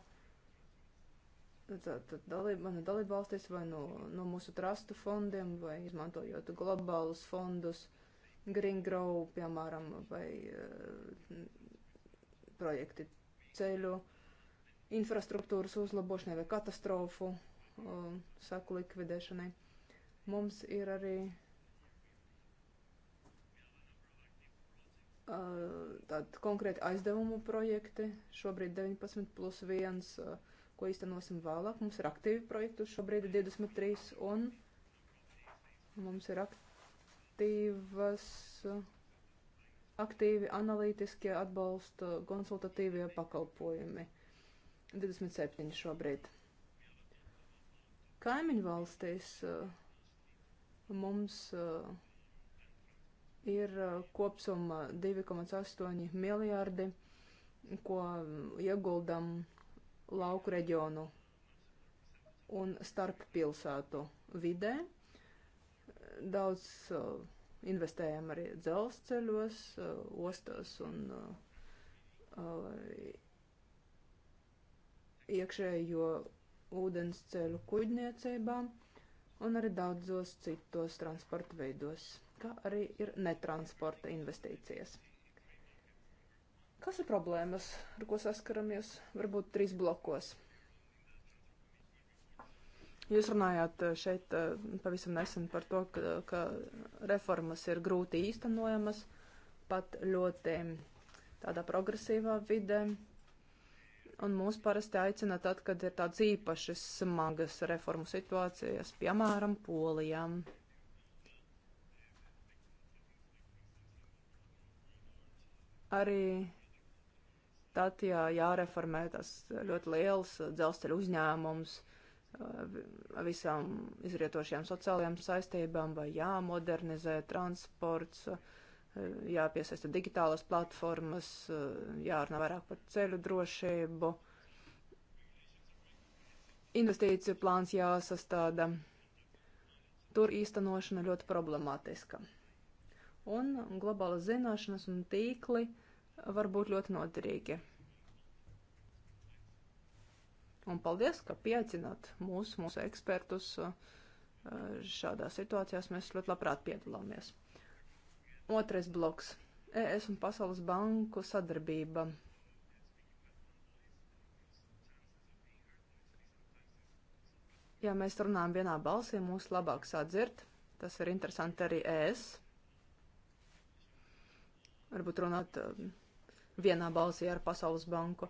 tātad dalība, mana dalība valstis vai no, no mūsu trustu fondiem vai izmantojot globālus fondus, Green Grow, piemēram, vai uh, projekti ceļu, infrastruktūras uzlabošanai vai katastrofu uh, saku likvidēšanai. Mums ir arī uh, tādi konkrēti aizdevumu projekti, šobrīd 19 plus 1. Uh, ko īstenosim vēlāk. Mums ir aktīvi projekti šobrīd 23 un mums ir aktīvas, aktīvi analītiskie atbalsta konsultatīvie pakalpojumi. 27 šobrīd. Kaimiņu valstīs eh, mums eh, ir kopsumā 2,8 miljārdi, ko mm, ieguldam lauku reģionu un starp pilsētu vidē. Daudz uh, investējam arī dzelzceļos, uh, ostās un uh, uh iekšējo ūdens ceļu kuģniecībām un arī daudzos citos transporta veidos, kā arī ir netransporta investīcijas. Kas ir problēmas, ar ko saskaramies? Varbūt trīs blokos. Jūs runājāt eh, šeit eh, pavisam nesen par to, ka, ka reformas ir grūti īstenojamas, pat ļoti tādā progresīvā vidē. Un mūs parasti aicina tad, kad ir tāds īpaši smagas reformu situācijas, piemēram, polijām. Arī tad jā, jāreformē tas ļoti liels eh, dzelzceļa uzņēmums eh, visām izrietošajām sociālajām saistībām vai jāmodernizē transports, eh, jāpiesaista digitālas platformas, jārunā vairāk par ceļu drošību. Investīciju plāns jāsastāda. Tur īstenošana ļoti problemātiska. Un globālas zināšanas un tīkli uh, var būt ļoti noderīgi. Un paldies, ka pieaicināt mūs, mūsu ekspertus eh, šādās situācijās. Mēs ļoti labprāt piedalāmies. Otrais bloks e - ES un Pasaules banku sadarbība. Ja mēs runājam vienā balsī, mūs labāk sadzird. Tas ir interesanti arī ES. Varbūt runāt eh, vienā balsī ar Pasaules banku.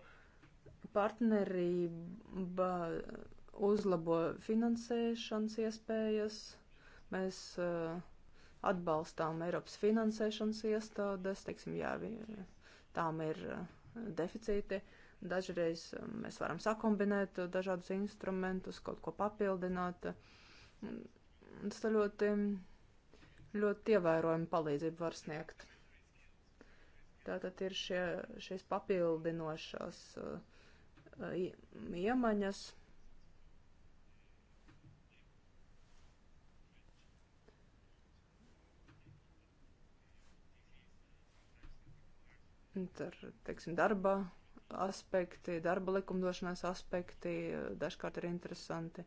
Partnerība uzlabo finansēšanas iespējas. Mēs uh, atbalstām Eiropas finansēšanas iestādes, teiksim, jā, tām ir uh, deficīti. Dažreiz uh, mēs varam sakombinēt uh, dažādus instrumentus, kaut ko papildināt. Tas ļoti, ļoti ievērojami palīdzību var sniegt. Tātad ir šie, šīs papildinošās uh, iemaņas. Ar, teiksim, darba aspekti, darba likumdošanas aspekti uh, dažkārt ir interesanti.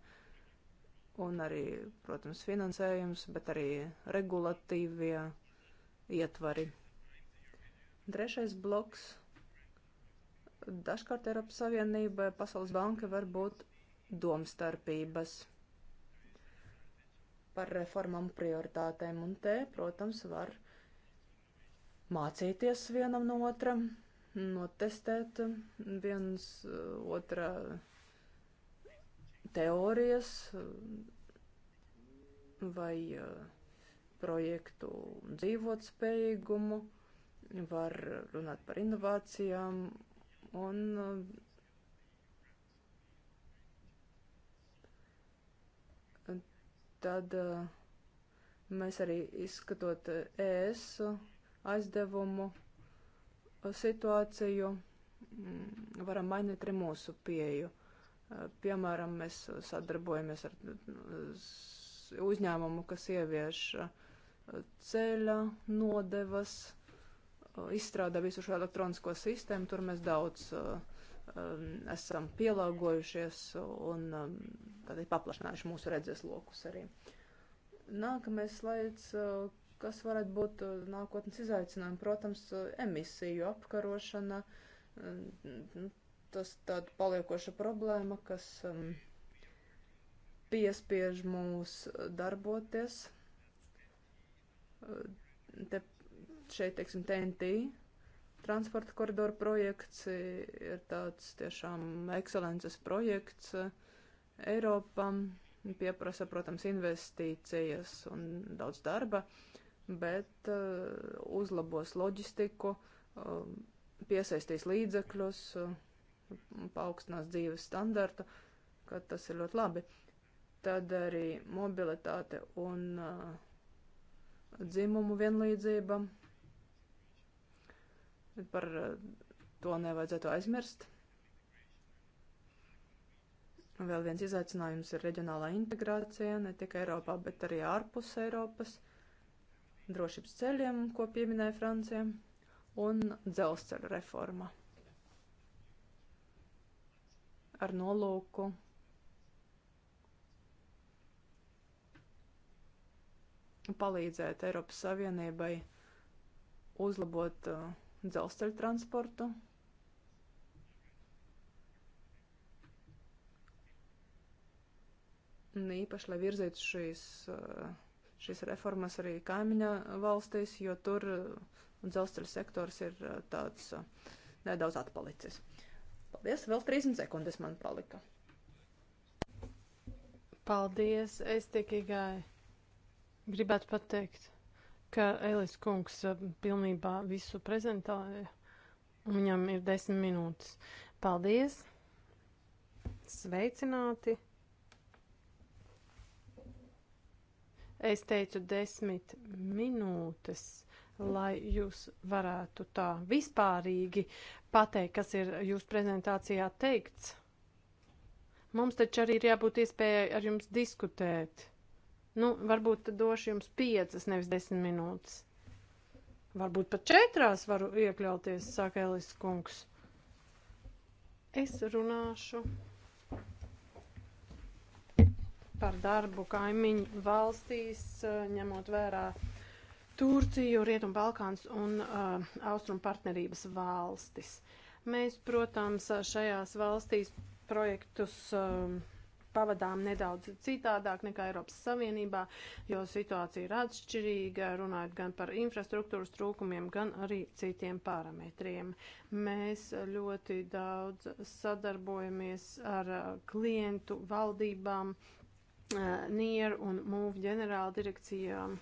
Un arī, protams, finansējums, bet arī regulatīvie ietvari. Trešais bloks. Dažkārt Eiropas Savienība, Pasaules banka var būt domstarpības par reformām prioritātēm, un te, protams, var mācīties vienam no otra, notestēt viens otra teorijas vai eh, projektu dzīvotspējīgumu. spējīgumu var runāt par inovācijām un uh, tad uh, mēs arī izskatot ES aizdevumu situāciju mm, varam mainīt arī mūsu pieju. Uh, piemēram, mēs sadarbojamies ar mm, uzņēmumu, kas ievieš ceļa nodevas izstrādā visu šo elektronisko sistēmu, tur mēs daudz uh, um, esam pielāgojušies un um, tādēļ paplašinājuši mūsu redzes lokus arī. Nākamais slaids, uh, kas varētu būt uh, nākotnes izaicinājumi, protams, emisiju apkarošana. Mm, tas tāda paliekoša problēma, kas um, piespiež mūs darboties. Te šeit, teiksim, TNT transporta koridoru projekts ir tāds tiešām ekscelences projekts Eiropā. Pieprasa, protams, investīcijas un daudz darba, bet uh, uzlabos loģistiku, uh, piesaistīs līdzekļus, uh, paaugstinās dzīves standartu, ka tas ir ļoti labi. Tad arī mobilitāte un uh, dzimumu vienlīdzība Bet par eh, to nevajadzētu aizmirst. Vēl viens izaicinājums ir reģionālā integrācija, ne tikai Eiropā, bet arī ārpus Eiropas, drošības ceļiem, ko pieminēja Francija, un dzelzceļa reforma ar nolūku palīdzēt Eiropas Savienībai uzlabot uh, dzelzceļa transportu. Un īpaši, lai virzītu šīs, eh, šīs reformas arī kaimiņa valstīs, jo tur eh, dzelzceļa sektors ir eh, tāds nedaudz atpalicis. Paldies, vēl 30 sekundes man palika. Paldies, es tikai gribētu pateikt ka Elis kungs eh, pilnībā visu prezentēja. Viņam ir desmit minūtes. Paldies! Sveicināti! Es teicu desmit minūtes, lai jūs varētu tā vispārīgi pateikt, kas ir jūsu prezentācijā teikts. Mums taču arī ir jābūt iespējai ar jums diskutēt. Nu, varbūt tad došu jums piecas, nevis desmit minūtes. Varbūt pat četrās varu iekļauties, saka Elis kungs. Es runāšu par darbu kaimiņu valstīs, eh, ņemot vērā Turciju, Rietumbalkāns un uh, Austrum partnerības valstis. Mēs, protams, šajās valstīs projektus uh, pavadām nedaudz citādāk nekā Eiropas Savienībā, jo situācija ir atšķirīga, runājot gan par infrastruktūras trūkumiem, gan arī citiem parametriem. Mēs ļoti daudz sadarbojamies ar uh, klientu valdībām, uh, NIR un MUV ģenerāldirekcijām. direkcijām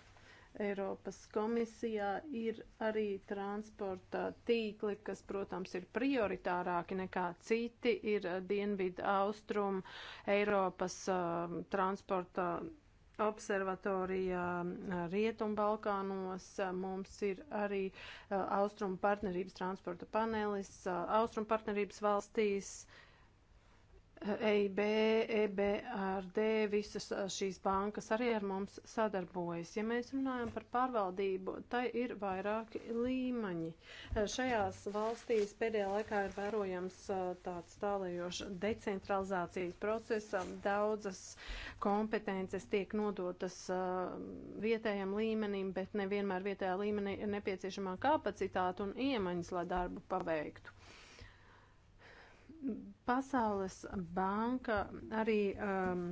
Eiropas komisijā ir arī transporta tīkli, kas, protams, ir prioritārāki nekā citi, ir eh, Dienvidu Austrum Eiropas uh, transporta observatorijā eh, Rietumbalkānos, mums ir arī Austrum partnerības transporta panelis, Austrum partnerības valstīs. Uh, EIB, EBRD, visas šīs bankas arī ar mums sadarbojas. Ja mēs runājam par pārvaldību, tai ir vairāki līmeņi. E, šajās valstīs pēdējā laikā ir vērojams tāds tālējošs decentralizācijas process. Daudzas kompetences tiek nodotas vietējam līmenim, bet nevienmēr vietējā līmenī ir nepieciešamā kapacitāte un iemaņas, lai darbu paveiktu. Pasaules banka arī. Um,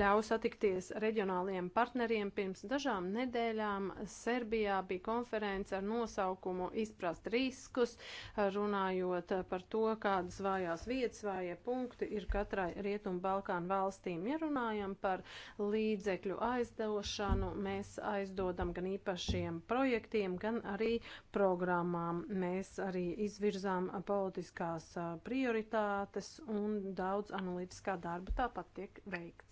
ļauj satikties reģionāliem partneriem. Pirms dažām nedēļām Serbijā bija konference ar nosaukumu Izprast riskus, runājot par to, kādas vājās vietas, vājie punkti ir katrai Rietumu Balkānu valstīm. Ja runājam par līdzekļu aizdošanu, mēs aizdodam gan īpašiem projektiem, gan arī programmām. Mēs arī izvirzām politiskās prioritātes un daudz analītiskā darba tāpat tiek veikts.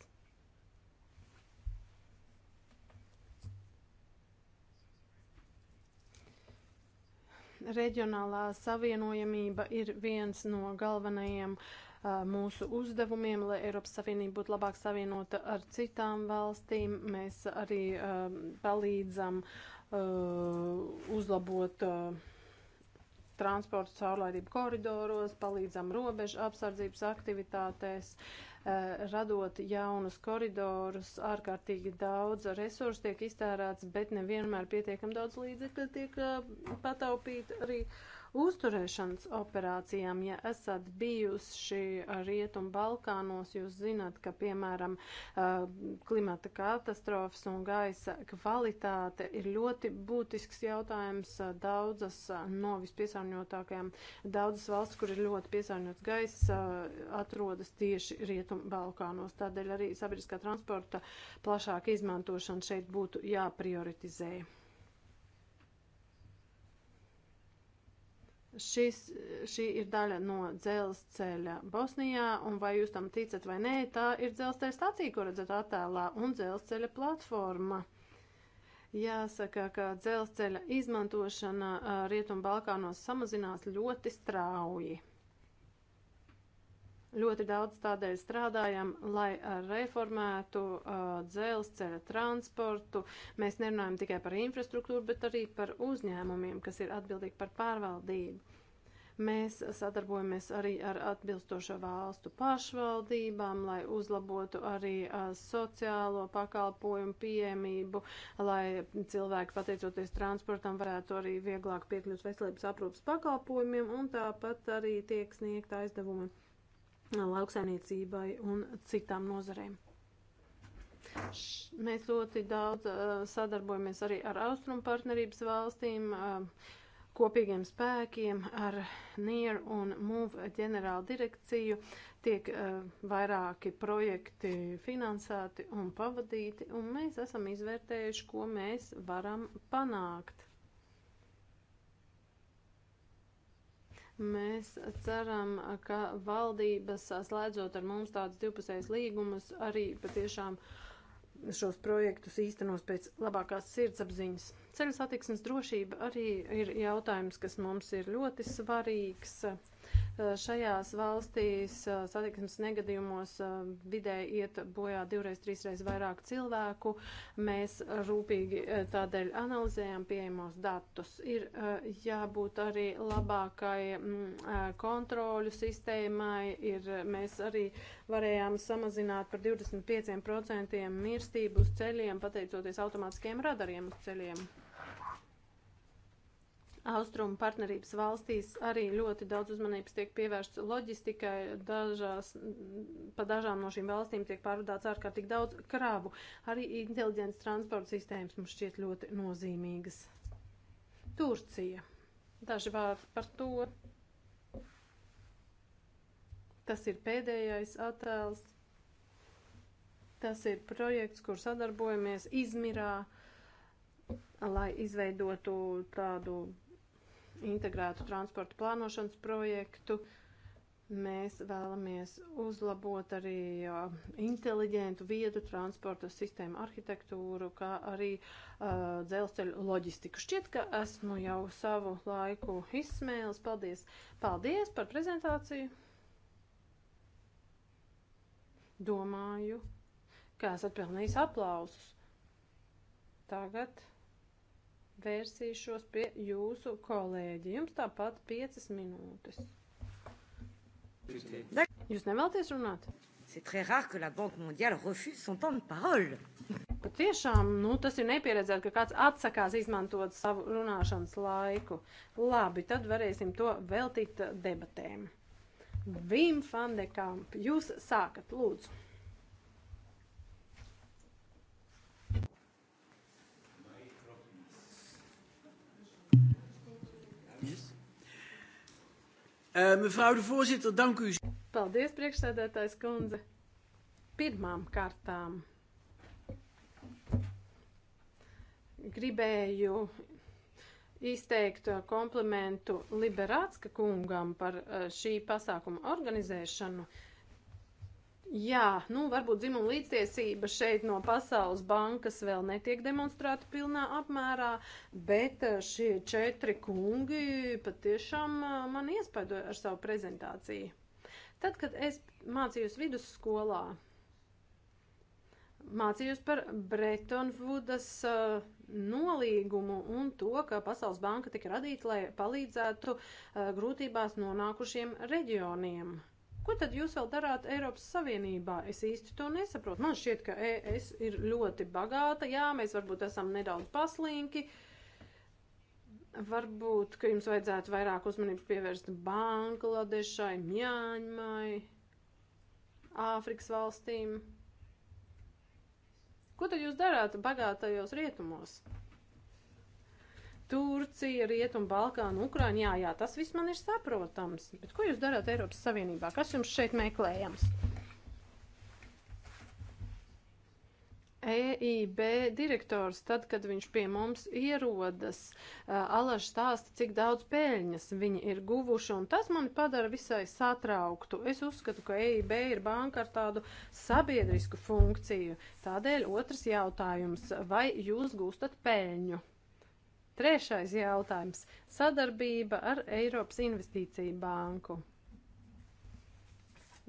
Reģionālā savienojamība ir viens no galvenajiem uh, mūsu uzdevumiem, lai Eiropas Savienība būtu labāk savienota ar citām valstīm. Mēs arī uh, palīdzam uh, uzlabot transporta caurlaidību koridoros, palīdzam robežu apsardzības aktivitātēs. Uh, Eh, radot jaunus koridorus, ārkārtīgi daudz resursu tiek iztērēts, bet nevienmēr pietiekam daudz līdzekļu tiek eh, pataupīt arī uh, uzturēšanas operācijām. Ja esat bijusi Rietumu Balkānos, jūs zināt, ka, piemēram, klimata katastrofas un gaisa kvalitāte ir ļoti būtisks jautājums daudzas no vispiesārņotākajām. Daudzas valsts, kur ir ļoti piesārņots gaiss, atrodas tieši Rietumu Balkānos. Tādēļ arī sabiedriskā transporta plašāka izmantošana šeit būtu jāprioritizē. Šis, šī ir daļa no dzelzceļa Bosnijā, un vai jūs tam ticat vai nē, tā ir dzelzceļa stācija, ko redzat attēlā, un dzelzceļa platforma. Jāsaka, ka dzelzceļa izmantošana Rietumbalkānos samazinās ļoti strauji. Ļoti daudz tādēļ strādājam, lai uh, reformētu uh, dzelzceļa transportu. Mēs nerunājam tikai par infrastruktūru, bet arī par uzņēmumiem, kas ir atbildīgi par pārvaldību. Mēs sadarbojamies arī ar atbilstošo valstu pašvaldībām, lai uzlabotu arī uh, sociālo pakalpojumu pieejamību, lai cilvēki, pateicoties transportam, varētu arī vieglāk piekļūt veselības aprūpas pakalpojumiem, un tāpat arī tiek sniegta aizdevumi lauksaimniecībai un citām nozarēm. Mēs ļoti daudz uh, sadarbojamies arī ar austrumu partnerības valstīm, uh, kopīgiem spēkiem, ar NIR un MUV ģenerālu direkciju tiek uh, vairāki projekti finansēti un pavadīti, un mēs esam izvērtējuši, ko mēs varam panākt. Mēs ceram, ka valdības, slēdzot ar mums tādas divpusējas līgumas, arī patiešām šos projektus īstenos pēc labākās sirdsapziņas. Ceļu satiksmes drošība arī ir jautājums, kas mums ir ļoti svarīgs. Eh, šajās valstīs eh, satiksmes negadījumos eh, vidēji iet bojā divreiz, trīsreiz vairāk cilvēku. Mēs rūpīgi tādēļ analizējam pieejamos datus. Ir jābūt arī labākai mm, kontroļu sistēmai. Ir, mēs arī varējām samazināt par 25% mirstību uz ceļiem, pateicoties automātiskiem radariem uz ceļiem. Austrumu partnerības valstīs arī ļoti daudz uzmanības tiek pievērsts loģistikai. Dažās, pa dažām no šīm valstīm tiek pārvadāts ārkārtīgi daudz kravu. Arī inteliģents transporta sistēmas mums šķiet ļoti nozīmīgas. Turcija. Daži vārdi par to. Tas ir pēdējais attēls. Tas ir projekts, kur sadarbojamies Izmirā, lai izveidotu tādu integrētu transportu plānošanas projektu. Mēs vēlamies uzlabot arī inteliģentu viedu transporta sistēmu arhitektūru, kā arī uh, dzelzceļu loģistiku. Šķiet, ka esmu jau savu laiku izsmēlis. Paldies! Paldies par prezentāciju! Domāju, ka esat pelnījis aplausus. Tagad vērsīšos pie jūsu kolēģi. Jums tāpat piecas minūtes. Jūs nevēlaties runāt? C'est très rare que la Banque mondiale refuse son temps de parole. Patiešām, nu, tas ir nepieredzēts, ka kāds atsakās izmantot savu runāšanas laiku. Labi, tad varēsim to veltīt debatēm. Vim Fandekamp, jūs sākat, lūdzu. Eh, mevrouw de voorzitter, dank u. Paldies, priekšsēdētājs kundze. Pirmām kārtām gribēju izteikt eh, komplimentu Liberācka kungam par eh, šī pasākuma organizēšanu. Uh, Jā, nu varbūt dzimuma līdztiesība šeit no Pasaules bankas vēl netiek demonstrēta pilnā apmērā, bet eh, šie četri kungi patiešām eh, man iespaidoja ar savu prezentāciju. Tad, kad es mācījos vidusskolā, mācījos par Bretonvudas uh, eh, nolīgumu un to, ka Pasaules banka tika radīta, lai palīdzētu uh, grūtībās nonākušiem reģioniem. Uh, Ko tad jūs vēl darāt Eiropas Savienībā? Es īsti to nesaprotu. Man šķiet, ka ES ir ļoti bagāta. Jā, mēs varbūt esam nedaudz paslinki. Varbūt, ka jums vajadzētu vairāk uzmanības pievērst Bangladešai, Mjāņmai, Āfrikas valstīm. Ko tad jūs darāt bagātajos rietumos? Turcija, Rietuma, Balkāna, Ukraina, jā, jā, tas viss man ir saprotams. Bet ko jūs darāt Eiropas Savienībā? Kas jums šeit meklējams? EIB direktors, tad, kad viņš pie mums ierodas, uh, alaži stāsta, cik daudz peļņas viņi ir guvuši, un tas mani padara visai satrauktu. Es uzskatu, ka EIB ir banka ar tādu sabiedrisku funkciju. Tādēļ otrs jautājums - vai jūs gūstat peļņu? Trešais jautājums - sadarbība ar Eiropas Investīciju banku.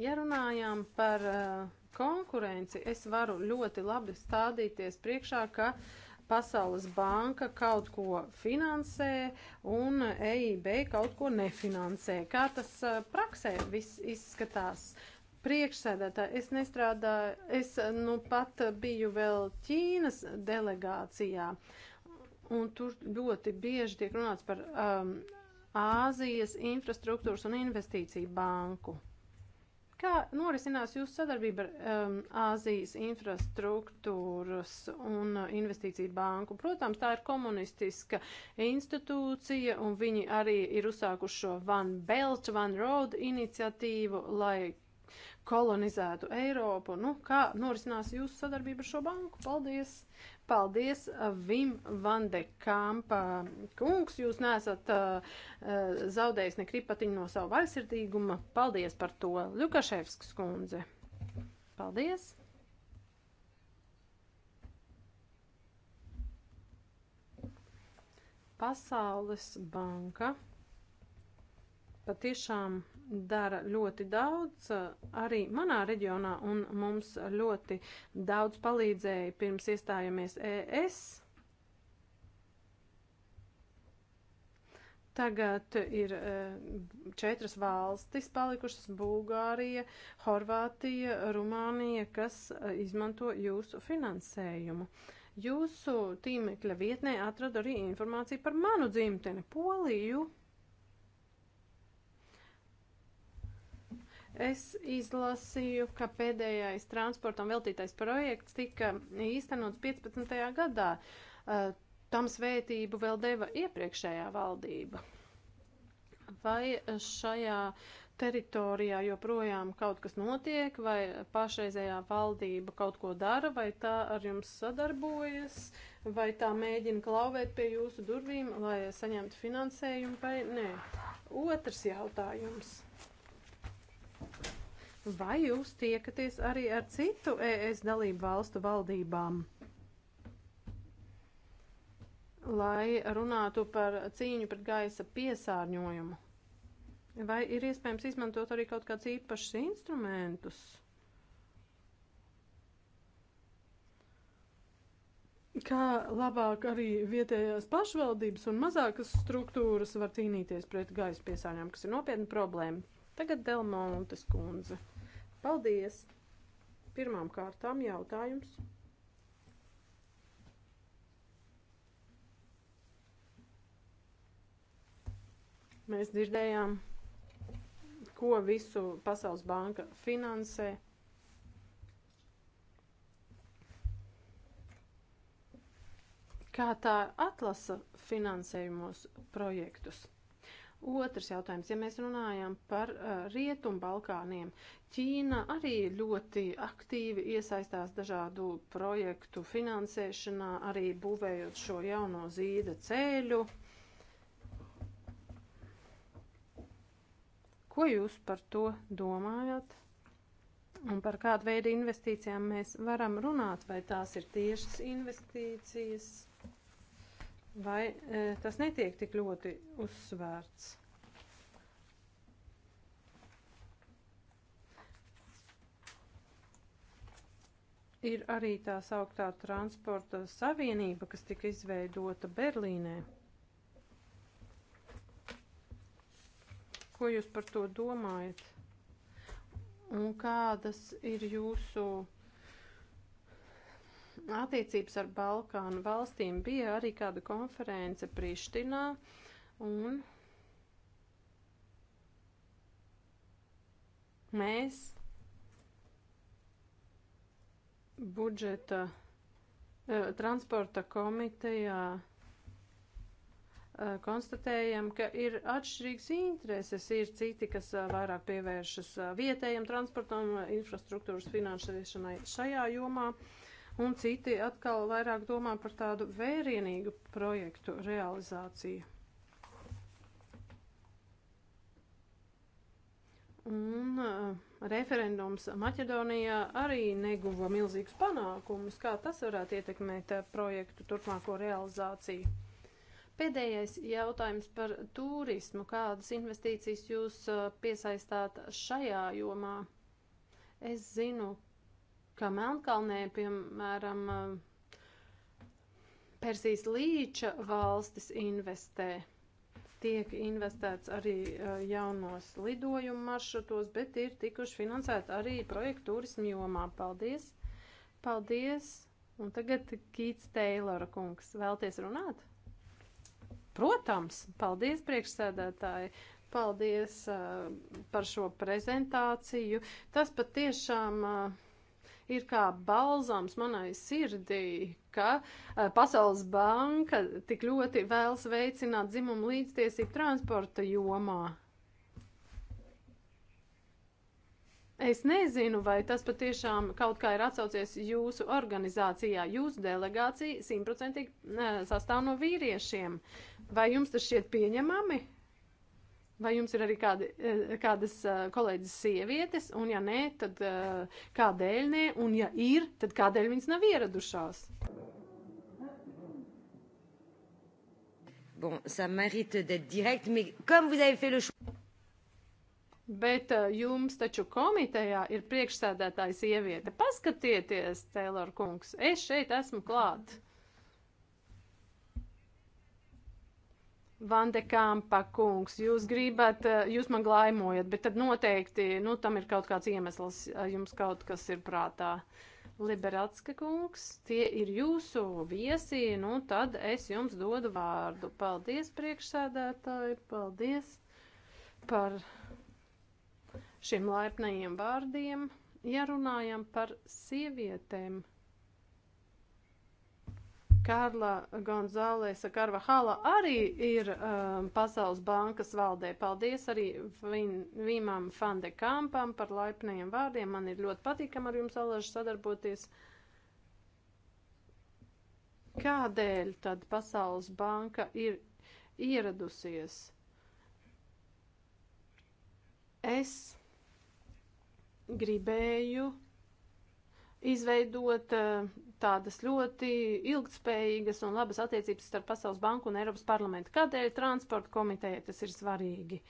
Ja runājām par uh, konkurenci, es varu ļoti labi stādīties priekšā, ka Pasaules banka kaut ko finansē un EIB kaut ko nefinansē. Kā tas uh, praksē viss izskatās? Priekšsēdētāji, es nestrādāju, es nu pat biju vēl Ķīnas delegācijā. Uh, Un tur ļoti bieži tiek runāts par um, Āzijas infrastruktūras un investīciju banku. Kā norisinās jūsu sadarbība ar um, Āzijas infrastruktūras un uh, investīciju banku? Protams, tā ir komunistiska institūcija, un viņi arī ir uzsākuši šo One Belt, One Road iniciatīvu, lai kolonizētu Eiropu. Nu, kā norisinās jūsu sadarbība ar šo banku? Paldies! Paldies, uh, Vim Vandekampa uh, kungs, jūs nesat uh, uh, zaudējis nekripatiņu no savu vaisirdīguma. Paldies par to, Ļukaševskas kundze. Paldies! Pasaules banka patiešām dara ļoti daudz eh, arī manā reģionā, un mums ļoti daudz palīdzēja pirms iestājamies ES. Tagad ir eh, četras valstis palikušas - Bulgārija, Horvātija, Rumānija, kas eh, izmanto jūsu finansējumu. Jūsu tīmekļa vietnē atradu arī informāciju par manu dzimteni - Poliju. Es izlasīju, ka pēdējais transportam veltītais projekts tika īstenots 15. gadā. Uh, Tam svētību vēl deva iepriekšējā valdība. Vai šajā teritorijā joprojām kaut kas notiek, vai pašreizējā valdība kaut ko dara, vai tā ar jums sadarbojas, vai tā mēģina klauvēt pie jūsu durvīm, lai saņemtu finansējumu, vai nē? Otrs jautājums. Vai jūs tiekaties arī ar citu ES dalību valstu valdībām? Lai runātu par cīņu pret gaisa piesārņojumu. Vai ir iespējams izmantot arī kaut kādus īpašus instrumentus? Kā labāk arī vietējās pašvaldības un mazākas struktūras var cīnīties pret gaisa piesārņojumu, kas ir nopietna problēma. Tagad Delmontes kundze. Paldies! Pirmām kārtām jautājums. Mēs dzirdējām, ko visu Pasaules banka finansē. Kā tā atlasa finansējumos projektus? Otrs jautājums, ja mēs runājam par uh, Rietumbalkāniem, Ķīna arī ļoti aktīvi iesaistās dažādu projektu finansēšanā, arī būvējot šo jauno zīda ceļu. Ko jūs par to domājat? Un par kādu veidu investīcijām mēs varam runāt, vai tās ir tiešas investīcijas? vai e, tas netiek tik ļoti uzsvērts? Ir arī tā sauktā transporta savienība, kas tika izveidota Berlīnē. Ko jūs par to domājat? Un kādas ir jūsu attiecības ar Balkānu valstīm bija arī kāda konference Prištinā un mēs budžeta eh, transporta komitejā eh, konstatējam, ka ir atšķirīgas intereses. Ir citi, kas eh, vairāk pievēršas vietējiem transportam, infrastruktūras finansēšanai šajā jomā. Uh, un citi atkal vairāk domā par tādu vērienīgu projektu realizāciju. Un uh, referendums Maķedonijā arī neguva milzīgus panākumus, kā tas varētu ietekmēt uh, projektu turpmāko realizāciju. Pēdējais jautājums par turismu. Kādas investīcijas jūs uh, piesaistāt šajā jomā? Es zinu, ka Melnkalnē, piemēram, Persijas līča valstis investē. Tiek investēts arī e, jaunos lidojumu maršrutos, bet ir tikuši finansēti arī projektu turismu jomā. Paldies! Paldies! Un tagad Kīts Teilora kungs. Vēlties runāt? Protams! Paldies, priekšsēdētāji! Paldies uh, par šo prezentāciju. Tas pat tiešām uh, e, ir kā balzams manai sirdī, ka e, Pasaules banka tik ļoti vēlas veicināt dzimumu līdztiesību transporta jomā. Es nezinu, vai tas patiešām kaut kā ir atsaucies jūsu organizācijā. Jūsu delegācija simtprocentīgi e, sastāv no vīriešiem. Vai jums tas šķiet pieņemami? Vai jums ir arī kādi, e, kādas e, kolēģis sievietes, un ja nē, tad e, kādēļ nē, un ja ir, tad kādēļ viņas nav ieradušās? Bon, ça mérite d'être direct, mais comme vous avez fait le choix. Bet jums taču komitejā ir priekšsēdētājs ievieta. Paskatieties, Tēlor kungs, es šeit esmu klāt. Vandekāmpa kungs, jūs gribat, eh, jūs man glaimojat, bet tad noteikti, nu, tam ir kaut kāds iemesls, eh, jums kaut kas ir prātā. Liberatska kungs, tie ir jūsu viesi, nu, tad es jums dodu vārdu. Paldies, priekšsēdētāji, paldies par šiem laipnajiem vārdiem. Ja runājam par sievietēm. Karla Gonzālesa Karvahala arī ir um, Pasaules bankas valdē. Paldies arī Vīmam Fande Kampam par laipniem vārdiem. Man ir ļoti patīkam ar jums, Alaži, sadarboties. Kādēļ tad Pasaules banka ir ieradusies? Es gribēju izveidot uh, tādas ļoti ilgtspējīgas un labas attiecības starp Pasaules banku un Eiropas parlamentu. Kādēļ transporta komitejai tas ir svarīgi?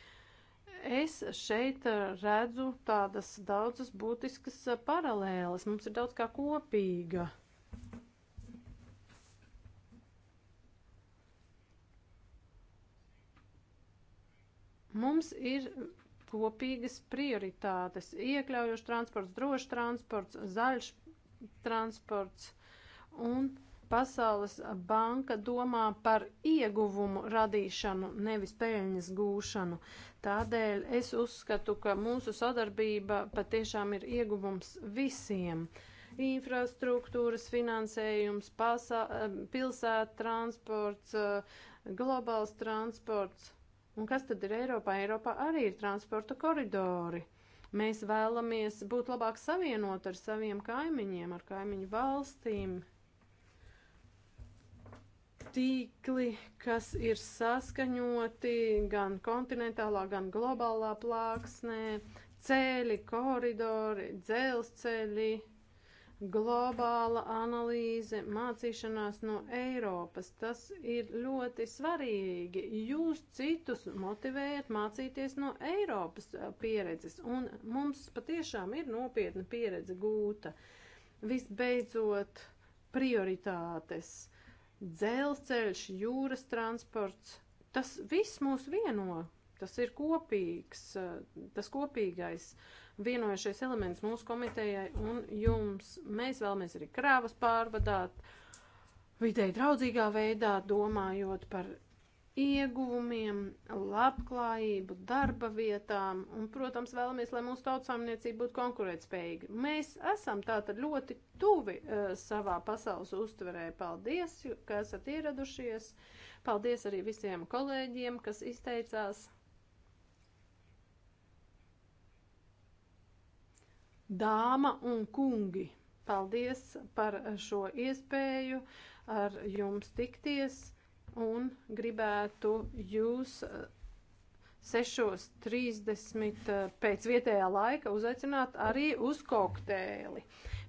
Es šeit redzu tādas daudzas būtiskas paralēles. Mums ir daudz kā kopīga. Mums ir kopīgas prioritātes - iekļaujošs transports, drošs transports, zaļš transports. Un Pasaules banka domā par ieguvumu radīšanu, nevis peļņas gūšanu. Tādēļ es uzskatu, ka mūsu sadarbība patiešām ir ieguvums visiem. Infrastruktūras finansējums, pasā, pilsēta transports, globāls transports. Un kas tad ir Eiropā? Eiropā arī ir transporta koridori. Mēs vēlamies būt labāk savienot ar saviem kaimiņiem, ar kaimiņu valstīm. Tīkli, kas ir saskaņoti gan kontinentālā, gan globālā plāksnē, ceļi, koridori, dzelzceļi globāla analīze, mācīšanās no Eiropas. Tas ir ļoti svarīgi. Jūs citus motivējat mācīties no Eiropas pieredzes, un mums patiešām ir nopietna pieredze gūta. Visbeidzot, prioritātes - dzelzceļš, jūras transports. Tas viss mūs vieno, tas ir kopīgs, tas kopīgais. Uh, vienojušies elements mūsu komitejai un jums. Mēs vēlamies arī krāvas pārvadāt videi draudzīgā veidā, domājot par ieguvumiem, labklājību, darba vietām un, protams, vēlamies, lai mūsu tautsāmniecība būtu konkurētspējīga. Mēs esam tātad ļoti tuvi uh, savā pasaules uztverē. Paldies, ka esat ieradušies. Paldies arī visiem kolēģiem, kas izteicās. Dāma un kungi, paldies par šo iespēju ar jums tikties un gribētu jūs 6.30 eh, eh, pēc vietējā laika uzaicināt arī uz kokteili.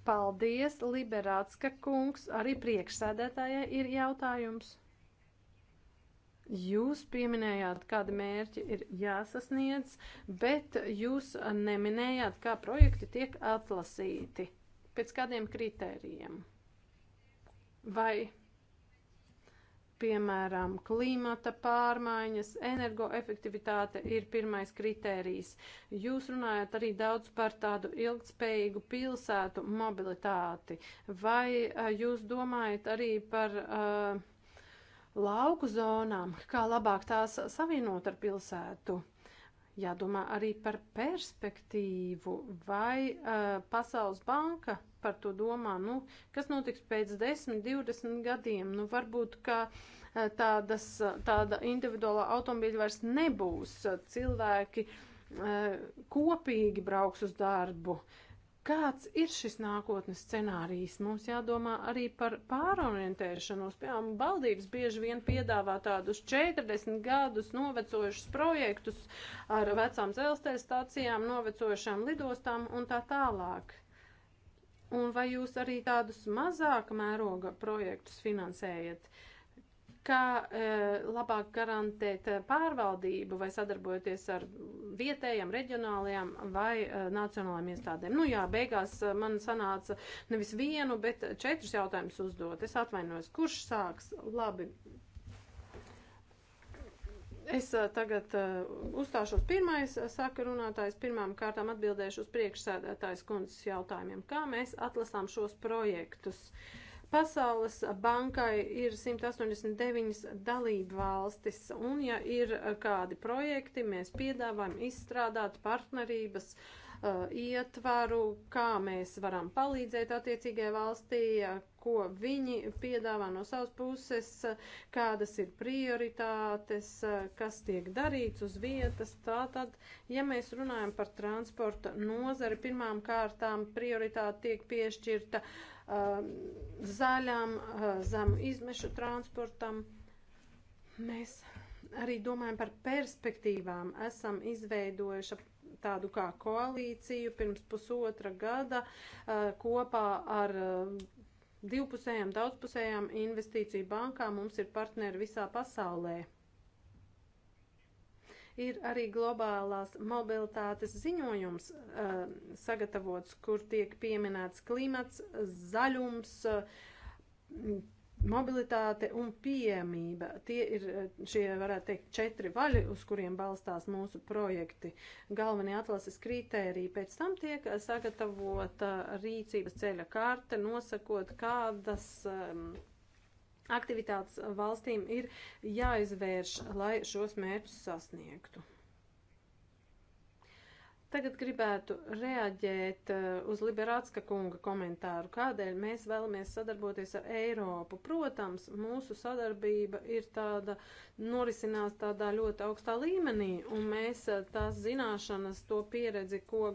Paldies, Liberātska kungs, arī priekšsēdētājai ir jautājums. Jūs pieminējāt, kādi mērķi ir jāsasniedz, bet jūs neminējāt, kā projekti tiek atlasīti, pēc kādiem kritērijiem. Vai, piemēram, klimata pārmaiņas, energoefektivitāte ir pirmais kritērijs. Jūs runājat arī daudz par tādu ilgtspējīgu pilsētu mobilitāti. Vai jūs domājat arī par. Uh, lauku zonām, kā labāk tās savienot ar pilsētu. Jādomā arī par perspektīvu, vai uh, Pasaules banka par to domā, nu, kas notiks pēc 10, 20 gadiem. Nu, varbūt, ka uh, tādas, tāda individuālā automobīļa vairs nebūs. Cilvēki uh, kopīgi brauks uz darbu. Uh, Kāds ir šis nākotnes scenārijs? Mums jādomā arī par pārorientēšanos. Piemēram, valdības bieži vien piedāvā tādus 40 gadus novecojušus projektus ar vecām dzelzceļa stācijām, novecojušām lidostām un tā tālāk. Un vai jūs arī tādus mazāka mēroga projektus finansējat? Uh, kā e, labāk garantēt e, pārvaldību vai sadarbojoties ar vietējām, reģionālajām vai e, nacionālajām iestādēm. Nu jā, beigās e, man sanāca nevis vienu, bet četrus jautājumus uzdot. Es atvainojos, kurš sāks? Labi. Es e, tagad uzstāšos pirmais, saka runātājs, pirmām kārtām atbildēšu uz priekšsēdētājs kundzes jautājumiem. Kā mēs atlasām šos projektus? Uh, Pasaules bankai ir 189 dalību valstis, un ja ir kādi projekti, mēs piedāvājam izstrādāt partnerības uh, ietvaru, kā mēs varam palīdzēt attiecīgajai valstī, ko viņi piedāvā no savas puses, kādas ir prioritātes, kas tiek darīts uz vietas. Tātad, ja mēs runājam par transporta nozari, pirmām kārtām prioritāte tiek piešķirta uh, Um, zaļām, uh, zemu izmešu transportam. Mēs arī domājam par perspektīvām. Esam izveidojuši tādu kā koalīciju pirms pusotra gada uh, kopā ar uh, divpusējām, daudzpusējām investīciju bankām. Mums ir partneri visā pasaulē. Ir arī globālās mobilitātes ziņojums uh, sagatavots, kur tiek pieminēts klimats, zaļums, uh, mobilitāte un pieejamība. Tie ir eh, šie, varētu teikt, četri vaļi, uz kuriem balstās mūsu projekti. Galvenie atlases kritēriji pēc tam tiek sagatavota rīcības ceļa karte, nosakot, kādas um, aktivitātes valstīm ir jāizvērš, lai šos mērķus sasniegtu. Tagad gribētu reaģēt uh, uz Liberācka kunga komentāru, kādēļ mēs vēlamies sadarboties ar Eiropu. Protams, mūsu sadarbība ir tāda, norisinās tādā ļoti augstā līmenī, un mēs uh, tās zināšanas, to pieredzi, ko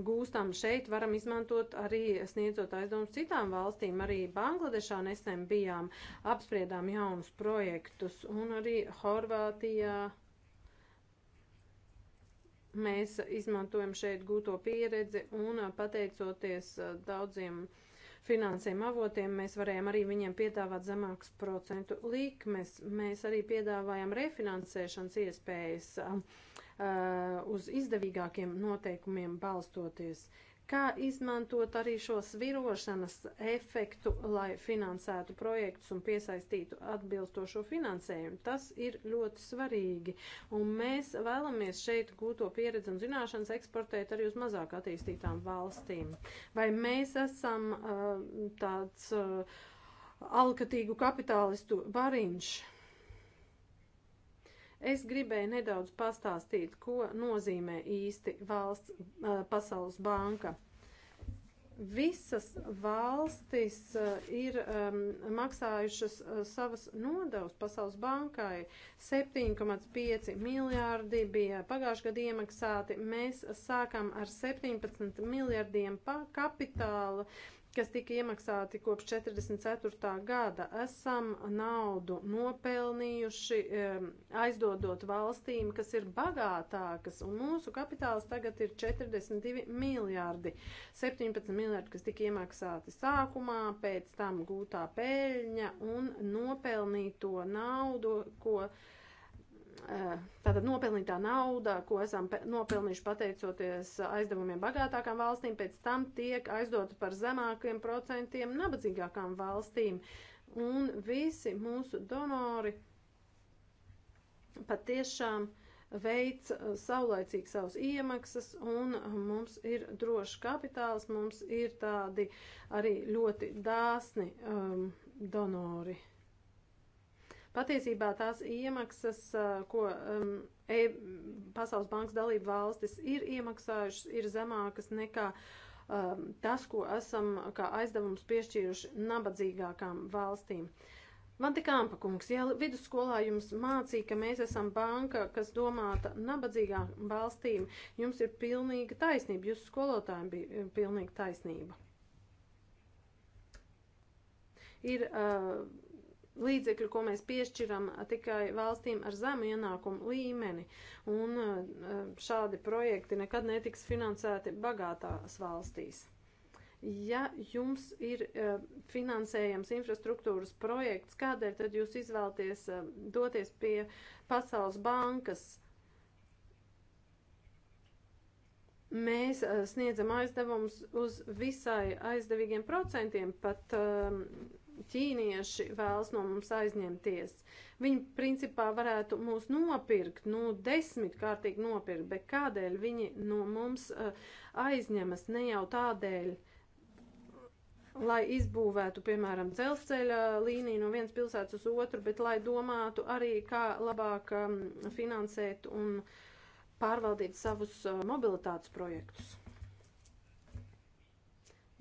gūstam šeit, varam izmantot arī sniedzot aizdomus citām valstīm. Arī Bangladešā nesen bijām, apspriedām jaunus projektus un arī Horvātijā. Mēs izmantojam šeit gūto pieredzi un pateicoties uh, daudziem finansējuma avotiem, mēs varējām arī viņiem piedāvāt zemākas procentu likmes. Mēs arī piedāvājam refinansēšanas iespējas. Uh, Uh, uz izdevīgākiem noteikumiem balstoties. Kā izmantot arī šo svirošanas efektu, lai finansētu projektus un piesaistītu atbilstošo finansējumu? Tas ir ļoti svarīgi. Un mēs vēlamies šeit gūto pieredzi un zināšanas eksportēt arī uz mazāk attīstītām valstīm. Vai mēs esam uh, tāds uh, alkatīgu kapitālistu variņš? Es gribēju nedaudz pastāstīt, ko nozīmē īsti valsts, Pasaules banka. Visas valstis ir um, maksājušas savas nodevas Pasaules bankai. 7,5 miljārdi bija pagājušajā gadā iemaksāti. Mēs sākam ar 17 miljardiem kapitāla kas tika iemaksāti kopš 44. gada, esam naudu nopelnījuši aizdodot valstīm, kas ir bagātākas, un mūsu kapitāls tagad ir 42 miljārdi. 17 miljārdi, kas tika iemaksāti sākumā, pēc tam gūtā peļņa un nopelnīto naudu, ko Eh, tātad nopelnītā nauda, ko esam nopelnījuši pateicoties aizdevumiem bagātākām valstīm, pēc tam tiek aizdota par zemākiem procentiem nabadzīgākām valstīm. Un visi mūsu donori patiešām veic eh, saulaicīgi savus iemaksas, un eh, mums ir drošs kapitāls, mums ir tādi arī ļoti dāsni um, donori. Patiesībā tās iemaksas, ko um, e Pasaules bankas dalību valstis ir iemaksājušas, ir zemākas nekā um, tas, ko esam kā aizdevums piešķīruši nabadzīgākām valstīm. Vatikāmpa kungs, ja vidusskolā jums mācīja, ka mēs esam banka, kas domāta nabadzīgām valstīm, jums ir pilnīga taisnība, jūsu skolotājiem bija pilnīga taisnība. Ir uh, līdzekļu, ko mēs piešķiram tikai valstīm ar zemu ienākumu līmeni, un šādi projekti nekad netiks finansēti bagātās valstīs. Ja jums ir finansējams infrastruktūras projekts, kādēļ tad jūs izvēlties doties pie Pasaules bankas? mēs sniedzam aizdevumus uz visai aizdevīgiem procentiem, pat um, ķīnieši vēlas no mums aizņemties. Viņi principā varētu mūs nopirkt, nu, desmitkārtīgi nopirkt, bet kādēļ viņi no mums uh, aizņemas ne jau tādēļ, lai izbūvētu, piemēram, dzelzceļa eh, līniju no vienas pilsētas uz otru, bet lai domātu arī, kā labāk um, finansēt un pārvaldīt savus uh, mobilitātes projektus.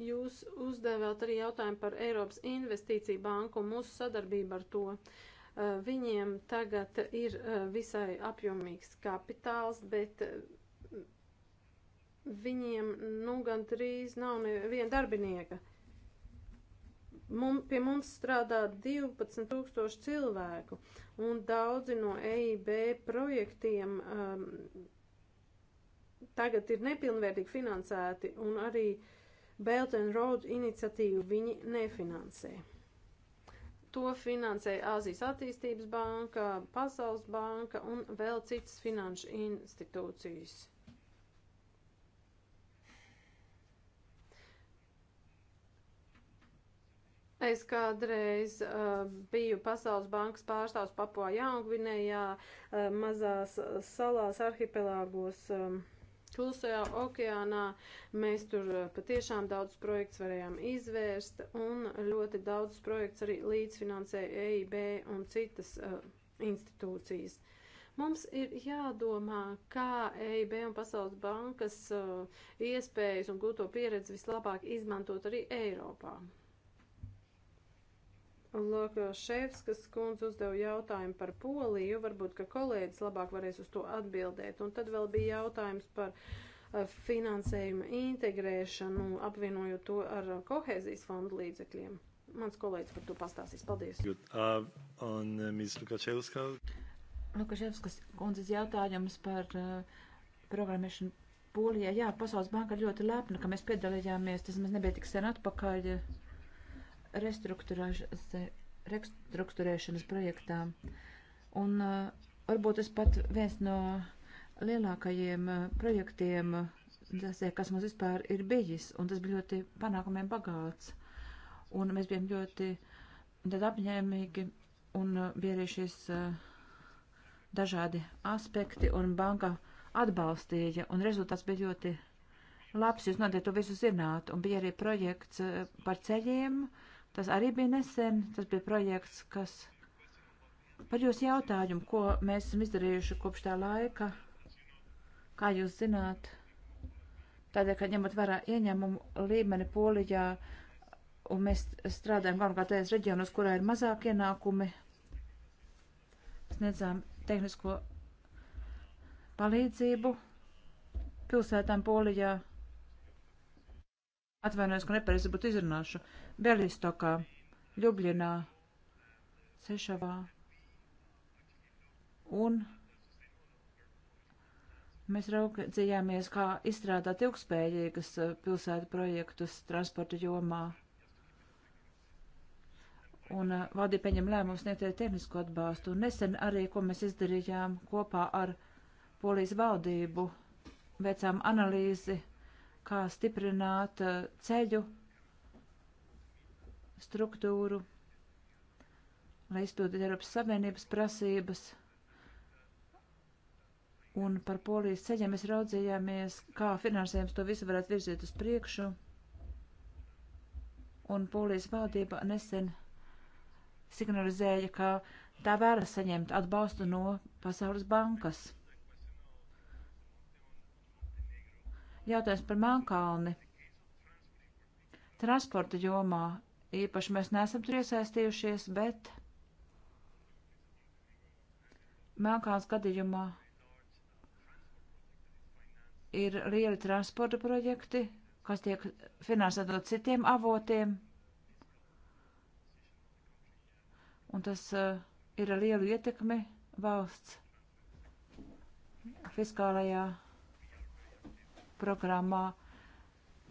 Jūs uzdevāt arī jautājumu par Eiropas investīciju banku un mūsu sadarbību ar to. Eh, viņiem tagad ir eh, visai apjomīgs kapitāls, bet eh, viņiem nu gandrīz nav neviena darbinieka. Mum, pie mums strādā 12 tūkstoši cilvēku, un daudzi no EIB projektiem um, tagad ir nepilnvērtīgi finansēti, un arī uh, Belt and Road iniciatīvu viņi nefinansē. To finansē Āzijas attīstības banka, Pasaules banka un vēl citas finanšu institūcijas. Es kādreiz uh, biju Pasaules bankas pārstāvs Papua Jaungvinējā, uh, mazās uh, salās arhipelāgos. Um, uh, Klusajā okeānā mēs tur eh, patiešām daudz projekts varējām izvērst un ļoti daudz projekts arī līdzfinansēja EIB un citas uh, institūcijas. Mums ir jādomā, kā EIB un Pasaules bankas uh, iespējas un gūto pieredzi vislabāk izmantot arī Eiropā. Lokoševskas kundze uzdeva jautājumu par Poliju, varbūt, ka kolēģis labāk varēs uz to atbildēt. Un tad vēl bija jautājums par eh, finansējuma integrēšanu, apvienojot to ar kohēzijas fondu līdzekļiem. Mans kolēģis par to pastāstīs. Paldies. Good. Uh, un uh, Ms. Lukaševska? Lukaševskas kundzes jautājums par uh, programmēšanu Polijā. Jā, Pasaules banka ļoti lepna, ka mēs piedalījāmies. Tas mēs nebija tik sen atpakaļ. Uh, restruktūrēšanas projektā. Un uh, varbūt tas pat viens no lielākajiem uh, projektiem, uh, tas, kas mums vispār ir bijis, un tas bija ļoti panākumiem bagāts. Un mēs bijām ļoti apņēmīgi, un uh, bija arī šis dažādi aspekti, un banka atbalstīja, un rezultāts bija ļoti labs. Jūs noteikti to visu zināt, un bija arī projekts par ceļiem, uh, Tas arī bija nesen, tas bija projekts, kas par jūsu jautājumu, ko mēs esam izdarījuši kopš tā laika, kā jūs zināt, tādēļ, ka ņemot vērā ieņēmumu līmeni Polijā, un mēs strādājam galvenokārt tajās reģionos, kurā ir mazāk ienākumi, sniedzām tehnisko palīdzību pilsētām Polijā. Atvainojos, ka nepareizi būtu izrunāšu. Belistokā, Ljubļinā, Sešavā un mēs raudzījāmies, kā izstrādāt ilgspējīgas eh, pilsētu projektus transporta jomā. Un eh, valdība pieņem lēmumu sniegt arī tehnisko atbalstu. Un nesen arī, ko mēs izdarījām kopā ar Polijas valdību, veicām analīzi kā stiprināt uh, ceļu struktūru, lai izpildītu Eiropas Savienības prasības. Un par polijas ceļiem mēs raudzījāmies, kā finansējums to visu varētu virzīt uz priekšu. Un polijas valdība nesen signalizēja, ka tā vēlas saņemt atbalstu no Pasaules bankas. Jautājums par Melnkalni. Transporta jomā īpaši mēs neesam tur iesaistījušies, bet Melnkalns gadījumā ir lieli transporta projekti, kas tiek finansēti no citiem avotiem. Un tas uh, ir ar lielu ietekmi valsts fiskālajā programmā,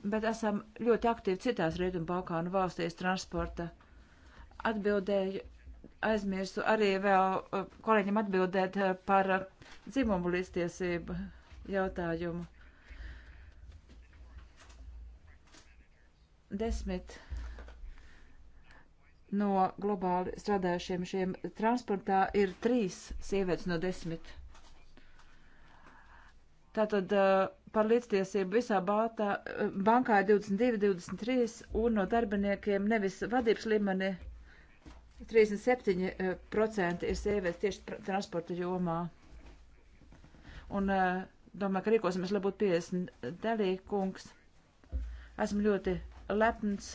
bet esam ļoti aktīvi citās Rietumbalkānu valstīs transporta. Atbildēju, aizmirsu arī vēl uh, kolēģim atbildēt uh, par uh, dzimumu līdztiesību jautājumu. Desmit no globāli strādājušiem šiem transportā ir trīs sievietes no desmit. Tātad uh, par līdztiesību visā bātā, bankā ir 22, 23 un no darbiniekiem nevis vadības līmeni 37% eh, ir sievietes tieši transporta jomā. Un eh, domāju, ka rīkosimies, lai būtu 50 dalīkungs. Esmu ļoti lepns,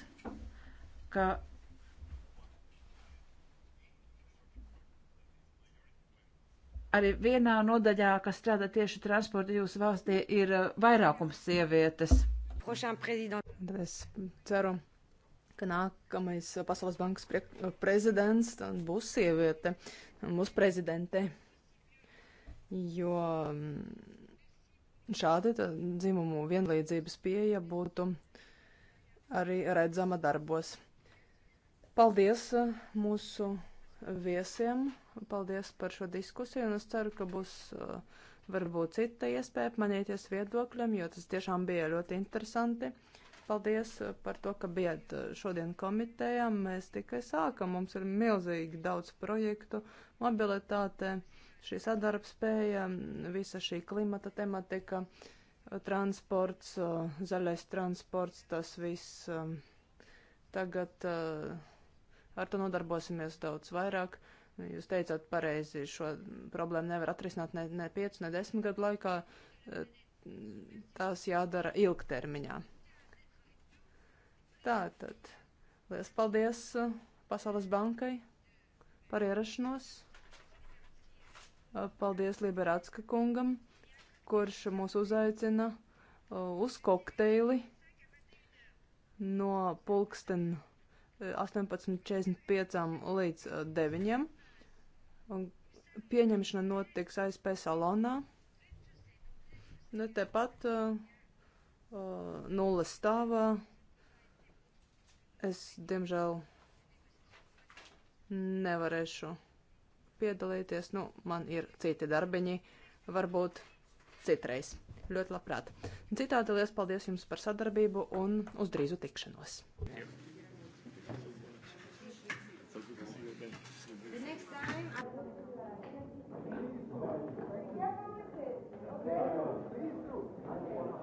ka arī vienā nodaļā, kas strādā tieši transporta jūsu valstī, ir uh, vairākums sievietes. Es ceru, ka nākamais uh, Pasaules bankas pre uh, prezidents būs sieviete, būs prezidente. Jo mm, šādi dzimumu vienlīdzības pieeja būtu arī redzama darbos. Paldies mūsu viesiem! Paldies par šo diskusiju, un es ceru, ka būs uh, varbūt cita iespēja apmainīties viedokļiem, jo tas tiešām bija ļoti interesanti. Paldies uh, par to, ka bijāt uh, šodien komitejā. Mēs tikai sākam, mums ir milzīgi daudz projektu, mobilitāte, šī sadarbspēja, visa šī klimata tematika, transports, zaļais transports, tas viss. Um, tagad ar to nodarbosimies daudz vairāk. Jūs teicāt pareizi, šo problēmu nevar atrisināt ne, ne 5, ne 10 gadu laikā. Tās jādara ilgtermiņā. Tātad, liels paldies Pasaules bankai par ierašanos. Paldies Liberācka kungam, kurš mūs uzaicina uh, uz kokteili no pulksten 18.45 uh, līdz 9. Uh, Un pieņemšana notiks ASP salonā. Nu, tepat uh, uh, nulles stāvā. Es, diemžēl, nevarēšu piedalīties. Nu, man ir citi darbiņi, varbūt citreiz. Ļoti labprāt. Citādi liels paldies jums par sadarbību un uz drīzu tikšanos. Jā.